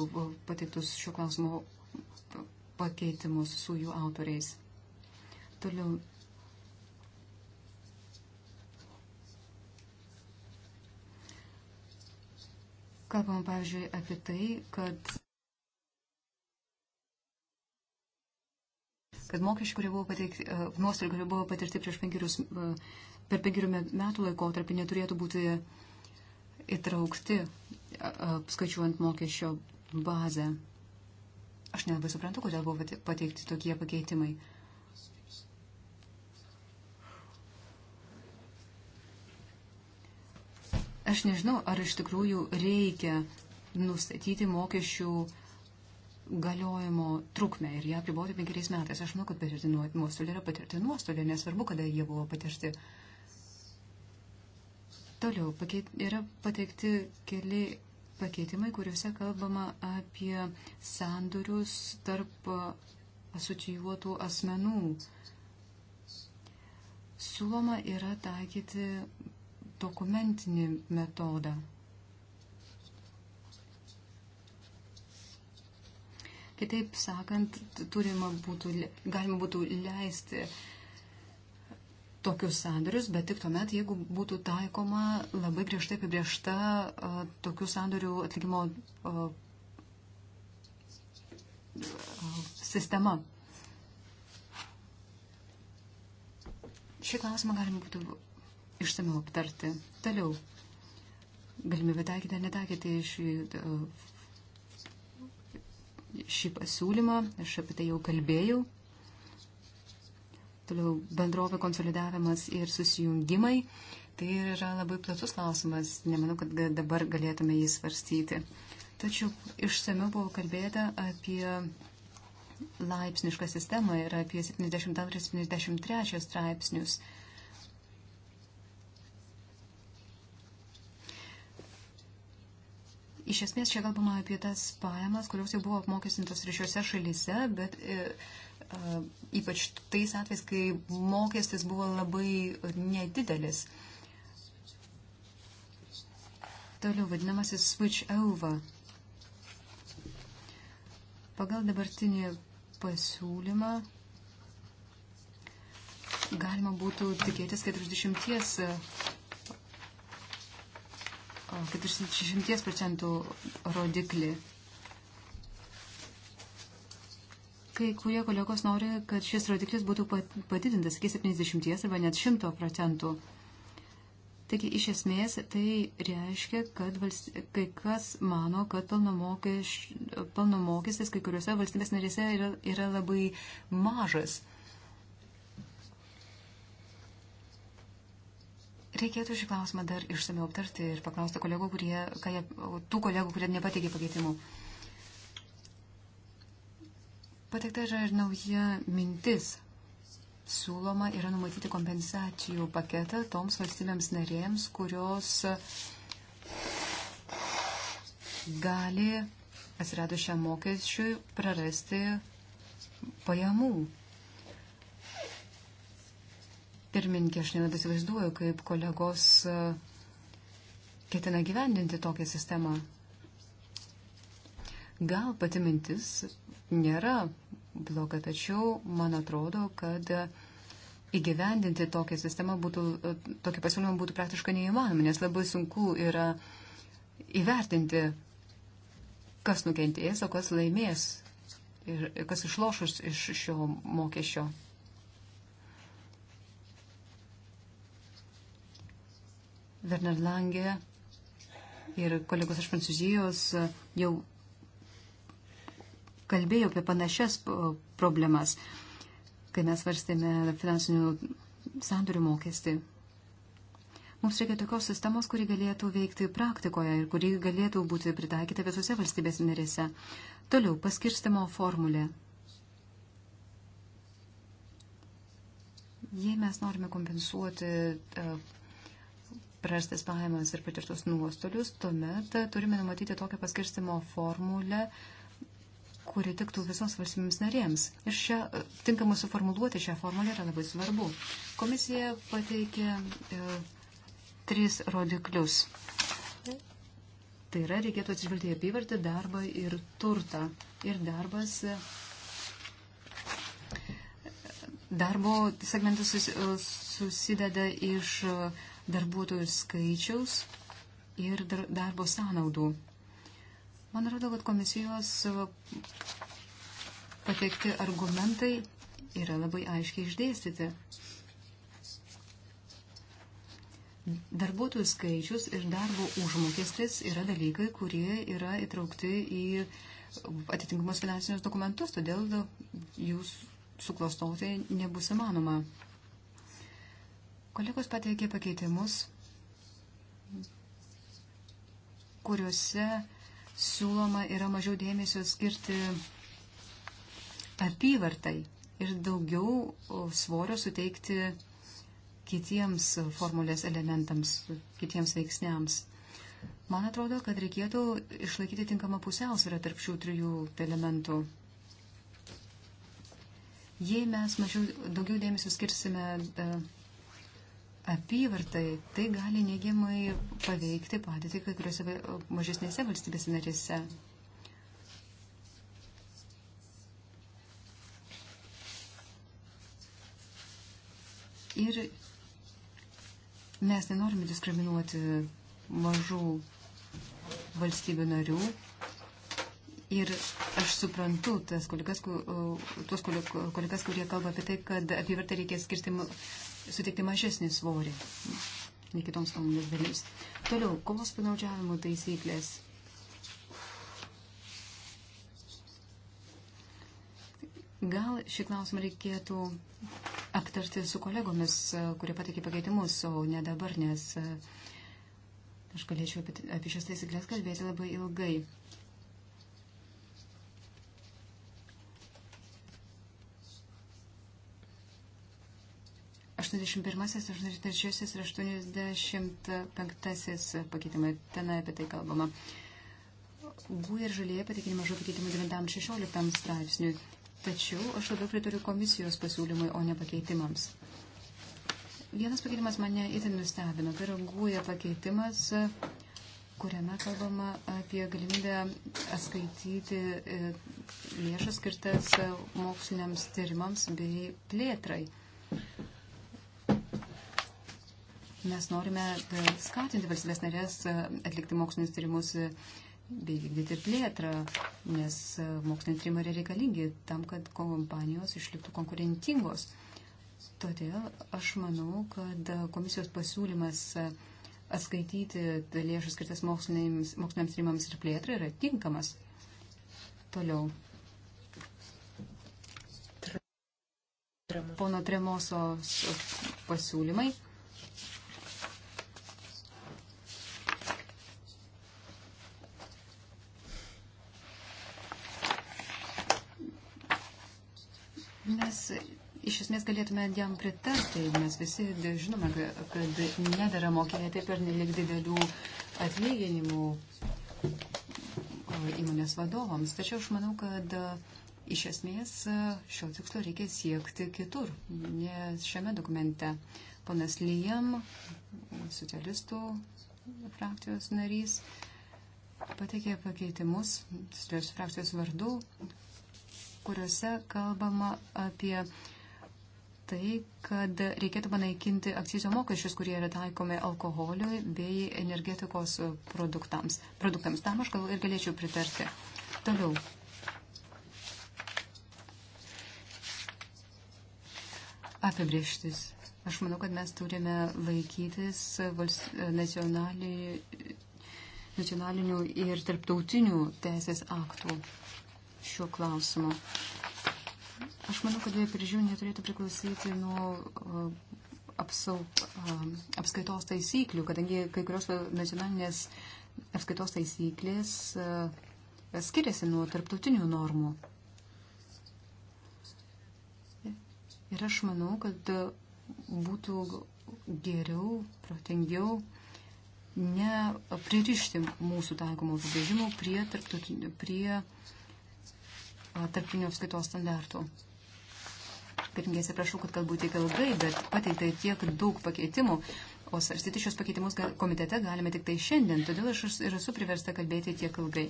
pateiktus šio klausimo pakeitimus su jų autoriais. Toliau. Kalbam, pavyzdžiui, apie tai, kad kad mokesčiai, kurie buvo pateikti, e, nuostoliai, kurie buvo patirti prieš penkerius, e, per penkerių metų laikotarpį, neturėtų būti įtraukti skaičiuojant mokesčio bazę. Aš nelabai suprantu, kodėl buvo pateikti tokie pakeitimai. Aš nežinau, ar iš tikrųjų reikia nustatyti mokesčių galiojimo trukmę ir ją priboti penkeriais metais. Aš manau, kad patirti nuostolį yra patirti nuostolį, nesvarbu, kada jie buvo patirti. Toliau pakeit, yra pateikti keli pakeitimai, kuriuose kalbama apie sandorius tarp asocijuotų asmenų. Siūloma yra taikyti dokumentinį metodą. Kitaip sakant, turima būtų, galima būtų leisti uh, tokius sandorius, bet tik tuomet, jeigu būtų taikoma labai griežtai apibriešta uh, tokių sandorių atlikimo uh, sistema. Šį klausimą galima būtų išsameu aptarti. Toliau, galimybė taikyti ar netaikyti šį, šį pasiūlymą, aš apie tai jau kalbėjau toliau bendrovė konsolidavimas ir susijungimai. Tai yra labai platus klausimas, nemanau, kad dabar galėtume jį svarstyti. Tačiau išsame buvo kalbėta apie laipsnišką sistemą ir apie 72-73 straipsnius. Iš esmės čia kalbama apie tas pajamas, kurios jau buvo apmokestintos ryšiuose šalyse, bet e, E, ypač tais atvejais, kai mokestis buvo labai nedidelis. Toliau vadinamasis switch over. Pagal dabartinį pasiūlymą galima būtų tikėtis 40 40 e, procentų rodiklį. Kai kurie kolegos nori, kad šis rodiklis būtų padidintas iki 70 arba net 100 procentų. Taigi, iš esmės, tai reiškia, kad valst... kai kas mano, kad pelno, mokeš... pelno mokestis kai kuriuose valstybės narėse yra, yra labai mažas. Reikėtų šį klausimą dar išsameu aptarti ir paklausti kolegų, kurie, jie, tų kolegų, kurie nepateikė pakeitimų. Uh, Patekta yra ir nauja mintis. Siūloma yra numatyti kompensacijų paketą toms valstybėms narėms, kurios gali atsiradus šiam mokesčiui prarasti pajamų. Pirminkė, aš nelabai įsivaizduoju, kaip kolegos e, ketina gyvendinti tokią sistemą. Gal pati mintis nėra bloga, tačiau man atrodo, kad įgyvendinti tokią sistemą būtų, tokį pasiūlymą būtų praktiškai neįmanoma, nes labai sunku yra įvertinti, kas nukentės, o kas laimės ir kas išlošus iš šio mokesčio. Werner Lange ir kolegos iš Prancūzijos jau kalbėjau apie panašias problemas, kai mes varstėme finansinių sandorių mokestį. Mums reikia tokios sistemos, kuri galėtų veikti praktikoje ir kuri galėtų būti pritaikyta visose valstybės narėse. Toliau paskirstimo formulė. Jei mes norime kompensuoti e, prarastas pajamas ir patirtus nuostolius, tuomet turime numatyti tokią paskirstimo formulę, uh, kuri tiktų visoms valstybėms narėms. Ir šią tinkamai suformuluoti šią formulę yra labai svarbu. Komisija pateikė e, tris rodiklius. Tai yra, reikėtų atsižvelgti į apyvartį, darbą ir turtą. Ir darbas. E, darbo segmentas sus, e, susideda iš e, darbuotojų skaičiaus ir darbo sąnaudų. Man atrodo, kad komisijos pateikti argumentai yra labai aiškiai išdėstyti. Darbuotojų skaičius ir darbo užmokestis yra dalykai, kurie yra įtraukti į atitinkamus finansinius dokumentus, todėl jūs suklostoti nebus įmanoma. Kolegos pateikė pakeitimus, kuriuose siūloma yra mažiau dėmesio skirti apyvartai ir daugiau svorio suteikti kitiems formulės elementams, kitiems veiksniams. Man atrodo, kad reikėtų išlaikyti tinkamą pusiausvyrą tarp šių trijų elementų. Jei mes mažiau, daugiau dėmesio skirsime uh, apyvartai, tai gali neigiamai paveikti padėti kai kuriuose mažesnėse valstybės narėse. Ir mes nenorime diskriminuoti mažų valstybių narių. Ir aš suprantu tas kolegas, tuos kolegas, kurie kalba apie tai, kad apyvartą reikės skirti suteikti mažesnį svorį nei kitoms nuomonės dalims. Toliau, kovos panaudžiavimo taisyklės. Gal šį klausimą reikėtų aptarti su kolegomis, e, kurie patikė pakeitimus, o ne dabar, nes e, aš galėčiau apie, apie šias taisyklės kalbėti labai ilgai. 81, 83 ir 85 pakeitimai. Ten apie tai kalbama. Gų ir žalėje patikė nemažai pakeitimų 9-16 straipsniui. Tačiau aš labiau pritariu komisijos pasiūlymui, o ne pakeitimams. Vienas pakeitimas mane itin nustebino. Tai yra gūja pakeitimas, kuriame kalbama apie galimybę atskaityti e, lėšas skirtas e, moksliniams tyrimams bei plėtrai. Mes norime e, skatinti valstybės narės e, atlikti mokslinius tyrimus e, bei vykdyti plėtrą, nes moksliniai tyrimai yra reikalingi tam, kad kompanijos išliktų konkurentingos. Todėl aš manau, kad komisijos pasiūlymas atskaityti lėšas skirtas moksliniams, moksliniams tyrimams ir plėtrai yra tinkamas. Toliau. Pono Tremoso pasiūlymai. Mes iš esmės galėtume jam pritarti, mes visi žinome, kad nedara mokėti per nelik didelių atlyginimų e, įmonės vadovams. Tačiau aš manau, kad e, iš esmės e, šio tikslo reikia siekti kitur, ne šiame dokumente. Ponas Lyjam, socialistų frakcijos narys, pateikė pakeitimus socialistų frakcijos vardu, kuriuose kalbama apie tai, kad reikėtų panaikinti akcizo mokesčius, kurie yra taikomi alkoholiui bei energetikos produktams. produktams. Tam aš gal ir galėčiau pritarti. Toliau. Apibrieštis. Aš manau, kad mes turime laikytis nacionalinių ir tarptautinių teisės aktų šiuo klausimu. Aš manau, kad dviejų prižiūrų neturėtų priklausyti nuo uh, apsaug, uh, apskaitos taisyklių, kadangi kai kurios nacionalinės apskaitos taisyklės uh, skiriasi nuo tarptautinių normų. Ir aš manau, kad būtų geriau, protingiau nepririšti mūsų taikomų apibrėžimų prie, prie tarptinių apskaitos standartų. Pirmiausia, atsiprašau, kad kalbu tiek ilgai, bet pateikta tiek daug pakeitimų, o svarstyti šios pakeitimus komitete galime tik tai šiandien, todėl aš ir esu priversta kalbėti tiek ilgai.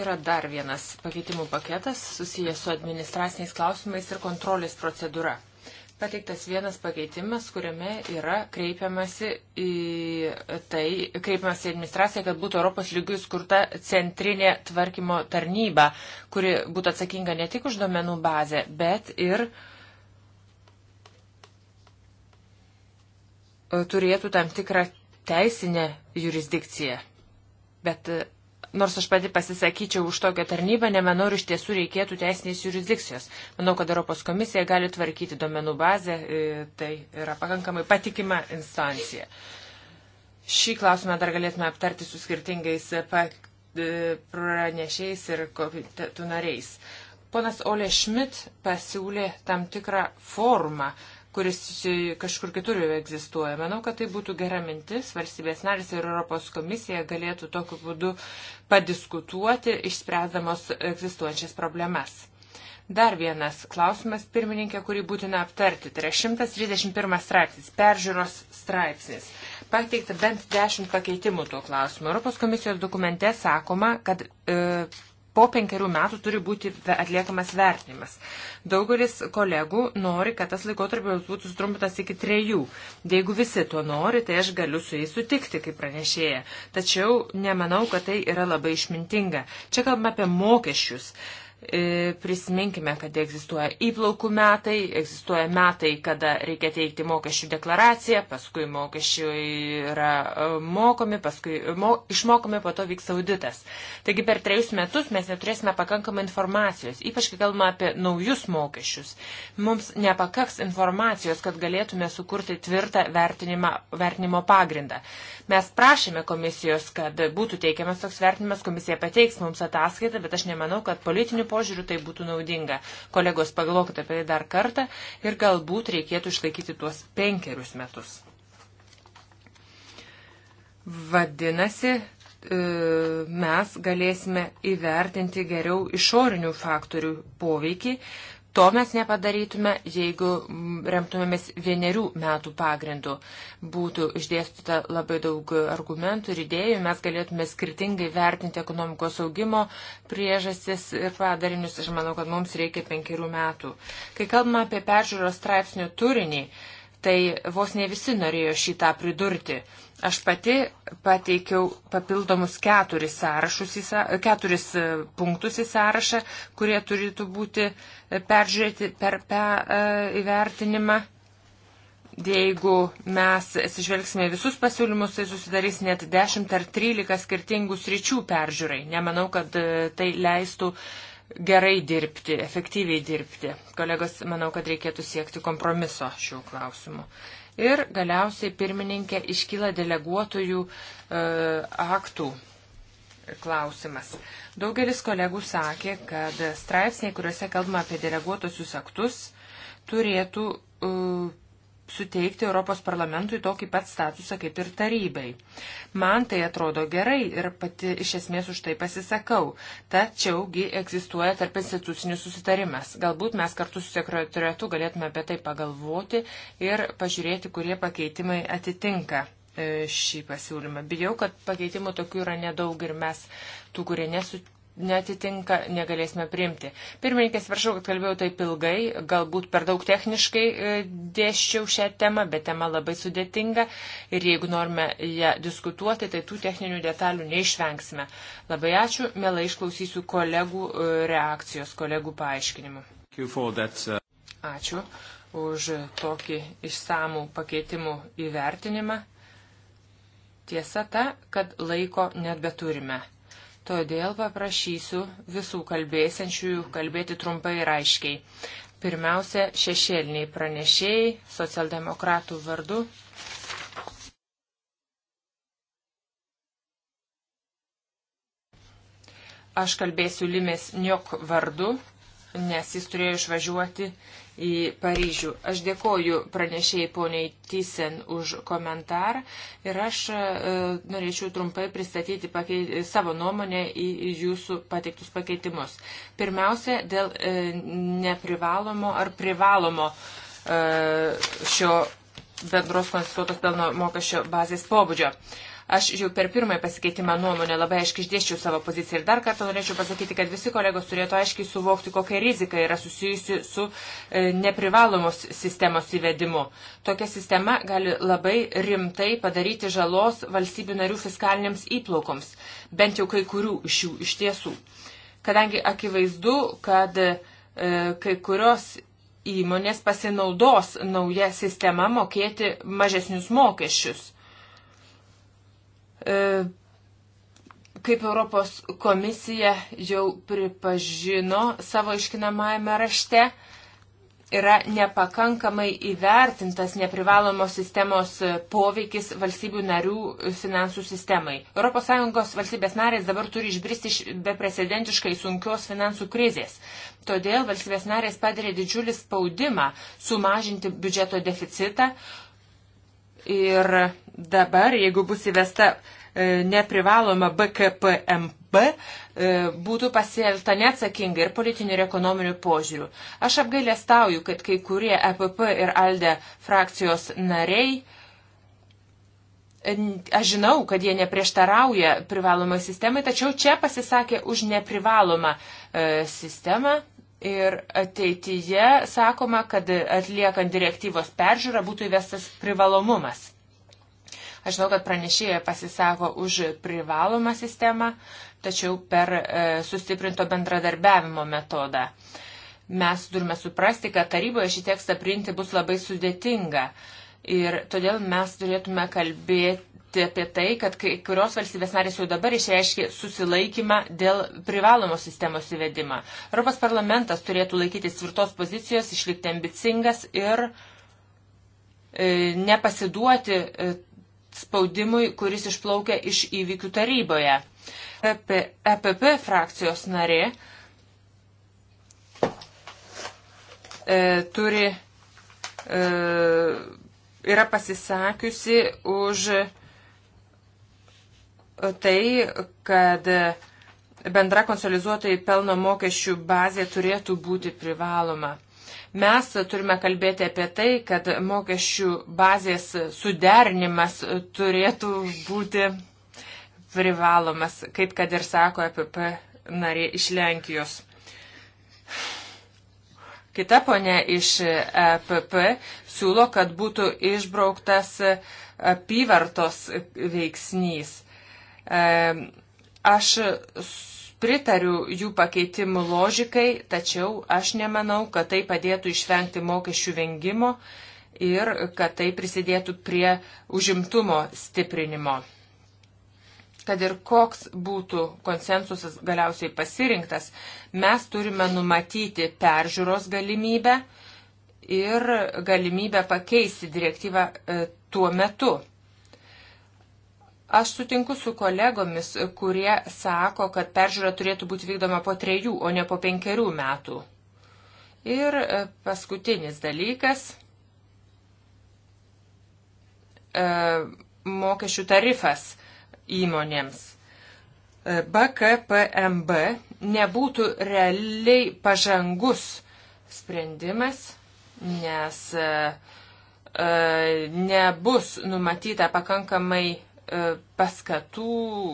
Yra dar vienas pakeitimų paketas susijęs su administraciniais klausimais ir kontrolės procedūra pateiktas vienas pakeitimas, kuriame yra kreipiamasi į tai, kreipiamasi į administraciją, kad būtų Europos lygių skurta centrinė tvarkymo tarnyba, kuri būtų atsakinga ne tik už domenų bazę, bet ir e, turėtų tam tikrą teisinę jurisdikciją. Bet e, nors aš pati pasisakyčiau už tokią tarnybą, nemanau, iš tiesų reikėtų teisinės jurisdikcijos. Manau, kad Europos komisija gali tvarkyti domenų bazę, e, tai yra pakankamai patikima instancija. Šį klausimą dar galėtume aptarti su skirtingais e, e, pranešiais ir komitetų nariais. Ponas Ole Schmidt pasiūlė tam tikrą formą, kuris e, kažkur kitur jau egzistuoja. Manau, kad tai būtų gera mintis. Varsybės narys ir Europos komisija galėtų tokiu būdu padiskutuoti, išspręsdamos egzistuojančias problemas. Dar vienas klausimas, pirmininkė, kurį būtina aptarti. Tai yra 131 straipsnis, peržiūros straipsnis. Pateikta bent 10 pakeitimų tuo klausimu. Europos komisijos dokumente sakoma, kad e, po penkerių metų turi būti atliekamas vertinimas. Daugelis kolegų nori, kad tas laikotarpis būtų sutrumpintas iki trejų. Tai jeigu visi to nori, tai aš galiu su jais sutikti kaip pranešėja. Tačiau nemanau, kad tai yra labai išmintinga. Čia kalbame apie mokesčius. Uh, E, prisiminkime, kad egzistuoja įplaukų metai, egzistuoja metai, kada reikia teikti mokesčių deklaraciją, paskui mokesčiai yra e, mokomi, paskui e, mo, išmokomi, po to vyks auditas. Taigi per trejus metus mes neturėsime pakankamai informacijos, ypač kai kalbame apie naujus mokesčius. Mums nepakaks informacijos, kad galėtume sukurti tvirtą vertinimo pagrindą. Mes prašėme komisijos, kad būtų teikiamas toks vertinimas, komisija pateiks mums ataskaitą, bet aš nemanau, kad politiniu požiūriu tai būtų naudinga. Kolegos, pagalvokite apie tai dar kartą ir galbūt reikėtų išlaikyti tuos penkerius metus. Vadinasi, e, mes galėsime įvertinti geriau išorinių faktorių poveikį To mes nepadarytume, jeigu mm, remtumėmės vienerių metų pagrindų. Būtų išdėstyta labai daug argumentų ir idėjų, mes galėtume skirtingai vertinti ekonomikos augimo priežastis ir padarinius. Aš manau, kad mums reikia penkerių metų. Kai kalbame apie peržiūros straipsnių turinį, tai vos ne visi norėjo šitą pridurti. Aš pati pateikiau papildomus keturis, sąrašus, keturis e, punktus į sąrašą, kurie turėtų būti e, peržiūrėti per, per e, įvertinimą. Jeigu mes atsižvelgsime visus pasiūlymus, tai susidarys net 10 ar 13 skirtingų sričių peržiūrai. Nemanau, kad tai leistų gerai dirbti, efektyviai dirbti. Kolegos, manau, kad reikėtų siekti kompromiso šių klausimų. Ir galiausiai pirmininkė iškyla deleguotojų e, aktų klausimas. Daugelis kolegų sakė, kad straipsniai, kuriuose kalbama apie deleguotosius aktus, turėtų e, suteikti Europos parlamentui tokį pat statusą kaip ir tarybai. Man tai atrodo gerai ir pati iš esmės už tai pasisakau. Tačiaugi egzistuoja tarp institucinių susitarimas. Galbūt mes kartu su sekretoriatu galėtume apie tai pagalvoti ir pažiūrėti, kurie pakeitimai atitinka e, šį pasiūlymą. Bijau, kad pakeitimų tokių yra nedaug ir mes tų, kurie nesutikime netitinka, negalėsime priimti. Pirmininkės, prašau, kad kalbėjau taip ilgai, galbūt per daug techniškai e, dėščiau šią temą, bet tema labai sudėtinga ir jeigu norime ją diskutuoti, tai tų techninių detalių neišvengsime. Labai ačiū, mielai išklausysiu kolegų e, reakcijos, kolegų paaiškinimų. Uh, ačiū už tokį išsamų pakeitimų įvertinimą. Tiesa ta, kad laiko nebeturime Todėl paprašysiu visų kalbėsiančiųjų kalbėti trumpai ir aiškiai. Pirmiausia, šešėliniai pranešėjai socialdemokratų vardu. Aš kalbėsiu Limės Niok vardu, nes jis turėjo išvažiuoti į Paryžių. Aš dėkoju pranešėjai poniai Tysen už komentarą ir aš e, norėčiau trumpai pristatyti pakei, savo nuomonę į jūsų pateiktus pakeitimus. Pirmiausia, dėl e, neprivalomo ar privalomo e, šio bendros konstituotos pelno mokesčio bazės pobūdžio. E, Aš jau per pirmąjį pasikeitimą nuomonę labai aiškiai išdėščiau savo poziciją ir dar kartą norėčiau pasakyti, kad visi kolegos turėtų aiškiai suvokti, kokia rizika yra susijusi su e, neprivalomos sistemos įvedimu. Tokia sistema gali labai rimtai padaryti žalos valstybių narių fiskaliniams įplaukoms, bent jau kai kurių iš jų iš tiesų. Kadangi akivaizdu, kad e, kai kurios įmonės pasinaudos naują sistemą mokėti mažesnius mokesčius. E, kaip Europos komisija jau pripažino savo iškinamajame rašte, yra nepakankamai įvertintas neprivalomos sistemos poveikis valstybių narių finansų sistemai. ES valstybės narės dabar turi išbristi iš beprecedentiškai sunkios finansų krizės. Todėl valstybės narės padarė didžiulį spaudimą sumažinti biudžeto deficitą ir dabar, jeigu bus įvesta e, neprivaloma BKPMB, e, būtų pasielta neatsakingai ir politiniu ir ekonominiu požiūriu. Aš apgailėstauju, kad kai kurie EPP ir ALDE frakcijos nariai aš žinau, kad jie neprieštarauja privalomai sistemai, tačiau čia pasisakė už neprivalomą e, sistemą. Ir ateityje sakoma, kad atliekant direktyvos peržiūrą būtų įvestas privalomumas. Aš žinau, kad pranešėjai pasisako už privalomą sistemą, tačiau per e, sustiprinto bendradarbiavimo metodą. Mes turime suprasti, kad taryboje šį tekstą priimti bus labai sudėtinga. Ir todėl mes turėtume kalbėti apie tai, kad kai kurios valstybės narės jau dabar išreiškė susilaikymą dėl privalomos sistemos įvedimą. Europos parlamentas turėtų laikytis tvirtos pozicijos, išlikti ambicingas ir e, nepasiduoti e, spaudimui, kuris išplaukia iš įvykių taryboje. EPP frakcijos narė e, turi, e, yra pasisakiusi už tai, kad bendra konsolizuotojai pelno mokesčių bazė turėtų būti privaloma. Mes turime kalbėti apie tai, kad mokesčių bazės suderinimas turėtų būti privalomas, kaip kad ir sako EPP narė iš Lenkijos. Kita ponė iš EPP siūlo, kad būtų išbrauktas apyvartos veiksnys. Aš pritariu jų pakeitimų logikai, tačiau aš nemanau, kad tai padėtų išvengti mokesčių vengimo ir kad tai prisidėtų prie užimtumo stiprinimo. Kad ir koks būtų konsensusas galiausiai pasirinktas, mes turime numatyti peržiūros galimybę ir galimybę pakeisti direktyvą e, tuo metu. Aš sutinku su kolegomis, kurie sako, kad peržiūra turėtų būti vykdoma po trejų, o ne po penkerių metų. Ir e, paskutinis dalykas e, - mokesčių tarifas įmonėms. BKPMB e, nebūtų realiai pažangus sprendimas, nes nebus numatyta pakankamai E, paskatų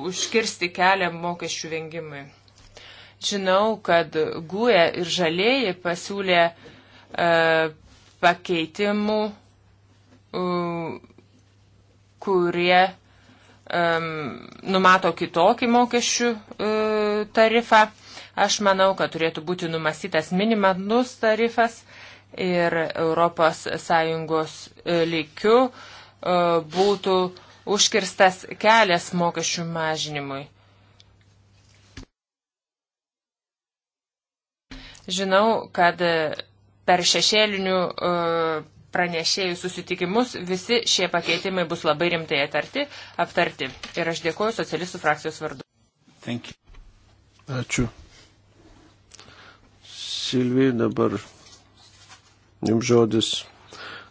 užkirsti kelią mokesčių vengimui. Žinau, kad GUE ir žalieji pasiūlė e, pakeitimų, e, kurie e, numato kitokį mokesčių e, tarifą. Aš manau, kad turėtų būti numastytas minimalus tarifas ir ES e, lygių e, būtų e, užkirstas kelias mokesčių mažinimui. Žinau, kad per šešėlinių e, pranešėjų susitikimus visi šie pakeitimai bus labai rimtai atarti, aptarti. Ir aš dėkuoju socialistų frakcijos vardu. Thank you. Ačiū. Silvija, dabar jums žodis.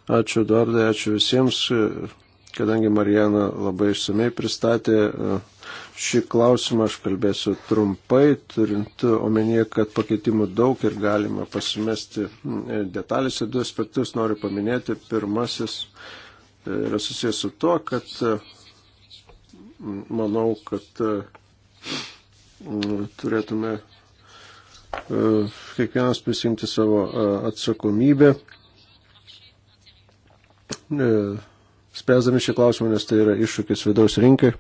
Ačiū Dardai, ačiū visiems. Kadangi Marijana labai išsamei pristatė e, šį klausimą, aš kalbėsiu trumpai, turint omenyje, kad pakeitimų daug ir galima pasimesti e, detalėse. Du aspektus noriu paminėti. Pirmasis e, yra susijęs su tuo, kad manau, kad turėtume kiekvienas prisimti savo atsakomybę spręsdami šį klausimą, nes tai yra iššūkis vidaus rinkai.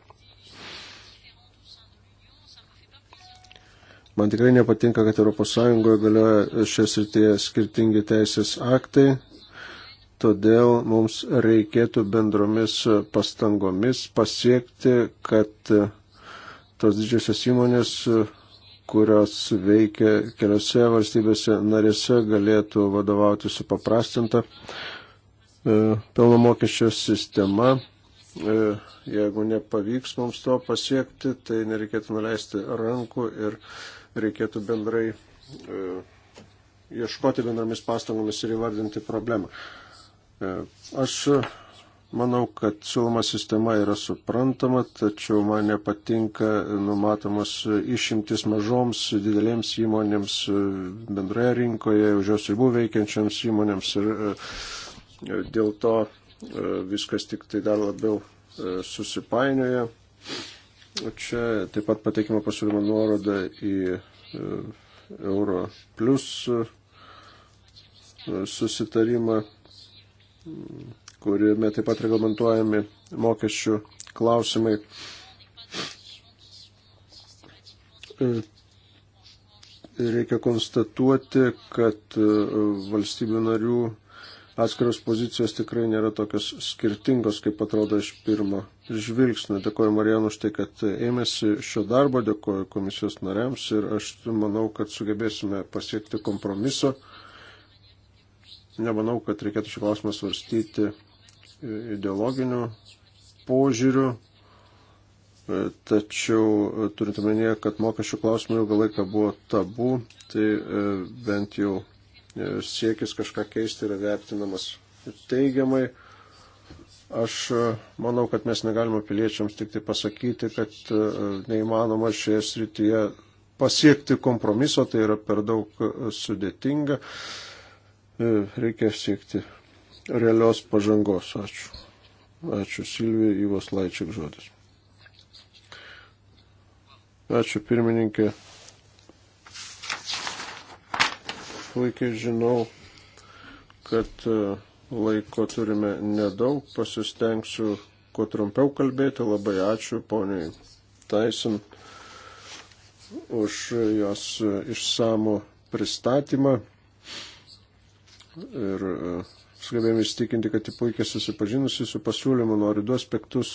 Man tikrai nepatinka, kad ES galioja šias rytyje skirtingi teisės aktai, todėl mums reikėtų bendromis pastangomis pasiekti, kad tos didžiosios įmonės, kurios veikia keliose valstybėse narėse, galėtų vadovauti su paprastinta E, pelno mokesčio sistema. E, jeigu nepavyks mums to pasiekti, tai nereikėtų nuleisti rankų ir reikėtų bendrai e, ieškoti bendromis pastangomis ir įvardinti problemą. Aš manau, kad siūloma sistema yra suprantama, tačiau man nepatinka numatomos išimtis mažoms, didelėms įmonėms bendroje rinkoje, už jos ribų veikiančiams įmonėms ir dėl to e, viskas tik tai dar labiau e, susipainioja. Čia taip pat pateikimo pasiūlymo nuoroda į e, Euro plus susitarimą, kuriame taip pat reglamentuojami mokesčių klausimai. Reikia konstatuoti, kad valstybių narių atskiros pozicijos tikrai nėra tokios skirtingos, kaip atrodo iš pirmo žvilgsnio. Dėkoju Marijanu už tai, kad ėmėsi šio darbo, dėkoju komisijos nariams ir aš manau, kad sugebėsime pasiekti kompromiso. Nemanau, kad reikėtų šį klausimą svarstyti ideologiniu požiūriu, tačiau turint omenyje, kad mokesčių klausimai ilgą laiką buvo tabu, tai e, bent jau siekis kažką keisti yra vertinamas teigiamai. Aš e, manau, kad mes negalime piliečiams tik tai pasakyti, kad e, neįmanoma šioje srityje pasiekti kompromiso, tai yra per daug e, sudėtinga. Reikia siekti realios pažangos. Ačiū. Ačiū Silvija Įvos Laičiak žodis. Ačiū pirmininkė. puikiai žinau, kad e, laiko turime nedaug, pasistengsiu kuo trumpiau kalbėti. Labai ačiū poniai Tyson už jos e, išsamų pristatymą ir e, sugebėjome įstikinti, kad ji puikiai susipažinusi su pasiūlymu, noriu du aspektus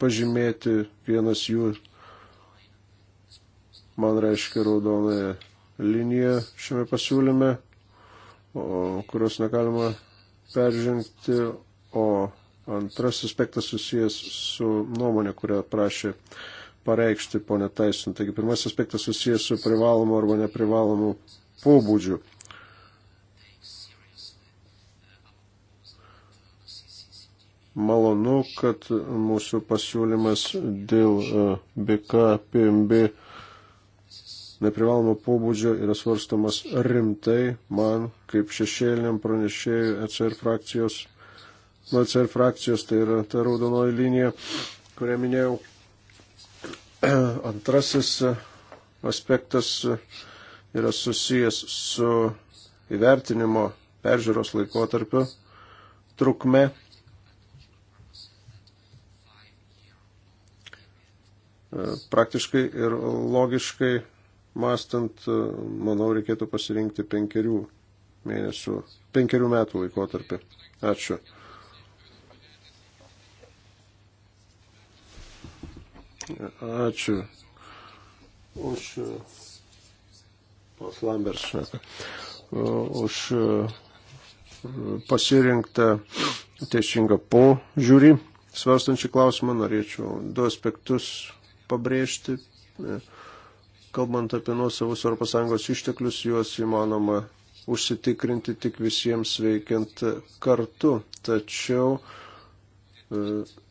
pažymėti. Vienas jų man reiškia raudonąją linija šiame pasiūlyme, o, kurios negalima peržengti, o antras aspektas susijęs su nuomonė, kurią prašė pareikšti ponė Taisin. Taigi pirmas aspektas susijęs su privalomu arba neprivalomu pobūdžiu. Malonu, kad mūsų pasiūlymas dėl e, BK, PMB neprivalomo pobūdžio yra svarstamas rimtai man kaip šešėliniam pranešėjui ECR frakcijos, nuo ECR frakcijos, tai yra ta raudonoji linija, kurią minėjau. Antrasis aspektas yra susijęs su įvertinimo peržiūros laikotarpiu trukme praktiškai ir logiškai mastant, e, manau, reikėtų pasirinkti penkerių mėnesių, penkerių metų laikotarpį. Ačiū. Ačiū už e, pas Lambers šneką, e, už pasirinktą teisingą požiūrį. Svarstančią klausimą norėčiau du aspektus pabrėžti. Ne Kalbant apie nuosavus ES išteklius, juos įmanoma užsitikrinti tik visiems veikiant kartu. Tačiau e,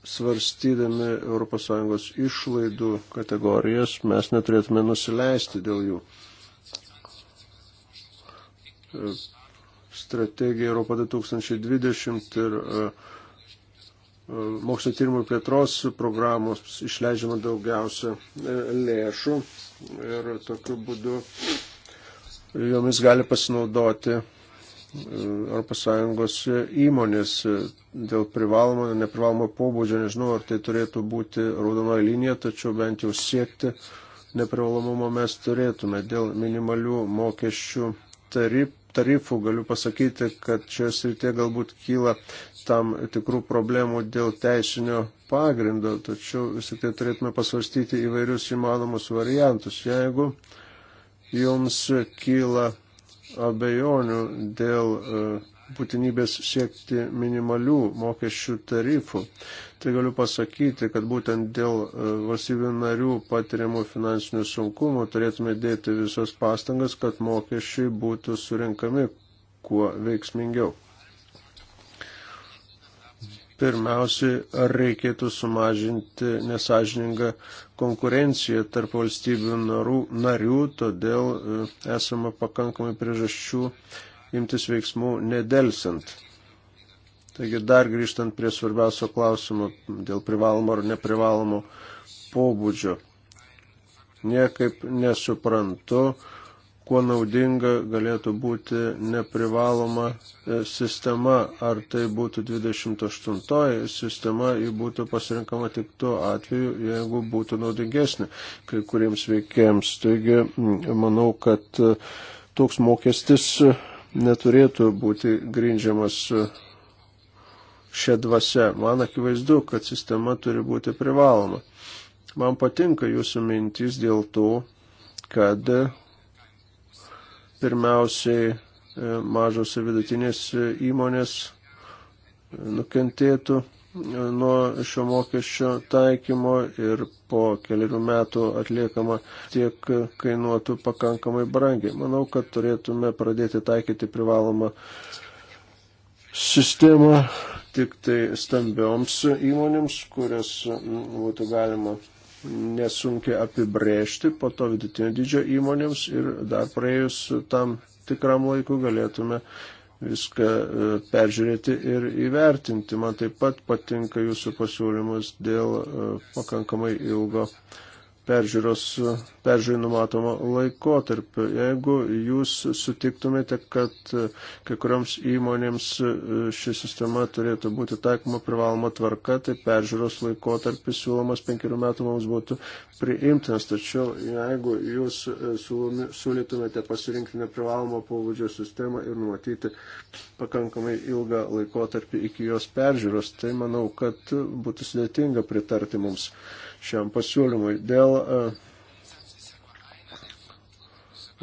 svarstydami ES išlaidų kategorijas mes neturėtume nusileisti dėl jų. E, strategija Europa 2020 ir uh, mokslo tyrimų plėtros programos išleidžiama daugiausia e, lėšų ir tokiu būdu jomis gali pasinaudoti ES įmonės e, dėl privalomo ir neprivalomo pobūdžio. Nežinau, ar tai turėtų būti raudonoji linija, tačiau bent jau siekti neprivalomumo mes turėtume. Dėl minimalių mokesčių tarif, tarifų galiu pasakyti, kad šioje srityje galbūt kyla tam tikrų problemų dėl teisinio pagrindo, tačiau vis tik tai turėtume pasvarstyti įvairius įmanomus variantus. Jeigu jums kyla abejonių dėl e, būtinybės siekti minimalių mokesčių tarifų. Tai galiu pasakyti, kad būtent dėl e, valstybių narių patiriamų finansinių sunkumų turėtume dėti visas pastangas, kad mokesčiai būtų surinkami kuo veiksmingiau pirmiausiai, ar reikėtų sumažinti nesažiningą konkurenciją tarp valstybių narų, narių, todėl e, esama pakankamai priežasčių imtis veiksmų nedelsant. Taigi dar grįžtant prie svarbiausio klausimo dėl privalomo ar neprivalomo pobūdžio. Niekaip nesuprantu, kuo naudinga galėtų būti neprivaloma e, sistema, ar tai būtų 28 sistema, ji būtų pasirinkama tik tuo atveju, jeigu būtų naudingesnė kai kuriems veikėjams. Taigi, manau, kad e, toks mokestis e, neturėtų būti grindžiamas šią dvasę. Man akivaizdu, kad sistema turi būti privaloma. Man patinka jūsų mintys dėl to, kad pirmiausiai e, mažos ir vidutinės e, įmonės e, nukentėtų nuo šio mokesčio taikymo ir po keliarių metų atliekama tiek kainuotų pakankamai brangiai. Manau, kad turėtume pradėti taikyti privalomą sistemą tik tai stambioms įmonėms, kurias būtų galima nesunkiai apibrėžti, po to vidutinio dydžio įmonėms ir dar praėjus tam tikram laiku galėtume viską e, peržiūrėti ir įvertinti. Man taip pat patinka jūsų pasiūlymas dėl e, pakankamai ilgo peržiūros, peržiūrį numatomo laikotarpio. Jeigu jūs sutiktumėte, kad kai kurioms įmonėms e, ši sistema turėtų būti taikoma privaloma tvarka, tai peržiūros laikotarpis siūlomas penkerių metų mums būtų priimtinas. Tačiau jeigu jūs e, siūlytumėte pasirinkti neprivalomą pobūdžio sistemą ir numatyti pakankamai ilgą laikotarpį iki jos peržiūros, tai manau, kad būtų sudėtinga pritarti mums. Thank you šiam pasiūlymui. Dėl e,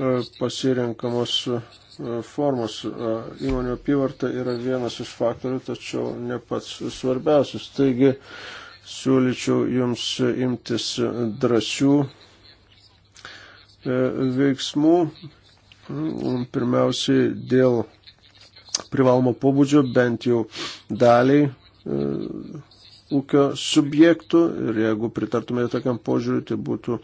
e, pasirenkamos e, formos įmonių apyvarta yra vienas iš faktorių, tačiau ne pats svarbiausias. Taigi siūlyčiau jums imtis drąsių veiksmų, pirmiausiai dėl privalomo pobūdžio bent jau daliai ūkio subjektų ir jeigu pritartumėte tokiam požiūriu, tai būtų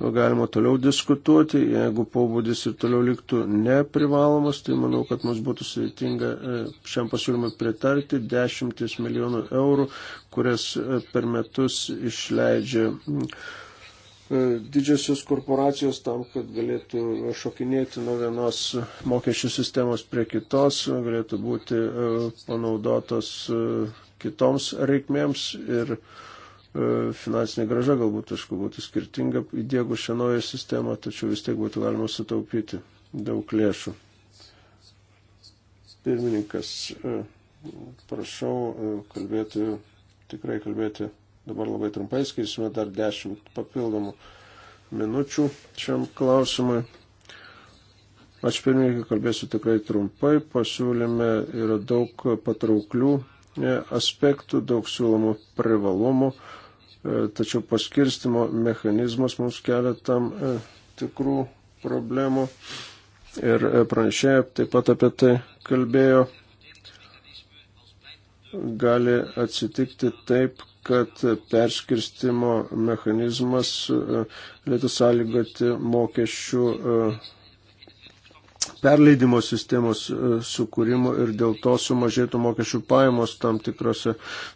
nu, galima toliau diskutuoti, jeigu pobūdis ir toliau liktų neprivalomas, tai manau, kad mums būtų sudėtinga e, šiam pasiūlymui pritarti dešimtis milijonų eurų, kurias e, per metus išleidžia e, didžiosios korporacijos tam, kad galėtų šokinėti nuo vienos mokesčių sistemos prie kitos, galėtų būti panaudotos kitoms reikmėms ir e, finansinė graža galbūt, aišku, būtų skirtinga įdėgų šią naują sistemą, tačiau vis tiek būtų galima sutaupyti daug lėšų. Pirmininkas, e, prašau e, kalbėti, tikrai kalbėti dabar labai trumpai, skaisime dar dešimt papildomų minučių šiam klausimui. Aš pirmininkai kalbėsiu tikrai trumpai, pasiūlyme yra daug patrauklių E, aspektų, daug siūlomų privalumų, e, tačiau paskirstimo mechanizmas mums kelia tam e, tikrų problemų ir pranešėja taip pat apie tai kalbėjo. Gali atsitikti taip, kad perskirstimo mechanizmas galėtų sąlygoti mokesčių perleidimo sistemos e, sukūrimo ir dėl to sumažėtų mokesčių pajamos tam tikrose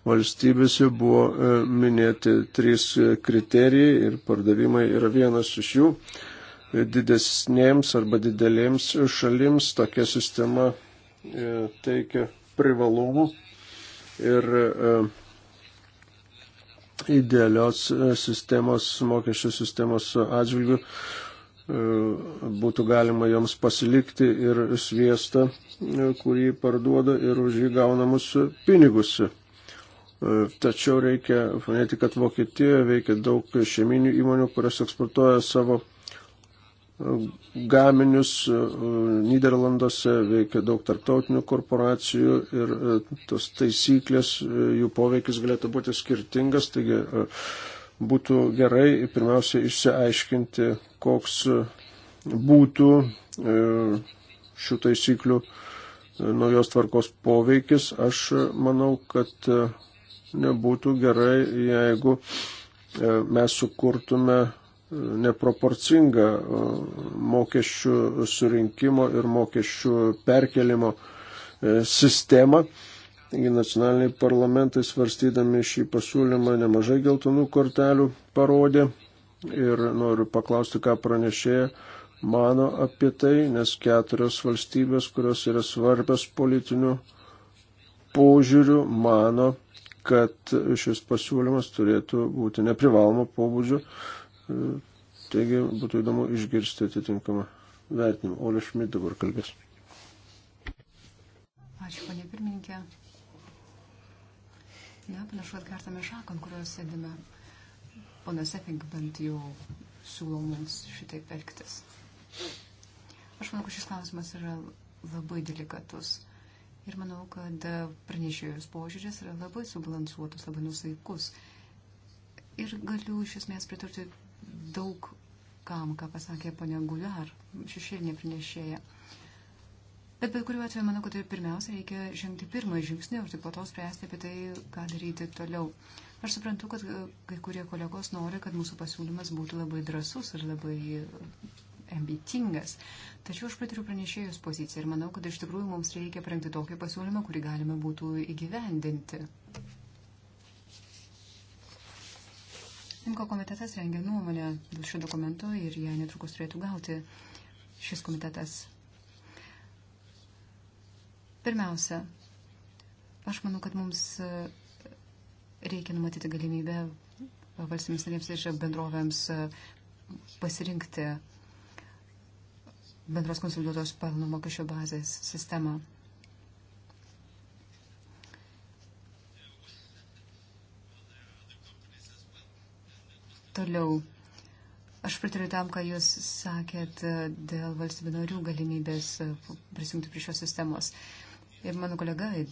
valstybėse buvo e, minėti trys kriterijai ir pardavimai yra vienas iš jų. E, Didesnėms arba didelėms šalims tokia sistema teikia privalumų ir idealios sistemos, mokesčių sistemos atžvilgių E, būtų galima joms pasilikti ir sviestą, e, kurį parduoda ir už jį gaunamus pinigus. E, tačiau reikia paminėti, kad Vokietijoje veikia daug šeiminių įmonių, kurios eksportuoja savo gaminius. Niderlanduose veikia daug tarptautinių korporacijų ir tos taisyklės, jų poveikis galėtų būti skirtingas. Taigi, būtų gerai pirmiausia išsiaiškinti, koks būtų e, šių taisyklių e, naujos tvarkos poveikis. Aš manau, kad e, nebūtų gerai, jeigu mes sukurtume neproporcingą mokesčių surinkimo ir mokesčių perkelimo sistemą Taigi nacionaliniai parlamentai svarstydami šį pasiūlymą nemažai geltonų kortelių parodė ir noriu paklausti, ką pranešėja mano apie tai, nes keturios valstybės, kurios yra svarbios politinių požiūrių, mano, kad šis pasiūlymas turėtų būti neprivalomo pobūdžio. Taigi būtų įdomu išgirsti atitinkamą vertinimą. Olė Šmit dabar kalbės. Ačiū, ponė pirmininkė. Ne, panašu, kad kartame šakom, kurios sėdime. Ponas Efink bent jau siūlo mums šitaip elgtis. Aš manau, kad šis klausimas yra labai delikatus. Ir manau, kad pranešėjos požiūris yra labai subalansuotas, labai nusaikus. Ir galiu iš esmės pritarti daug kam, ką pasakė ponia Guliar, šešėlinė pranešėja. Bet bet kuriuo atveju manau, kad tai pirmiausia reikia žengti pirmą žingsnį, o tik po to spręsti apie tai, ką daryti toliau. Aš suprantu, kad e, kai kurie kolegos nori, kad mūsų pasiūlymas būtų labai drasus ir labai ambicingas. Tačiau aš pritariu pranešėjus poziciją ir manau, kad iš tikrųjų mums reikia prengti tokį pasiūlymą, kurį galime būtų įgyvendinti. Inko komitetas rengia nuomonę dėl šio dokumento ir ją netrukus turėtų gauti šis komitetas. Pirmiausia, aš manau, kad mums e, reikia numatyti galimybę e, valstybėms narėms ir bendrovėms e, pasirinkti bendros konsoliduotos pelno mokesčio bazės sistemą. Toliau. Aš pritariu tam, ką Jūs sakėt dėl valstybių narių galimybės prisijungti prie šios sistemos. Uh, Ir mano kolega e,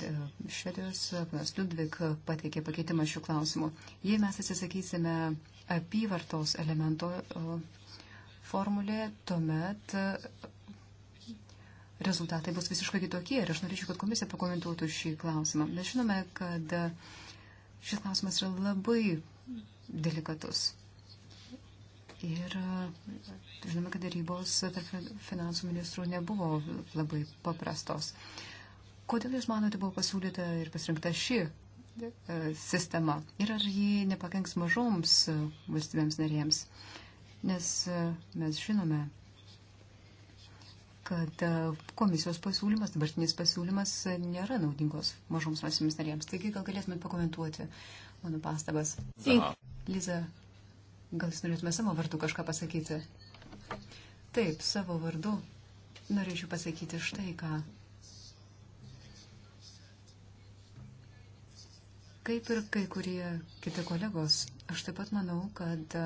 Švedijos, e, panas Ludvik, pateikė pakeitimą šių klausimų. Jei mes atsisakysime apyvartos elemento e, formulė, tuomet rezultatai bus visiškai kitokie. Ir aš norėčiau, kad komisija pakomentuotų šį klausimą. Mes žinome, kad šis klausimas yra labai delikatus. Ir žinome, kad darybos tarp finansų ministrų nebuvo labai paprastos. Uh, Kodėl Jūs manote buvo pasiūlyta ir pasirinkta ši e, sistema ir ar ji nepakenks mažoms e, valstybėms narėms? Nes e, mes žinome, kad komisijos pasiūlymas, dabartinis pasiūlymas nėra naudingos mažoms valstybėms narėms. Taigi gal galėtumėt pakomentuoti mano pastabas. Liza, gal jūs norėtumėte savo vardu kažką pasakyti? Taip, savo vardu norėčiau pasakyti štai ką. Kaip ir kai kurie kiti kolegos, aš taip pat manau, kad e,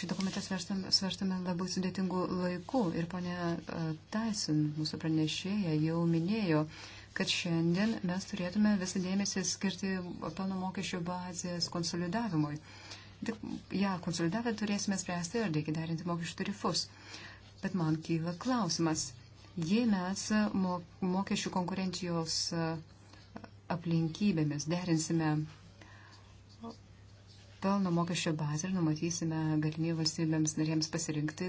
šį dokumentą svarstame labai sudėtingų laikų ir ponia e, Tyson, mūsų pranešėja, jau minėjo, kad šiandien mes turėtume visą dėmesį skirti pelno mokesčio bazės konsolidavimui. Tik ją konsolidavę turėsime spręsti, ar reikia derinti mokesčių tarifus. Bet man kyla klausimas, jei mes mokesčių konkurencijos e, aplinkybėmis, derinsime pelno mokesčio bazę ir numatysime galimybę valstybėms narėms pasirinkti,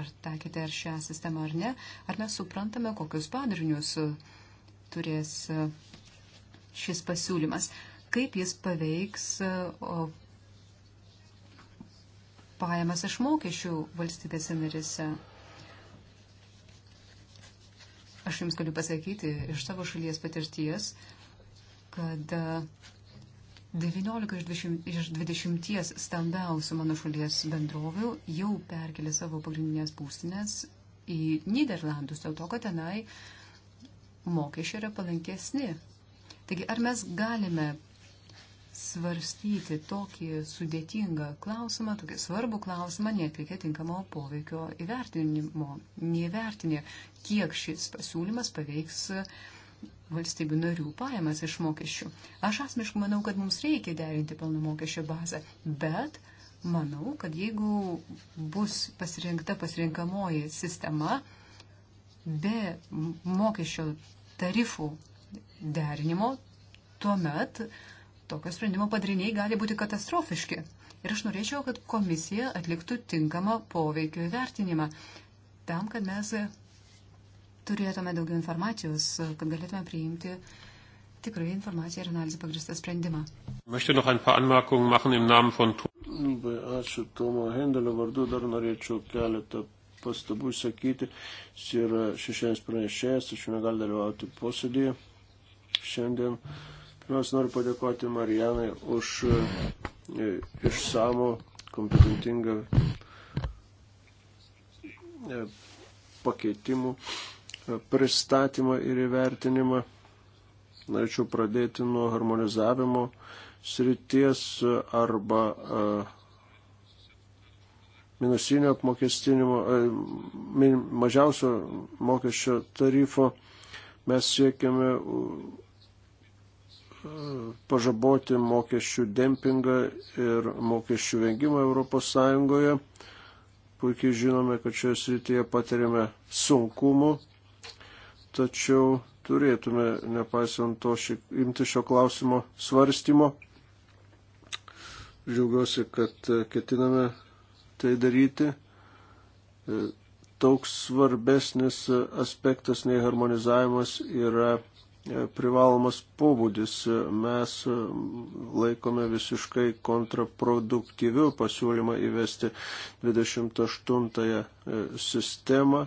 ar taikyti ar šią sistemą ar ne, ar mes suprantame, kokius padarinius turės šis pasiūlymas, kaip jis paveiks pajamas iš mokesčių valstybėse narėse. Aš Jums galiu pasakyti iš savo šalies patirties, kad 19 e, iš 20 stambiausių mano šalies bendrovių jau perkelė savo pagrindinės būstinės į Niderlandus, dėl to, kad tenai mokesčiai yra palankesni. Taigi, ar mes galime svarstyti tokį sudėtingą klausimą, tokį svarbų klausimą, neatlikę tinkamo poveikio įvertinimo, neįvertinė, kiek šis pasiūlymas paveiks uh, valstybių narių pajamas iš mokesčių. Aš asmeniškai manau, kad mums reikia derinti pelno mokesčio bazę, bet manau, kad jeigu bus pasirinkta pasirinkamoji sistema be mokesčio tarifų derinimo, tuomet tokio sprendimo padariniai gali būti katastrofiški. Ir aš norėčiau, kad komisija atliktų tinkamą poveikio įvertinimą tam, kad mes turėtume daugiau informacijos, kad galėtume priimti tikrai informaciją ir analizę pagristą sprendimą. Ačiū Tomo Hendelio vardu, dar norėčiau keletą pastabų sakyti. Jis yra šešienis pranešėjas, tačiau negali dalyvauti posėdėje šiandien. Pirmiausia, noriu padėkoti Marijanai už e, išsamų, kompetentingą e, pakeitimų pristatymą ir įvertinimą. Norėčiau pradėti nuo harmonizavimo srities arba a, minusinio apmokestinimo, a, min, mažiausio mokesčio tarifo. Mes siekiame pažaboti mokesčių dempingą ir mokesčių vengimą Europos Sąjungoje. Puikiai žinome, kad šioje srityje patiriame sunkumų tačiau turėtume, nepaisant to, ši, imti šio klausimo svarstymo. Žiaugiuosi, kad e, ketiname tai daryti. E, toks svarbesnis aspektas nei harmonizavimas yra e, privalomas pobūdis. Mes laikome visiškai kontraproduktyviu pasiūlymą įvesti 28 sistemą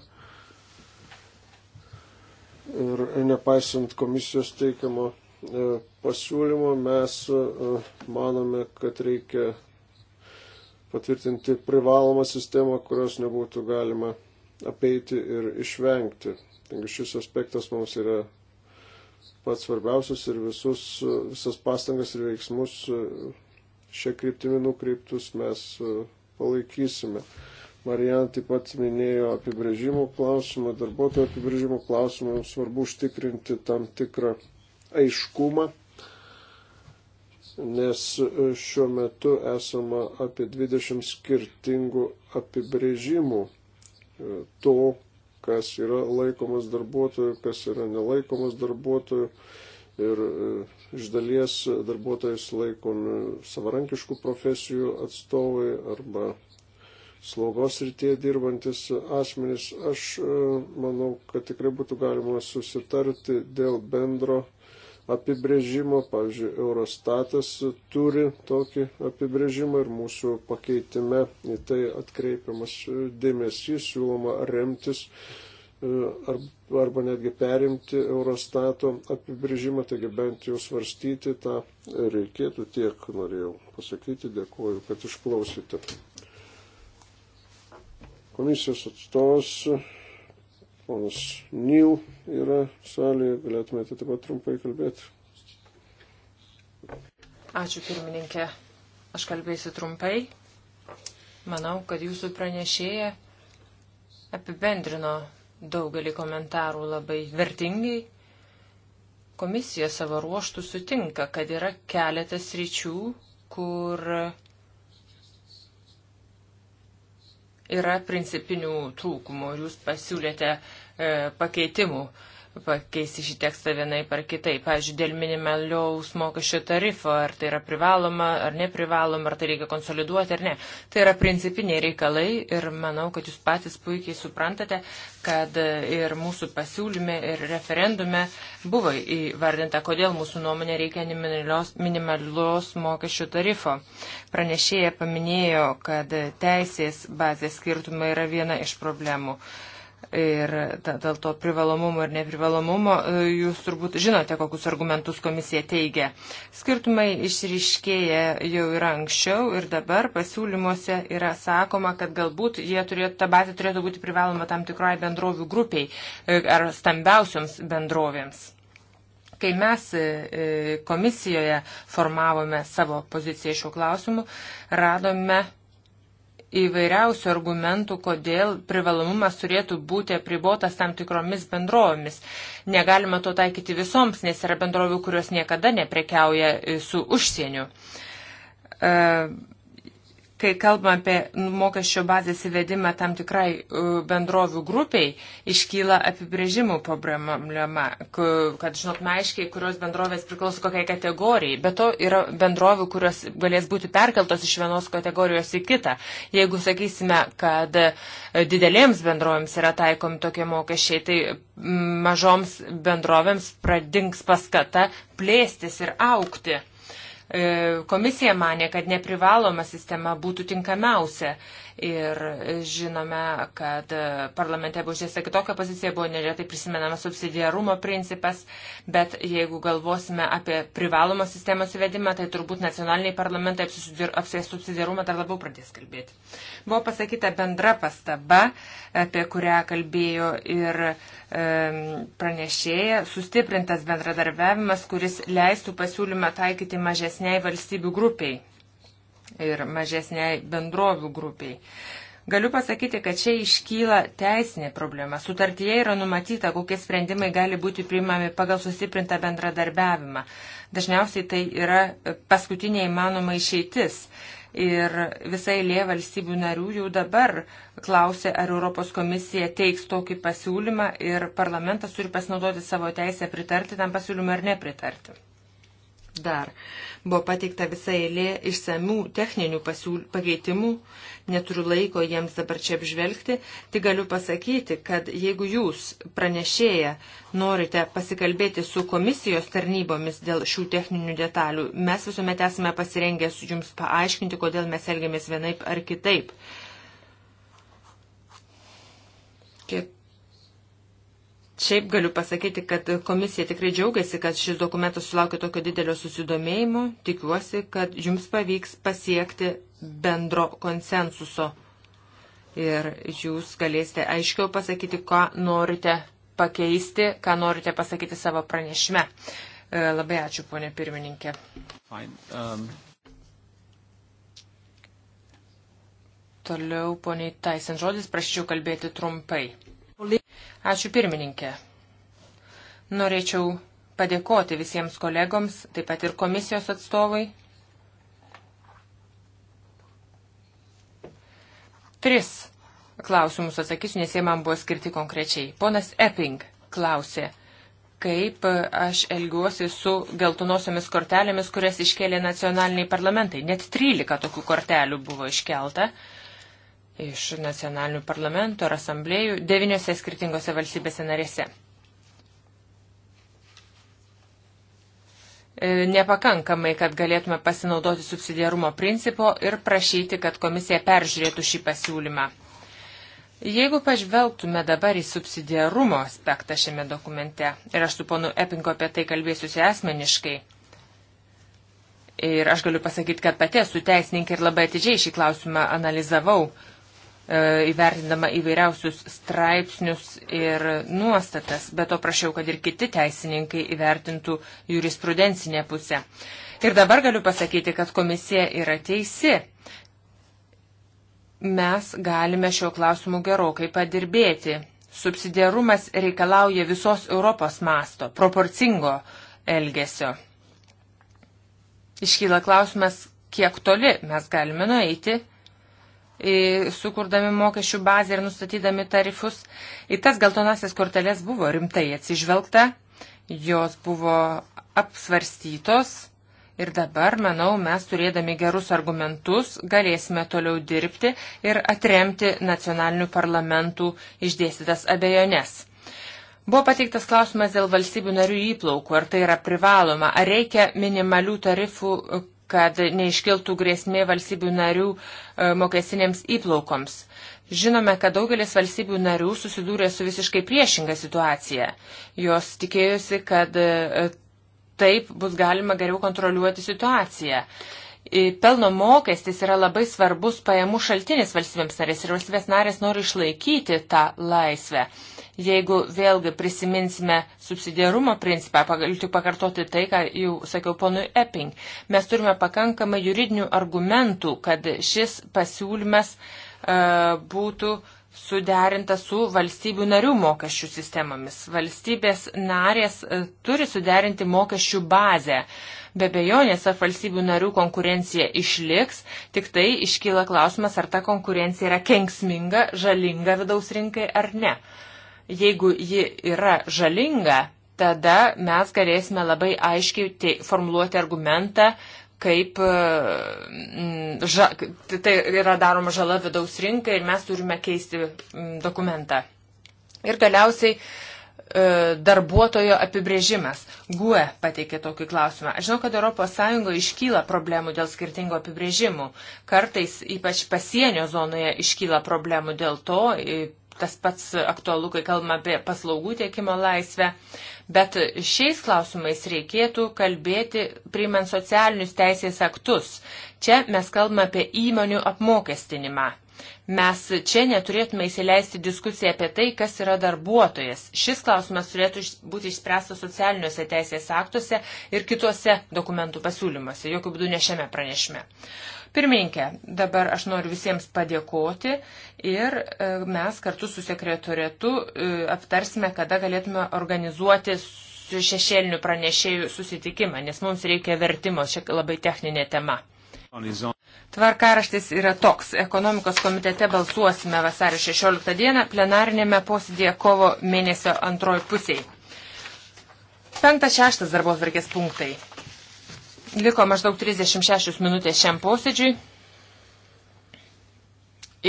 Ir nepaisant komisijos teikiamo e, pasiūlymo, mes e, manome, kad reikia patvirtinti privalomą sistemą, kurios nebūtų galima apeiti ir išvengti. Taigi šis aspektas mums yra pats svarbiausias ir visus, e, visas pastangas ir veiksmus šią kryptimį nukreiptus mes palaikysime. Marijan taip pat minėjo apibrėžimų klausimą, darbuotojų apibrėžimų klausimą, mums svarbu užtikrinti tam tikrą aiškumą, nes šiuo metu esama apie 20 skirtingų apibrėžimų e, to, kas yra laikomas darbuotojų, kas yra nelaikomas darbuotojų ir e, iš dalies darbuotojais laikomi savarankiškų profesijų atstovai arba slaugos rytie dirbantis asmenys. Aš e, manau, kad tikrai būtų galima susitarti dėl bendro apibrėžimo. Pavyzdžiui, Eurostatas turi tokį apibrėžimą ir mūsų pakeitime į tai atkreipiamas dėmesys, siūloma remtis e, arba netgi perimti Eurostato apibrėžimą, taigi bent jau svarstyti tą reikėtų tiek, norėjau pasakyti, dėkuoju, kad išklausėte. Komisijos atstovas, ponas Nil, yra salėje, galėtumėte taip pat trumpai kalbėti. Ačiū pirmininkė, aš kalbėsiu trumpai. Manau, kad jūsų pranešėja apibendrino daugelį komentarų labai vertingai. Komisija savo ruoštų sutinka, kad yra keletas ryčių, kur yra principinių trūkumų ir jūs pasiūlėte e, pakeitimų. E, pakeisti šį tekstą vienai par kitai. Pavyzdžiui, dėl minimaliaus mokesčio tarifo, ar tai yra privaloma, ar neprivaloma, ar tai reikia konsoliduoti, ar ne. Tai yra principiniai reikalai ir manau, kad jūs patys puikiai suprantate, kad ir mūsų pasiūlyme, ir referendume buvo įvardinta, kodėl mūsų nuomonė reikia minimalios mokesčio tarifo. Pranešėja paminėjo, kad teisės bazės skirtumai yra viena iš problemų. Uh, Ir dėl to privalomumo ir neprivalomumo e, jūs turbūt žinote, kokius argumentus komisija teigia. Skirtumai išryškėja jau ir anksčiau ir dabar pasiūlymuose yra sakoma, kad galbūt turėtų, ta bazė turėtų būti privaloma tam tikrai bendrovių grupiai e, ar stambiausioms bendrovėms. Kai mes e, komisijoje formavome savo poziciją šiuo klausimu, radome įvairiausių argumentų, kodėl privalomumas turėtų būti apribotas tam tikromis bendrovėmis. Negalima to taikyti visoms, nes yra bendrovių, kurios niekada neprekiauja e, su užsieniu. Uh, kai kalbam apie mokesčio bazės įvedimą tam tikrai bendrovių grupiai, iškyla apibrėžimų problema, kad žinotume aiškiai, kurios bendrovės priklauso kokiai kategorijai. Be to yra bendrovių, kurios galės būti perkeltos iš vienos kategorijos į kitą. Jeigu sakysime, kad e, didelėms bendrovėms yra taikomi tokie mokesčiai, tai mažoms bendrovėms pradings paskata plėstis ir aukti. Komisija mane, kad neprivaloma sistema būtų tinkamiausia Ir žinome, kad parlamente buvo išdėsta kitokia pozicija, buvo neretai prisimenamas subsidiarumo principas, bet jeigu galvosime apie privalomą sistemos įvedimą, tai turbūt nacionaliniai parlamentai apie subsidiarumą dar labiau pradės kalbėti. Buvo pasakyta bendra pastaba, apie kurią kalbėjo ir e, pranešėja, sustiprintas bendradarbiavimas, kuris leistų pasiūlymą taikyti mažesniai valstybių grupiai ir mažesniai bendrovių grupiai. Galiu pasakyti, kad čia iškyla teisinė problema. Sutartyje yra numatyta, kokie sprendimai gali būti priimami pagal sustiprintą bendradarbiavimą. Dažniausiai tai yra paskutinė įmanoma išeitis. Ir visai lie valstybių narių jau dabar klausė, ar Europos komisija teiks tokį pasiūlymą ir parlamentas turi pasinaudoti savo teisę pritarti tam pasiūlymą ar nepritarti dar. Buvo pateikta visa eilė išsamių techninių pasiūl... pakeitimų, neturiu laiko jiems dabar čia apžvelgti, tik galiu pasakyti, kad jeigu jūs pranešėję norite pasikalbėti su komisijos tarnybomis dėl šių techninių detalių, mes visuomet esame pasirengę jums paaiškinti, kodėl mes elgiamės vienaip ar kitaip. Šiaip galiu pasakyti, kad komisija tikrai džiaugiasi, kad šis dokumentas sulaukė tokio didelio susidomėjimo. Tikiuosi, kad jums pavyks pasiekti bendro konsensuso ir jūs galėsite aiškiau pasakyti, ką norite pakeisti, ką norite pasakyti savo pranešime. E, labai ačiū, ponė pirmininkė. Fine. Um... Toliau, poniai Taisen, žodis prašyčiau kalbėti trumpai. Ačiū pirmininkė. Norėčiau padėkoti visiems kolegoms, taip pat ir komisijos atstovai. Tris klausimus atsakysiu, nes jie man buvo skirti konkrečiai. Ponas Epping klausė, kaip aš elgiuosi su geltonosiomis kortelėmis, kurias iškėlė nacionaliniai parlamentai. Net 13 tokių kortelių buvo iškelta. Uh, iš nacionalinių parlamentų ar asamblėjų devyniose skirtingose valstybėse narėse. E, nepakankamai, kad galėtume pasinaudoti subsidiarumo principo ir prašyti, kad komisija peržiūrėtų šį pasiūlymą. Jeigu pažvelgtume dabar į subsidiarumo aspektą šiame dokumente, ir aš su ponu Epinko apie tai kalbėsiuosi asmeniškai, ir aš galiu pasakyti, kad pati esu teisininkė ir labai atidžiai šį klausimą analizavau, E, įvertindama įvairiausius straipsnius ir nuostatas, bet to prašiau, kad ir kiti teisininkai įvertintų jurisprudencinę pusę. Ir dabar galiu pasakyti, kad komisija yra teisi. Mes galime šiuo klausimu gerokai padirbėti. Subsidiarumas reikalauja visos Europos masto, proporcingo elgesio. Iškyla klausimas, kiek toli mes galime nueiti sukurdami mokesčių bazę ir nustatydami tarifus. Į tas geltonasias korteles buvo rimtai atsižvelgta, jos buvo apsvarstytos ir dabar, manau, mes turėdami gerus argumentus galėsime toliau dirbti ir atremti nacionalinių parlamentų išdėstytas abejones. Buvo pateiktas klausimas dėl valstybių narių įplaukų, ar tai yra privaloma, ar reikia minimalių tarifų kad neiškiltų grėsmė valstybių narių e, mokesinėms įplaukoms. Žinome, kad daugelis valstybių narių susidūrė su visiškai priešinga situacija. Jos tikėjosi, kad e, taip bus galima geriau kontroliuoti situaciją. E, pelno mokestis yra labai svarbus pajamų šaltinis valstybėms narės ir valstybės narės nori išlaikyti tą laisvę. Jeigu vėlgi prisiminsime subsidiarumo principą, galiu tik pakartoti tai, ką jau sakiau ponui Epping, mes turime pakankamai juridinių argumentų, kad šis pasiūlymas uh, būtų suderinta su valstybių narių mokesčių sistemomis. Valstybės narės e, turi suderinti mokesčių bazę. Be bejonės, ar valstybių narių konkurencija išliks, tik tai iškyla klausimas, ar ta konkurencija yra kenksminga, žalinga vidaus rinkai ar ne. Jeigu ji yra žalinga, tada mes galėsime labai aiškiai formuluoti argumentą, kaip e, ža, tai, tai yra daroma žala vidaus rinkai ir mes turime keisti dokumentą. Ir galiausiai e, darbuotojo apibrėžimas. GUE pateikė tokį klausimą. Aš žinau, kad ES iškyla problemų dėl skirtingo apibrėžimų. Kartais, ypač pasienio zonoje, iškyla problemų dėl to, tas pats aktualu, kai kalbame apie paslaugų tiekimo laisvę, bet šiais klausimais reikėtų kalbėti priimant socialinius teisės aktus. Čia mes kalbame apie įmonių apmokestinimą. Mes čia neturėtume įsileisti diskusiją apie tai, kas yra darbuotojas. Šis klausimas turėtų būti išspręstas socialiniuose teisės aktuose ir kituose dokumentų pasiūlymuose, jokių būdų ne šiame pranešime. Pirminkė, dabar aš noriu visiems padėkoti ir e, mes kartu su sekretorietu e, aptarsime, kada galėtume organizuoti šešėlinių pranešėjų susitikimą, nes mums reikia vertimo, čia labai techninė tema. Tvarkaraštis yra toks. Ekonomikos komitete balsuosime vasario 16 dieną, plenarinėme posėdėje kovo mėnesio antroji pusiai. Penktas šeštas darbos varkės punktai. Liko maždaug 36 minutės šiam posėdžiui.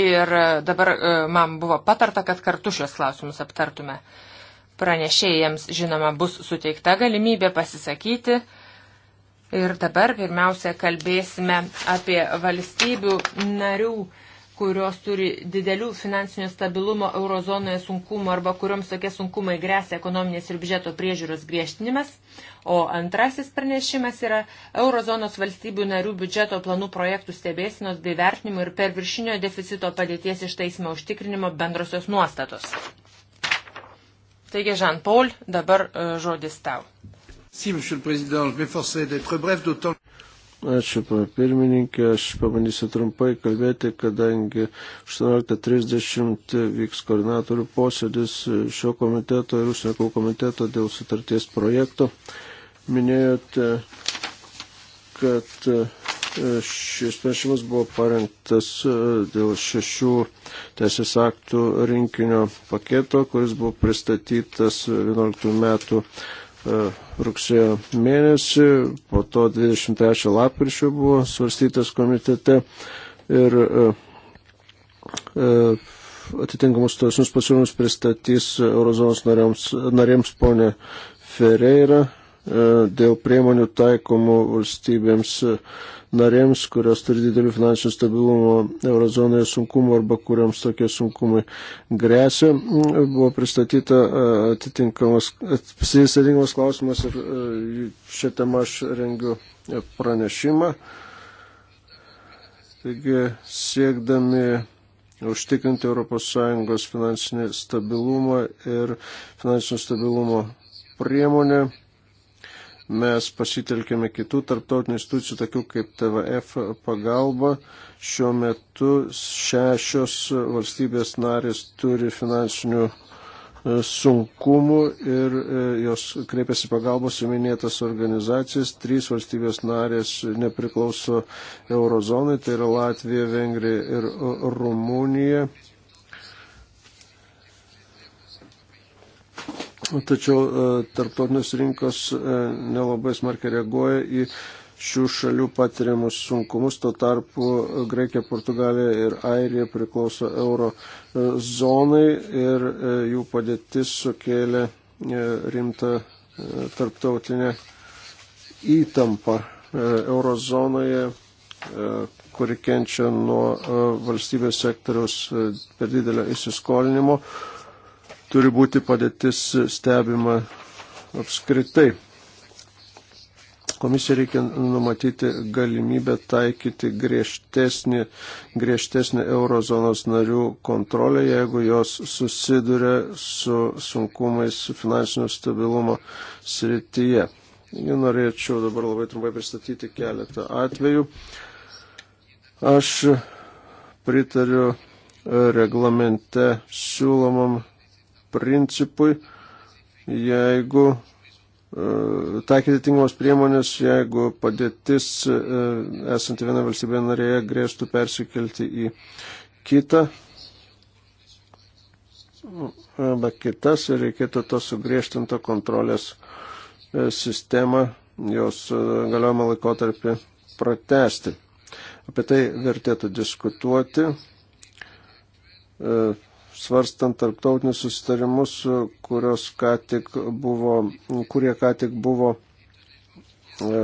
Ir e, dabar e, man buvo patarta, kad kartu šios klausimus aptartume. Pranešėjams, žinoma, bus suteikta galimybė pasisakyti. Ir dabar pirmiausia kalbėsime apie valstybių narių kurios turi didelių finansinio stabilumo eurozonoje sunkumų arba kurioms tokie sunkumai grėsia ekonominės ir biudžeto priežiūros griežtinimas. O antrasis pranešimas yra eurozonos valstybių narių biudžeto planų projektų stebėsinos bei vertinimo ir perviršinio deficito padėties ištaisimo užtikrinimo bendrosios nuostatos. Taigi, Žan Paul, dabar e, žodis tau. Si, Ačiū, pana pirmininkė. Aš pabandysiu trumpai kalbėti, kadangi 18.30 vyks koordinatorių posėdis šio komiteto ir užsienio komiteto dėl sutarties projekto. Minėjote, kad e, šis pranešimas buvo parengtas e, dėl šešių teisės aktų rinkinio paketo, kuris buvo pristatytas 11 metų e, rugsėjo mėnesį, po to 23 lapkričio buvo svarstytas komitete ir e, e, atitinkamus tolesnius pasiūlymus pristatys Eurozonos narėms, narėms ponė Ferreira e, dėl priemonių taikomų valstybėms narėms, kurios turi didelių finansinių stabilumo eurozonoje sunkumų arba kuriams tokie sunkumai grėsia. Buvo pristatyta e, atitinkamas, atitinkamas klausimas ir e, šią temą aš rengiu pranešimą. Taigi siekdami užtikrinti ES finansinį stabilumą ir finansinio stabilumo priemonę mes pasitelkėme kitų tarptautinių institucijų, tokių kaip TVF pagalba. Šiuo metu šešios valstybės narės turi finansinių e, sunkumų ir e, jos kreipiasi pagalbos į minėtas organizacijas. Trys valstybės narės nepriklauso eurozonai, tai yra Latvija, Vengrija ir Rumunija. tačiau e, tarptautinės rinkos e, nelabai smarkiai reaguoja į šių šalių patiriamus sunkumus. Tuo tarpu e, Graikija, Portugalija ir Airija priklauso euro zonai ir jų padėtis sukėlė rimtą tarptautinę įtampą eurozonoje, kuri kenčia nuo valstybės sektoriaus per didelio įsiskolinimo turi būti padėtis stebima apskritai. Komisija reikia numatyti galimybę taikyti griežtesnį, griežtesnį eurozonos narių kontrolę, jeigu jos susiduria su sunkumais su finansinio stabilumo srityje. Ir norėčiau dabar labai trumpai pristatyti keletą atvejų. Aš pritariu reglamente siūlomam principui, jeigu e, taikyti tinkamos priemonės, jeigu padėtis e, esanti viena valstybė narėje grėstų persikelti į kitą arba kitas ir reikėtų to sugriežtinto kontrolės e, sistemą, jos galiojimo laikotarpį pratesti. Apie tai vertėtų diskutuoti. E, svarstant tarptautinius susitarimus, kurios ką tik buvo, kurie ką tik buvo, e,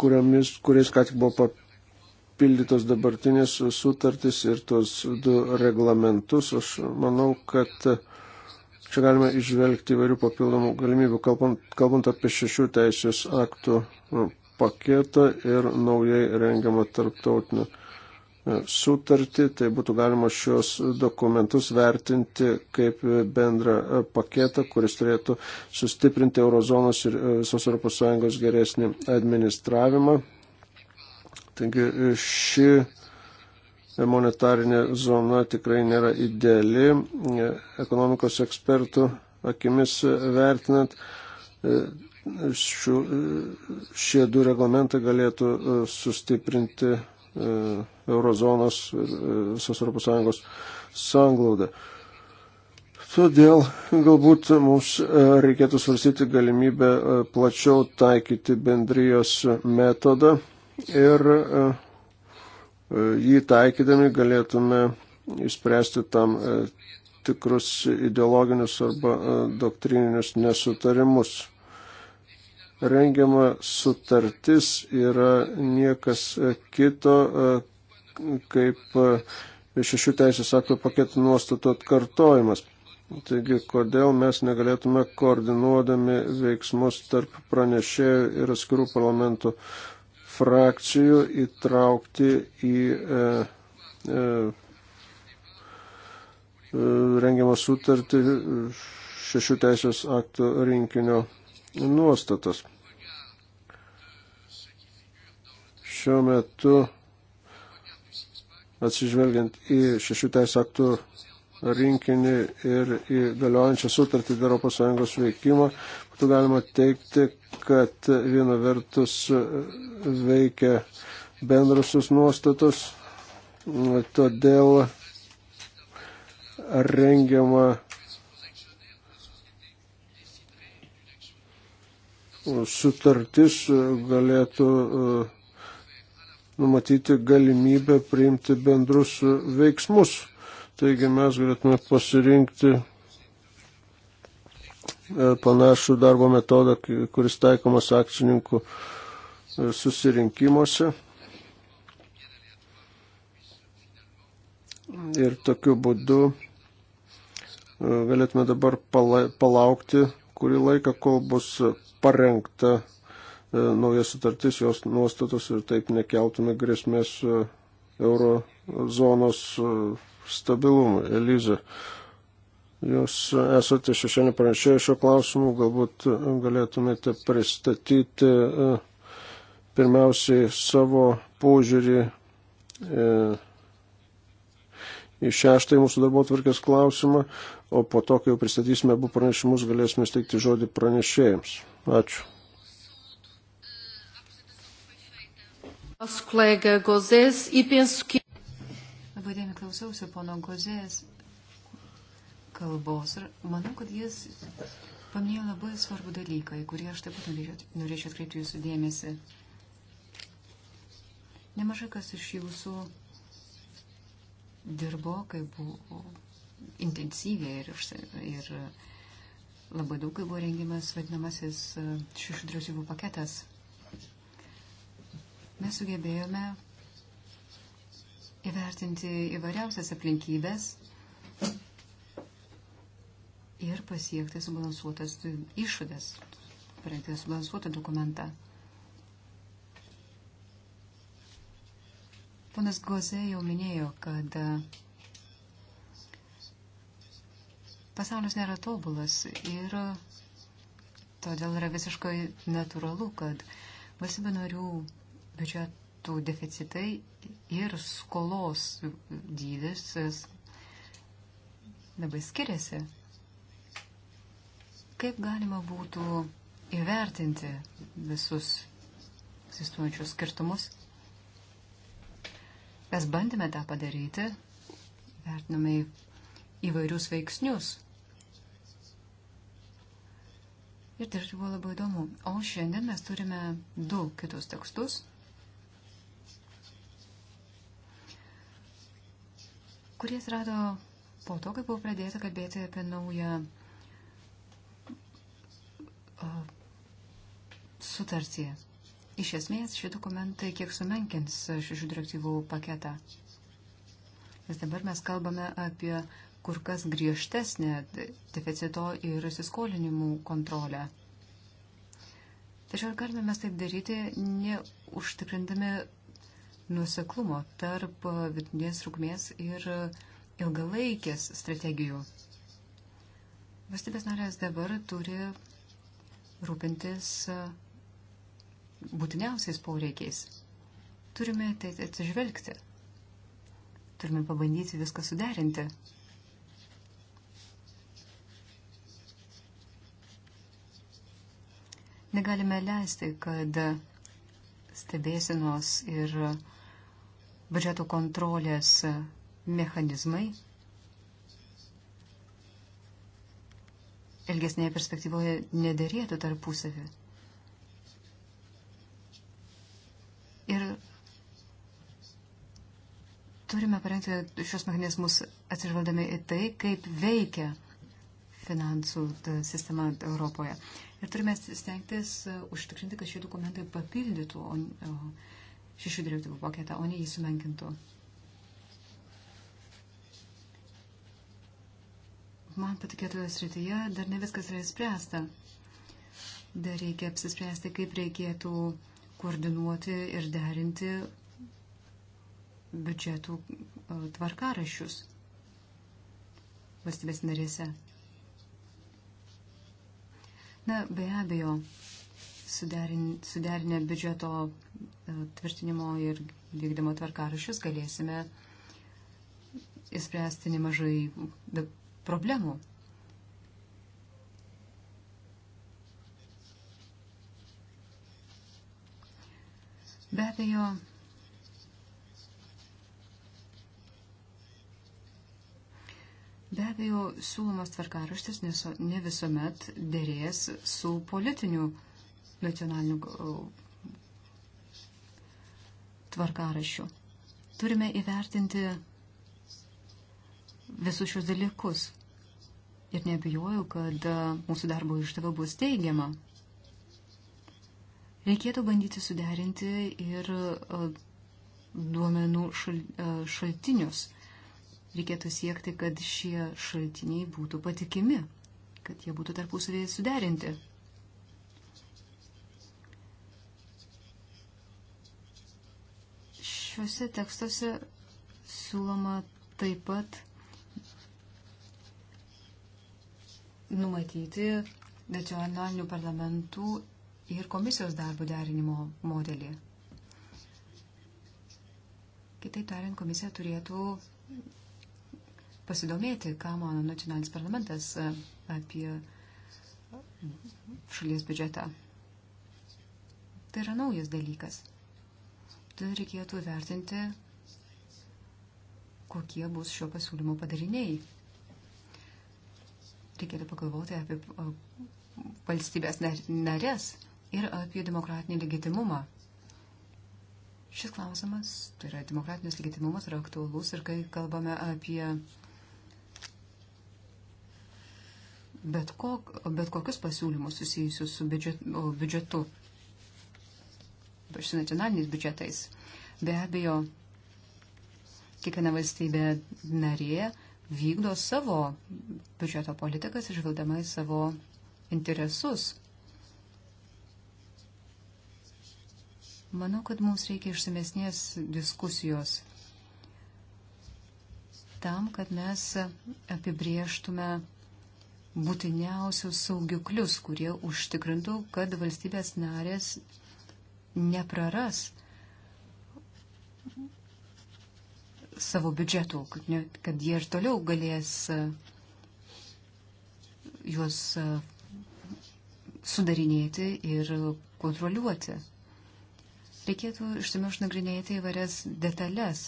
kuriomis, kuriais ką tik buvo papildytos dabartinės sutartys ir tuos du reglamentus. Aš manau, kad Čia galima išvelgti įvairių papildomų galimybių, kalbant, kalbant apie šešių teisės aktų paketą ir naujai rengiamą tarptautinio sutartį, tai būtų galima šios dokumentus vertinti kaip bendrą paketą, kuris turėtų sustiprinti eurozonos ir visos ES geresnį administravimą. Taigi ši monetarinė zona tikrai nėra ideali ekonomikos ekspertų akimis vertinant šių, šie du reglamentai galėtų sustiprinti E, eurozonos ir e, visos ES sanglaudą. Todėl galbūt mums e, reikėtų svarstyti galimybę plačiau taikyti bendrijos metodą ir jį taikydami galėtume išspręsti tam tikrus ideologinius arba doktrininius nesutarimus rengiama sutartis yra niekas kito e, kaip e, šešių teisės aktų paketų nuostatų atkartojimas. Taigi, kodėl mes negalėtume koordinuodami veiksmus tarp pranešėjų ir atskirų parlamentų frakcijų įtraukti į e, e, e rengiamą sutartį šešių teisės aktų rinkinio nuostatos. Šiuo metu, atsižvelgiant į šešių teisų aktų rinkinį ir į galiojančią sutartį dėl ES veikimo, būtų galima teikti, kad viena vertus veikia bendrusius nuostatus, todėl rengiama sutartis e, galėtų e, numatyti galimybę priimti bendrus e, veiksmus. Taigi mes galėtume pasirinkti panašų darbo metodą, kuris taikomas akcininkų susirinkimuose. Ir tokiu būdu galėtume dabar palaukti kurį laiką, kol bus parengta e, nauja sutartis, jos nuostatos ir taip nekeltume grėsmės e, euro zonos e, stabilumui. Eliza, jūs esate šešėlį pranešėjai šio klausimu, galbūt galėtumėte pristatyti pirmiausiai savo požiūrį į šeštąjį mūsų darbo tvarkės klausimą, o po to, kai jau pristatysime abu pranešimus, galėsime steigti žodį pranešėjams. Ačiū. E labai dėmė klausiausi pono Gozės kalbos ir manau, kad jis paminėjo labai svarbų dalyką, į kurį aš taip pat norėčiau, norėčiau atkreipti jūsų dėmesį. Nemažai kas iš jūsų dirbo, kai buvo intensyviai ir, ir labai daug, kai buvo rengiamas vadinamasis e, šešių drausybų paketas. Mes sugebėjome įvertinti įvairiausias aplinkybės ir pasiekti subalansuotas išvadas, parengti subalansuotą dokumentą. Ponas Goze jau minėjo, kad e, pasaulis nėra tobulas ir todėl yra visiškai natūralu, kad valstybė narių biudžetų deficitai ir skolos dydis labai skiriasi. Kaip galima būtų įvertinti visus egzistuojančius skirtumus? Mes bandėme tą padaryti, vertinome įvairius veiksnius. Ir tai buvo labai įdomu. O šiandien mes turime du kitus tekstus. kurie atsirado po to, kai buvo pradėta kalbėti apie naują uh, sutartį Iš esmės, šie dokumentai kiek sumenkins šių direktyvų paketą. Nes dabar mes kalbame apie kur kas griežtesnę deficito ir įsiskolinimų kontrolę. Tačiau ar galime mes taip daryti, neužtikrindami nuseklumo tarp vidutinės trukmės ir ilgalaikės strategijų? Valstybės narės dabar turi rūpintis būtiniausiais poreikiais. Turime tai atsižvelgti. Turime pabandyti viską suderinti. Negalime leisti, kad stebėsinos ir biudžeto kontrolės mechanizmai ilgesnėje perspektyvoje nederėtų tarpusavį. Turime parengti šios mechanizmus atsižvaldami į tai, kaip veikia finansų sistema Europoje. Ir turime stengtis užtikrinti, kad šie dokumentai papildytų šešių direktyvų paketą, o ne jį sumenkintų. Man patikėtojo srityje dar ne viskas yra įspręsta. Dar reikia apsispręsti, kaip reikėtų koordinuoti ir derinti biudžetų e, tvarkarašius valstybės narėse. Na, be abejo, suderin, suderinę biudžeto e, tvirtinimo ir vykdymo tvarkarašius galėsime įspręsti nemažai problemų. Be abejo, Be abejo, siūlomas tvarkaraštis ne visuomet dėrės su politiniu nacionaliniu uh, tvarkaraščiu. Turime įvertinti visus šios dalykus. Ir nebijoju, kad uh, mūsų darbo ištava bus teigiama. Reikėtų bandyti suderinti ir uh, duomenų šal, šaltinius reikėtų siekti, kad šie šaltiniai būtų patikimi, kad jie būtų tarpusavėje suderinti. Šiuose tekstuose siūloma taip pat numatyti nacionalinių parlamentų ir komisijos darbo derinimo modelį. Kitaip tariant, komisija turėtų pasidomėti, ką mano nacionalinis parlamentas e, apie šalies biudžetą. Tai yra naujas dalykas. Tai reikėtų vertinti, kokie bus šio pasiūlymo padariniai. Reikėtų pagalvoti apie e, valstybės narės ir apie demokratinį legitimumą. Šis klausimas, tai yra demokratinis legitimumas, yra aktualus ir kai kalbame apie bet, kok, bet kokius pasiūlymus susijusius su biudžet, biudžetu, su nacionaliniais biudžetais. Be abejo, kiekviena valstybė narė vykdo savo biudžeto politikas, išvildama į savo interesus. Manau, kad mums reikia išsamesnės diskusijos tam, kad mes apibrieštume būtiniausius saugiklius, kurie užtikrintų, kad valstybės narės nepraras savo biudžetų, kad jie ir toliau galės e, juos e, sudarinėti ir kontroliuoti. Reikėtų išsamiau išnagrinėti įvairias detalės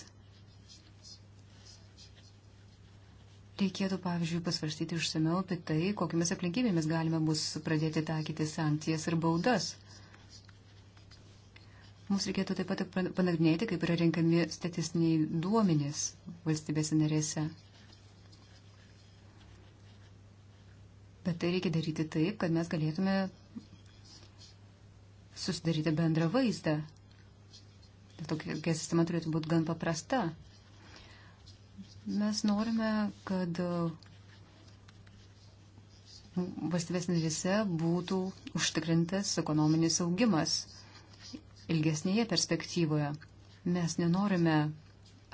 Reikėtų, pavyzdžiui, pasvarstyti užsimiau apie tai, kokiamis aplinkybėmis galime bus pradėti taikyti sankcijas ir baudas. Mums reikėtų taip pat panagrinėti, kaip yra renkami statistiniai duomenys valstybėse narėse. Bet tai reikia daryti taip, kad mes galėtume susidaryti bendrą vaizdą. Tokia sistema turėtų būti gan paprasta. Mes norime, kad nu, valstybės narise būtų užtikrintas ekonominis augimas ilgesnėje perspektyvoje. Mes nenorime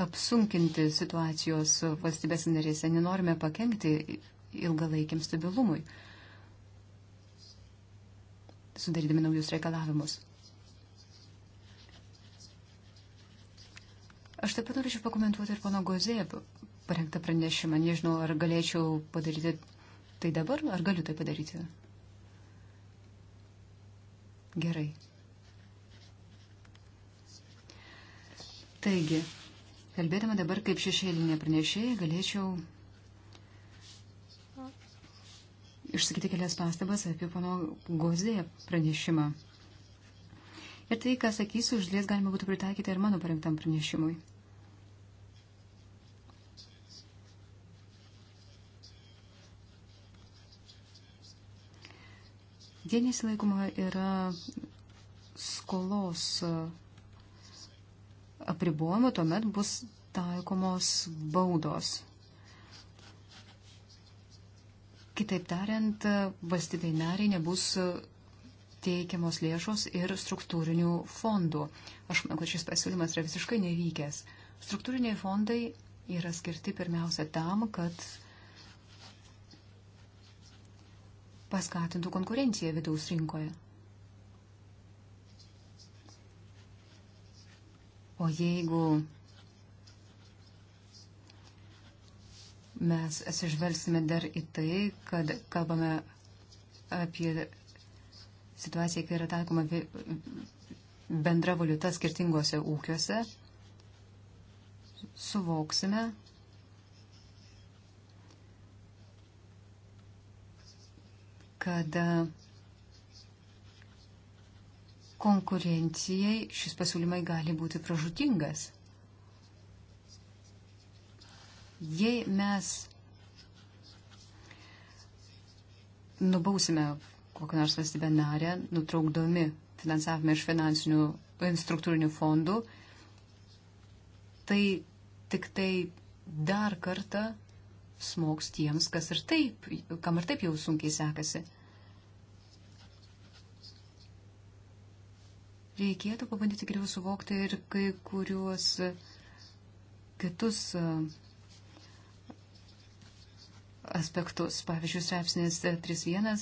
apsunkinti situacijos valstybės narėse, nenorime pakengti ilgalaikiam stabilumui, sudarydami naujus reikalavimus. Aš taip pat norėčiau pakomentuoti ir pono Gozė parengtą pranešimą. Nežinau, ar galėčiau padaryti tai dabar, ar galiu tai padaryti. Gerai. Taigi, kalbėdama dabar kaip šešėlinė pranešėja, galėčiau išsakyti kelias pastabas apie pono Gozė pranešimą. Ir tai, ką sakysiu, uždėlės galima būtų pritaikyti ir mano parengtam pranešimui. Jie nesilaikoma yra skolos apribojimo, tuomet bus taikomos baudos. Kitaip tariant, valstybei nariai nebus teikiamos lėšos ir struktūrinių fondų. Aš manau, kad šis pasiūlymas yra visiškai nevykęs. Struktūriniai fondai yra skirti pirmiausia tam, kad paskatintų konkurenciją vidaus rinkoje. O jeigu mes atsižvelgsime dar į tai, kad kalbame apie situaciją, kai yra taikoma bendra valiuta skirtingose ūkiuose, suvoksime, kad e, konkurencijai šis pasiūlymai gali būti pražutingas. Jei mes nubausime kokią nors valstybę narę, nutraukdami finansavimą iš finansinių struktūrinių fondų, tai tik tai dar kartą smogs tiems, kas ir taip, kam ir taip jau sunkiai sekasi. Reikėtų pabandyti geriau suvokti ir kai kuriuos kitus e, aspektus, pavyzdžiui, straipsnis 3.1,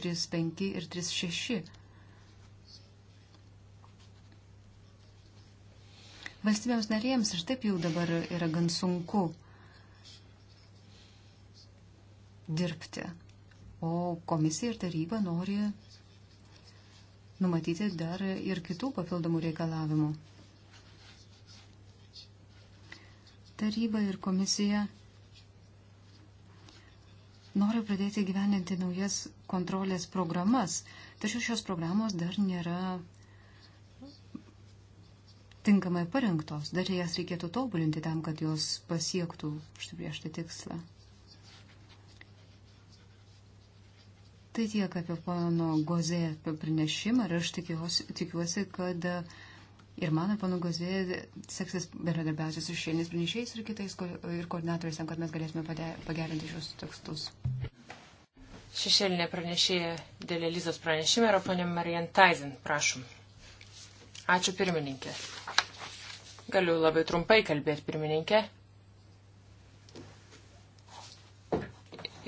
3.5 e, ir 3.6. Valstybėms narėms ir taip jau dabar yra gan sunku dirbti. O komisija ir taryba nori numatyti dar ir kitų papildomų reikalavimų. Taryba ir komisija nori pradėti gyveninti naujas kontrolės programas, tačiau šios programos dar nėra tinkamai parengtos, dar jas reikėtų tobulinti tam, kad jos pasiektų štai prieš tai tikslą. Tai tiek apie pano Gozė pranešimą ir aš tikiuosi, tikiuosi kad ir mano pano Gozė seksis bendradarbiausias su šiandienis pranešėjais ir kitais ir koordinatoriais, kad mes galėsime pagerinti šios tekstus. Šešėlinė pranešėja dėl Elizos pranešimą yra ponė Marian Taizen, prašom. Ačiū pirmininkė. Galiu labai trumpai kalbėti pirmininkė.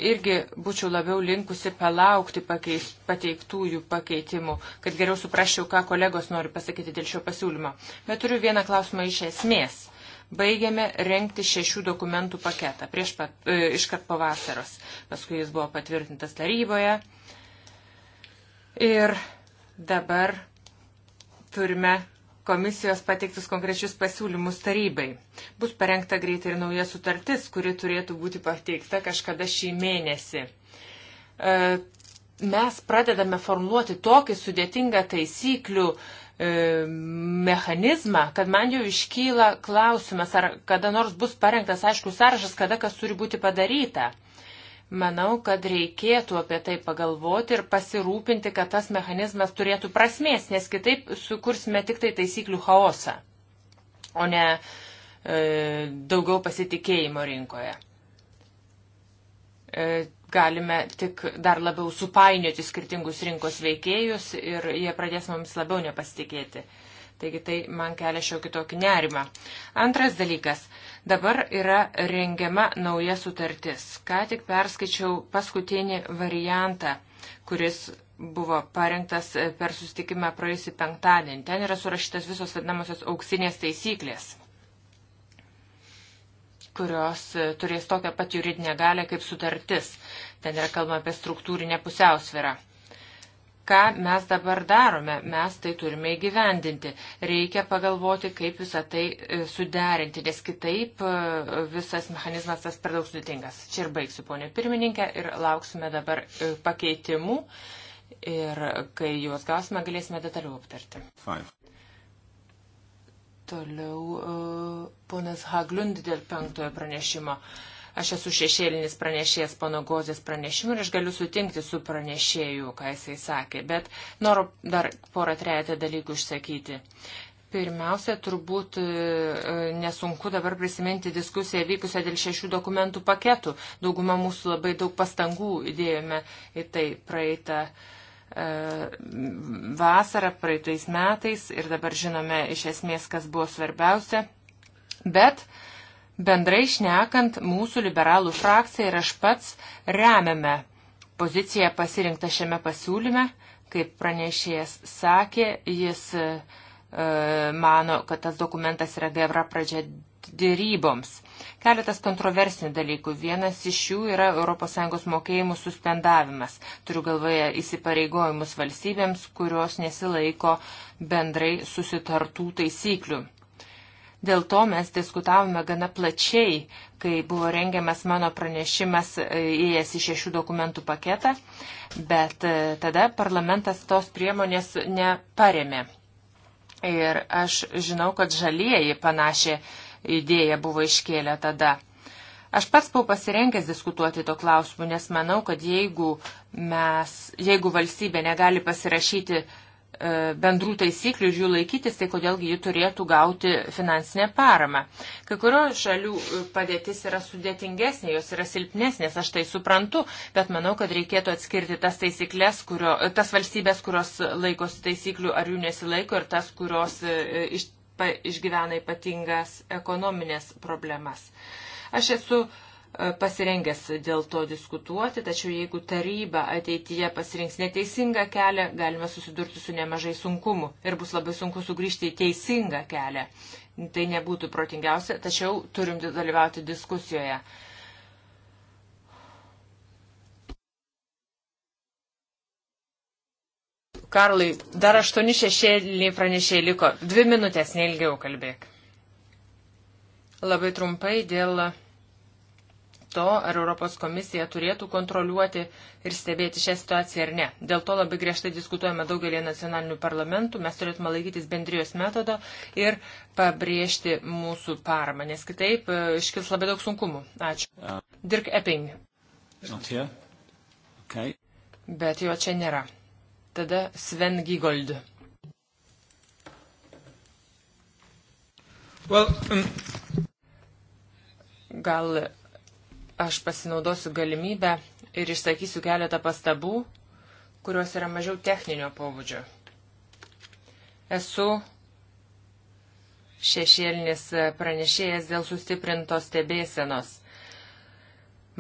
irgi būčiau labiau linkusi palaukti pakeis, pateiktųjų pakeitimų, kad geriau suprasčiau, ką kolegos nori pasakyti dėl šio pasiūlymo. Bet turiu vieną klausimą iš esmės. Baigėme renkti šešių dokumentų paketą prieš pat, e, iškart po vasaros. Paskui jis buvo patvirtintas taryboje. Ir dabar turime komisijos pateiktus konkrečius pasiūlymus tarybai. Bus parengta greitai ir nauja sutartis, kuri turėtų būti pateikta kažkada šį mėnesį. E, mes pradedame formuoti tokį sudėtingą taisyklių e, mechanizmą, kad man jau iškyla klausimas, ar kada nors bus parengtas aiškus sąrašas, kada kas turi būti padaryta. Manau, kad reikėtų apie tai pagalvoti ir pasirūpinti, kad tas mechanizmas turėtų prasmės, nes kitaip sukursime tik tai taisyklių chaosą, o ne e, daugiau pasitikėjimo rinkoje. E, galime tik dar labiau supainioti skirtingus rinkos veikėjus ir jie pradės mums labiau nepasitikėti. Taigi tai man kelia šiokį tokį nerimą. Antras dalykas. E, Dabar yra rengiama nauja sutartis. Ką tik perskaičiau paskutinį variantą, kuris buvo parengtas e, per sustikimą praėjusį penktadienį. Ten yra surašytas visos vadinamosios auksinės taisyklės, kurios e, turės tokią pat juridinę galę kaip sutartis. Ten yra kalbama apie struktūrinę pusiausvyrą ką mes dabar darome, mes tai turime įgyvendinti. Reikia pagalvoti, kaip visą tai e, suderinti, nes kitaip e, visas mechanizmas tas per daug sudėtingas. Čia ir baigsiu, ponė pirmininkė, ir lauksime dabar e, pakeitimų ir kai juos gausime, galėsime detaliau aptarti. Five. Toliau ponas Haglund dėl penktojo pranešimo. Uh, Aš esu šešėlinis pranešėjas pono Gozės pranešimu ir aš galiu sutinkti su pranešėju, ką jisai sakė, bet noriu dar porą trejate dalykų išsakyti. Pirmiausia, turbūt e, nesunku dabar prisiminti diskusiją vykusią dėl šešių dokumentų paketų. Dauguma mūsų labai daug pastangų įdėjome į tai praeitą e, vasarą, praeitais metais ir dabar žinome iš esmės, kas buvo svarbiausia. Bet uh, Bendrai šnekant, mūsų liberalų frakcija ir aš pats remiame poziciją pasirinktą šiame pasiūlyme. Kaip pranešėjas sakė, jis e, mano, kad tas dokumentas yra gebra pradžia dėryboms. Keletas kontroversinių dalykų. Vienas iš jų yra ES mokėjimų suspendavimas. Turiu galvoje įsipareigojimus valstybėms, kurios nesilaiko bendrai susitartų taisyklių. Dėl to mes diskutavome gana plačiai, kai buvo rengiamas mano pranešimas e, įėjęs į šešių dokumentų paketą, bet e, tada parlamentas tos priemonės neparemė. Ir aš žinau, kad žalieji panašią idėją buvo iškėlę tada. Aš pats buvau pasirengęs diskutuoti to klausimu, nes manau, kad jeigu, mes, jeigu valstybė negali pasirašyti E, bendrų taisyklių ir jų laikytis, tai kodėlgi ji turėtų gauti finansinę paramą. Kai kurio šalių e, padėtis yra sudėtingesnė, jos yra silpnesnės, aš tai suprantu, bet manau, kad reikėtų atskirti tas taisyklės, kurio, tas valstybės, kurios laikosi taisyklių ar jų nesilaiko ir tas, kurios e, iš, pa, išgyvena ypatingas ekonominės problemas. Aš esu E, pasirengęs dėl to diskutuoti, tačiau jeigu taryba ateityje pasirinks neteisingą kelią, galime susidurti su nemažai sunkumu ir bus labai sunku sugrįžti į teisingą kelią. Tai nebūtų protingiausia, tačiau turim dalyvauti diskusijoje. Karlai, dar aštuoni šešėliniai pranešėjai liko. Dvi minutės, neilgiau kalbėk. Labai trumpai dėl to, ar Europos komisija turėtų kontroliuoti ir stebėti šią situaciją ar ne. Dėl to labai griežtai diskutuojame daugelį nacionalinių parlamentų, mes turėtume laikytis bendrijos metodo ir pabrėžti mūsų paramą, nes kitaip e, iškils labai daug sunkumų. Ačiū. Dirk Epping. Okay. Bet jo čia nėra. Tada Sven Gigold. Well, um... Gal Aš pasinaudosiu galimybę ir išsakysiu keletą pastabų, kurios yra mažiau techninio pobūdžio. Esu šešėlinis pranešėjas dėl sustiprintos stebėsenos.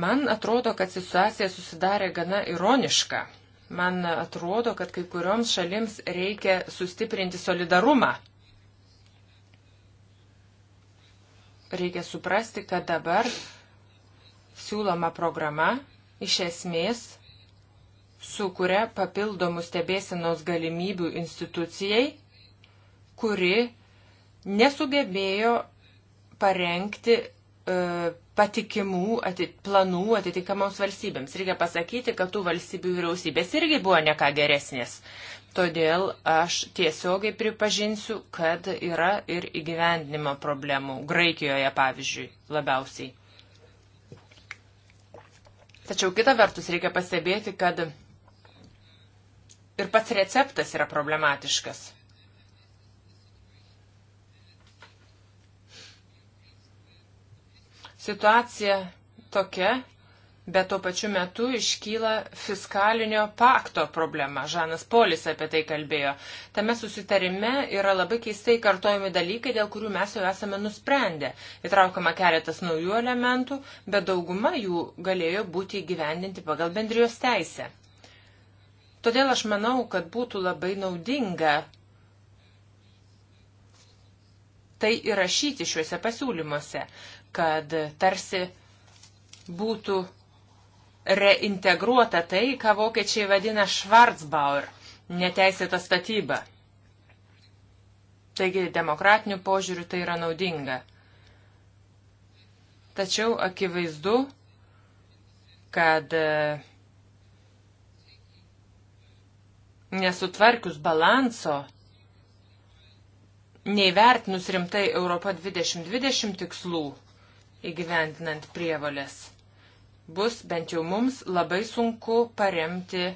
Man atrodo, kad situacija susidarė gana ironiška. Man atrodo, kad kai kurioms šalims reikia sustiprinti solidarumą. Reikia suprasti, kad dabar Siūloma programa iš esmės sukuria papildomų stebėsinos galimybių institucijai, kuri nesugebėjo parengti e, patikimų ati, planų atitikamoms valstybėms. Reikia pasakyti, kad tų valstybių vyriausybės irgi buvo neką geresnės. Todėl aš tiesiogiai pripažinsiu, kad yra ir įgyvendinimo problemų. Graikijoje, pavyzdžiui, labiausiai. Tačiau kita vertus reikia pastebėti, kad ir pats receptas yra problematiškas. Situacija tokia, bet tuo pačiu metu iškyla fiskalinio pakto problema. Žanas Polis apie tai kalbėjo. Tame susitarime yra labai keistai kartojami dalykai, dėl kurių mes jau esame nusprendę. Įtraukama keletas naujų elementų, bet dauguma jų galėjo būti įgyvendinti pagal bendrijos teisę. Todėl aš manau, kad būtų labai naudinga tai įrašyti šiuose pasiūlymuose, kad tarsi būtų reintegruota tai, ką vokiečiai vadina Schwarzbauer - neteisėta statyba. Taigi demokratinių požiūrių tai yra naudinga. Tačiau akivaizdu, kad e, nesutvarkius balanso, neįvertinus rimtai Europa 2020 tikslų įgyventinant prievalės bus bent jau mums labai sunku paremti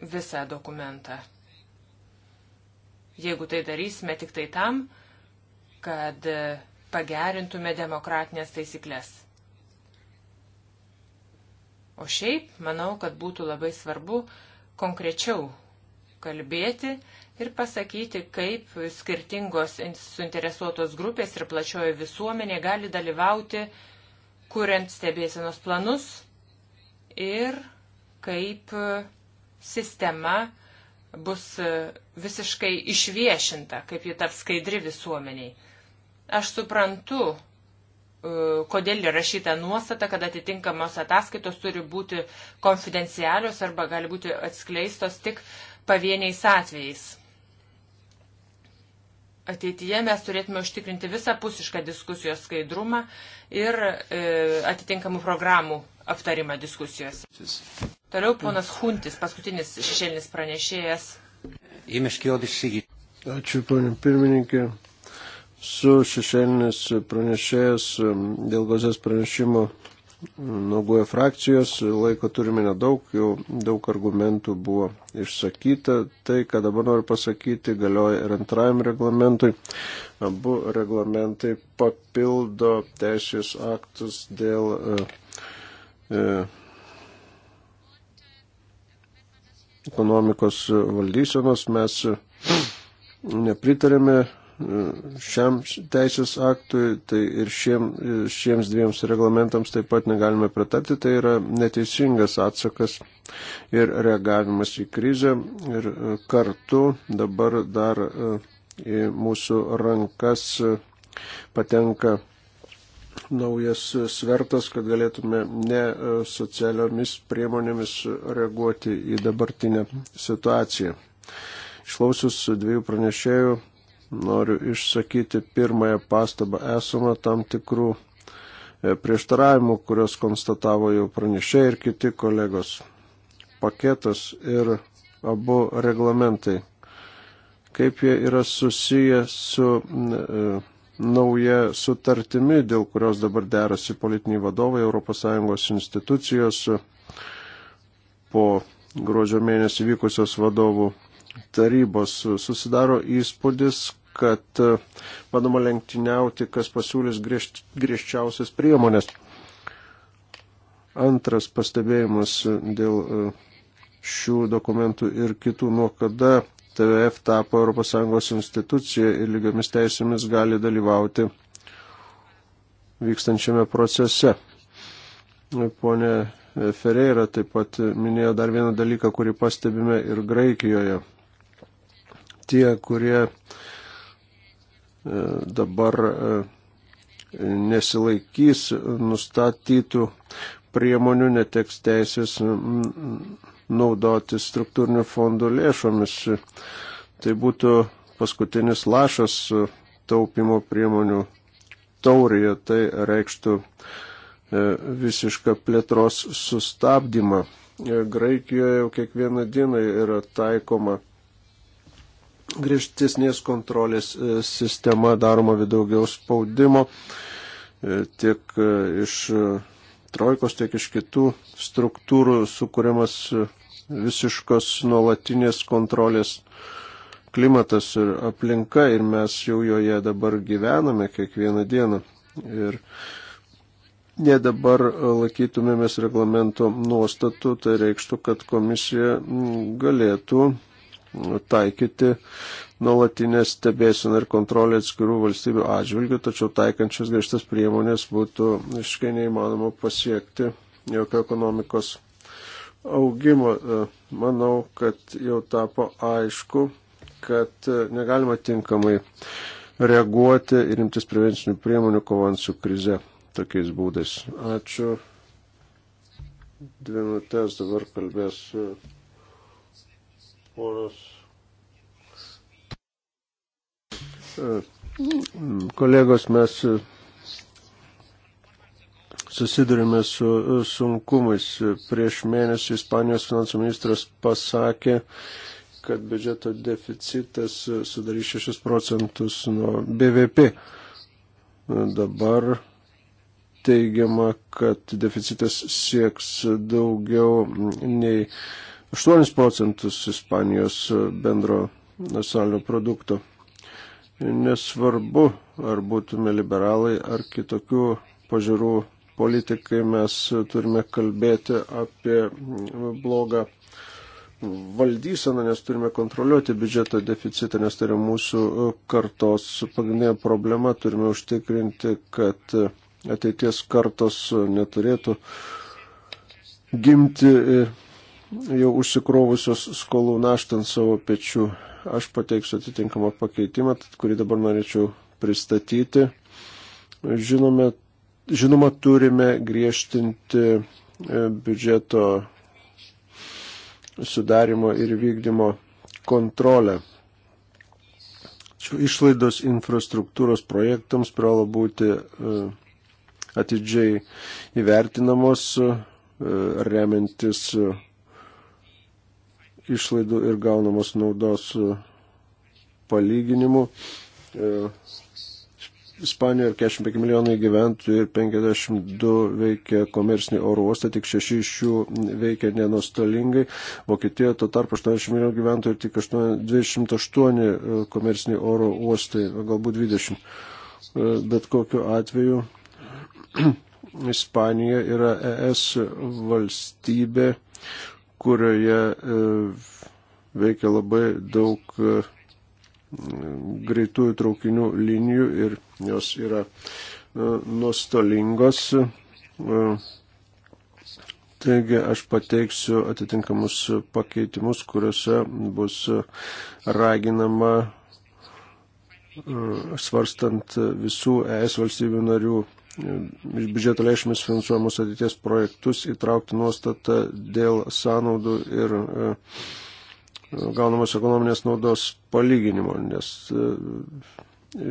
visą dokumentą. Jeigu tai darysime tik tai tam, kad pagerintume demokratinės taisyklės. O šiaip, manau, kad būtų labai svarbu konkrečiau kalbėti ir pasakyti, kaip skirtingos suinteresuotos grupės ir plačioji visuomenė gali dalyvauti uh, kuriant stebėsenos planus ir kaip e, sistema bus e, visiškai išviešinta, kaip ji taps skaidri visuomeniai. Aš suprantu, e, kodėl rašyta nuostata, kad atitinkamos ataskaitos turi būti konfidencialios arba gali būti atskleistos tik pavieniais atvejais ateityje mes turėtume užtikrinti visapusišką diskusijos skaidrumą ir e, atitinkamų programų aptarimą diskusijos. Toliau ponas Huntis, paskutinis šešėlinis pranešėjas. Ačiū, ponė pirmininkė. Su šešėlinis pranešėjas e, dėl gazės pranešimo nuogoja e frakcijos, laiko turime nedaug, jau daug argumentų buvo išsakyta. Tai, ką dabar noriu pasakyti, galioja ir antrajam reglamentui. Abu reglamentai papildo teisės aktus dėl. E, e, ekonomikos valdysenos mes nepritarėme šiam teisės aktui, tai ir šiem, šiems dviems reglamentams taip pat negalime pritarti, tai yra neteisingas atsakas ir reagavimas į krizę ir e, kartu dabar dar e, į mūsų rankas e, patenka naujas svertas, kad galėtume ne socialiomis priemonėmis reaguoti į dabartinę situaciją. Išlausius dviejų pranešėjų noriu išsakyti pirmąją pastabą. Esama tam tikrų e, prieštaravimų, kurios konstatavo jau pranešė ir kiti kolegos. Paketas ir abu reglamentai. Kaip jie yra susiję su e, nauja sutartimi, dėl kurios dabar derasi politiniai vadovai ES institucijos po gruodžio mėnesį vykusios vadovų tarybos susidaro įspūdis, kad e, bandoma lenktyniauti, kas pasiūlys griežt, griežčiausias priemonės. Antras pastebėjimas dėl e, šių dokumentų ir kitų, nuo kada TVF tapo ES institucija ir lygiomis teisėmis gali dalyvauti vykstančiame procese. Pone Ferreira taip pat minėjo dar vieną dalyką, kurį pastebime ir Graikijoje. Tie, kurie uh, E, dabar e, nesilaikys nustatytų priemonių, neteks teisės naudoti struktūrinių fondų lėšomis. Tai būtų paskutinis lašas taupimo priemonių taurėje, tai reikštų e, visišką plėtros sustabdymą. Graikijoje jau kiekvieną dieną yra taikoma griežtesnės kontrolės e, sistema, daroma vis daugiau spaudimo e, tiek e, iš trojkos, tiek iš kitų struktūrų sukūriamas visiškos nuolatinės kontrolės klimatas ir aplinka ir mes jau joje dabar gyvename kiekvieną dieną. Ir jei dabar laikytumėmės reglamento nuostatų, tai reikštų, kad komisija galėtų taikyti nuolatinę stebėsiną ir kontrolę atskirų valstybių atžvilgių, tačiau taikančias griežtas priemonės būtų visiškai neįmanoma pasiekti jokio ekonomikos augimo. E, manau, kad jau tapo aišku, kad e, negalima tinkamai reaguoti ir imtis prevencinių priemonių kovant su krize tokiais būdais. Ačiū. Dvi minutės dabar kalbės e, poros e, kolegos mes e, susidurime su e, sunkumais. Prieš mėnesį Ispanijos finansų ministras pasakė, kad biudžeto deficitas sudarys 6 procentus nuo BVP. Dabar teigiama, kad deficitas sieks daugiau nei 8 procentus Ispanijos e, bendro nacionalinio produkto. Nesvarbu, ar būtume liberalai ar kitokių pažiūrų politikai, mes turime kalbėti apie blogą valdyseną, nes turime kontroliuoti biudžeto deficitą, nes tai yra mūsų e, kartos pagrindinė problema, turime užtikrinti, kad e, ateities kartos neturėtų gimti jau užsikrovusios skolų naštant savo pečių. Aš pateiksiu atitinkamą pakeitimą, kurį dabar norėčiau pristatyti. Žinome, žinoma, turime griežtinti e, biudžeto sudarimo ir vykdymo kontrolę. Čia išlaidos infrastruktūros projektams privalo būti e, atidžiai įvertinamos e, remiantis išlaidų ir gaunamos naudos e, palyginimu. E, Ispanijoje 45 milijonai gyventojų ir 52 veikia komercinį oro uostą, tik 6 iš jų veikia nenostolingai. Vokietijoje to tarp 80 milijonų gyventojų ir tik 28 e, komerciniai oro uostai, galbūt 20. Bet kokiu atveju Ispanija yra ES valstybė kurioje e, veikia labai daug e, greitųjų traukinių linijų ir jos yra e, nuostolingos. Taigi aš pateiksiu atitinkamus pakeitimus, kuriuose bus raginama svarstant visų ES valstybių narių iš biudžeto lėšomis finansuojamus ateities projektus įtraukti nuostatą dėl sąnaudų ir e, e, gaunamos ekonominės naudos palyginimo, nes e,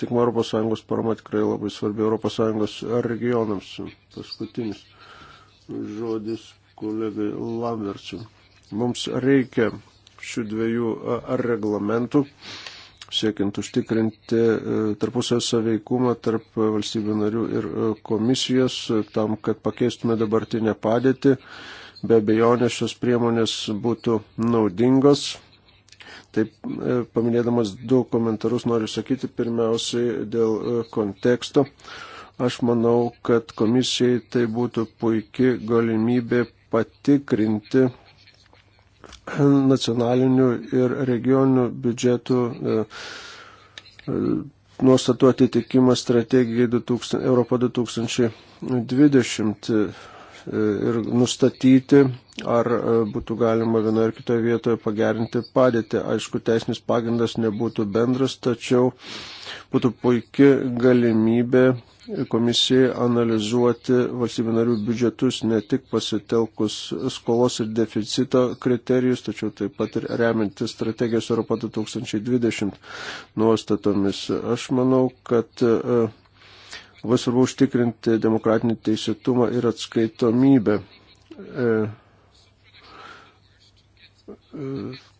tik ES parama tikrai labai svarbi ES regionams. Paskutinis žodis kolegai Lambertsui. Mums reikia šių dviejų ar reglamentų siekiant užtikrinti e, tarpusio saveikumą tarp valstybių narių ir e, komisijos, e, tam, kad pakeistume dabartinę padėtį. Be abejonės šios priemonės būtų naudingos. Taip, paminėdamas du komentarus noriu sakyti pirmiausiai dėl konteksto. Aš manau, kad komisijai tai būtų puikia galimybė patikrinti nacionalinių ir regioninių biudžetų e, e, nuostatų atitikimas strategijai 2000, Europo 2020 ir nustatyti, ar e, būtų galima vienoje ar kitoje vietoje pagerinti padėtį. Aišku, teisinis pagrindas nebūtų bendras, tačiau būtų puikia galimybė komisijai analizuoti valstybių narių biudžetus ne tik pasitelkus skolos ir deficito kriterijus, tačiau taip pat ir remianti strategijos Europa 2020 nuostatomis. Aš manau, kad e, labai svarbu užtikrinti demokratinį teisėtumą ir atskaitomybę. E, e,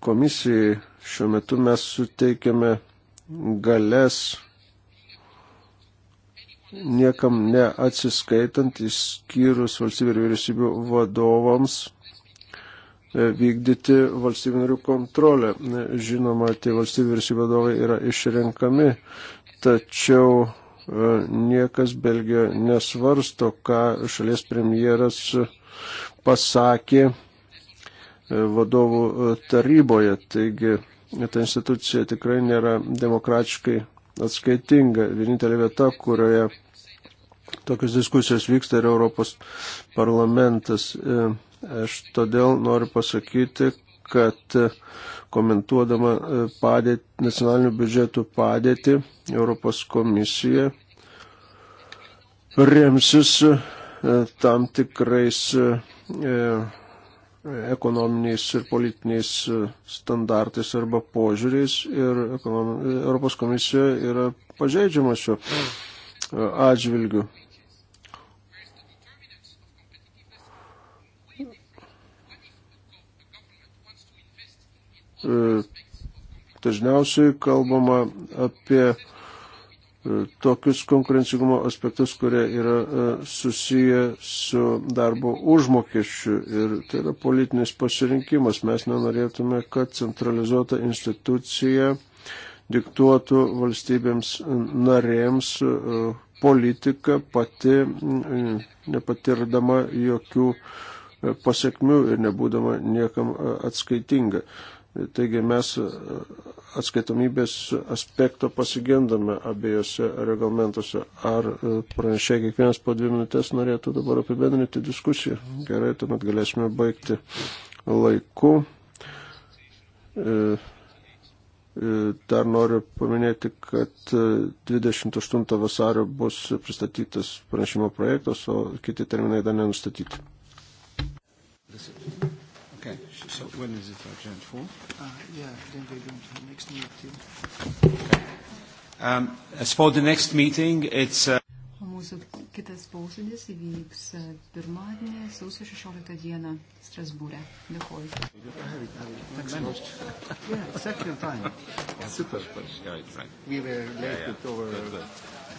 komisijai šiuo metu mes suteikiame galės niekam neatsiskaitant, išskyrus valstybių ir vyriausybių vadovams e, vykdyti valstybių narių kontrolę. E, žinoma, tie valstybių vyriausybių vadovai yra išrenkami, tačiau e, niekas Belgijoje nesvarsto, ką šalies premjeras pasakė vadovų taryboje. Taigi, ta institucija tikrai nėra demokratiškai atskaitinga. Vienintelė vieta, kurioje tokios diskusijos vyksta ir Europos parlamentas. E, aš todėl noriu pasakyti, kad e, komentuodama e, padėt, nacionalinių biudžetų padėtį Europos komisija remsis tam tikrais ekonominiais ir politiniais e, standartais arba požiūriais ir Europos komisija yra pažeidžiama šio e, atžvilgiu. E, dažniausiai kalbama apie E, tokius konkurencingumo aspektus, kurie yra e, susiję su darbo užmokesčiu ir tai yra politinis pasirinkimas. Mes nenorėtume, kad centralizuota institucija diktuotų valstybėms narėms e, politiką pati, nepatirdama jokių pasiekmių ir nebūdama niekam atskaitinga. Taigi mes atskaitomybės aspekto pasigendame abiejose reglamentuose. Ar e, pranešė kiekvienas po dvi minutės norėtų dabar apibendrinti diskusiją? Gerai, tuomet galėsime baigti laiku. E, e, dar noriu paminėti, kad 28 vasario bus pristatytas pranešimo projektas, o kiti terminai dar nenustatyti. Thank you. Okay. So when is it agenda for? Uh, yeah, then they don't have next meeting. Okay. Um, as for the next meeting, it's. Uh... Mūsų kitas posėdis įvyks uh, pirmadienį, sausio 16 dieną, Strasbūrė. Dėkuoju. Yeah, exactly time. Super. Yeah, it's right. We were late yeah, yeah. over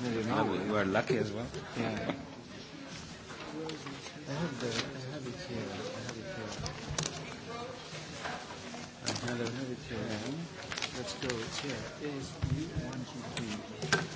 nearly an hour. We were lucky as well. Yeah. I have the. I have another chair. Let's go. Chair is B123.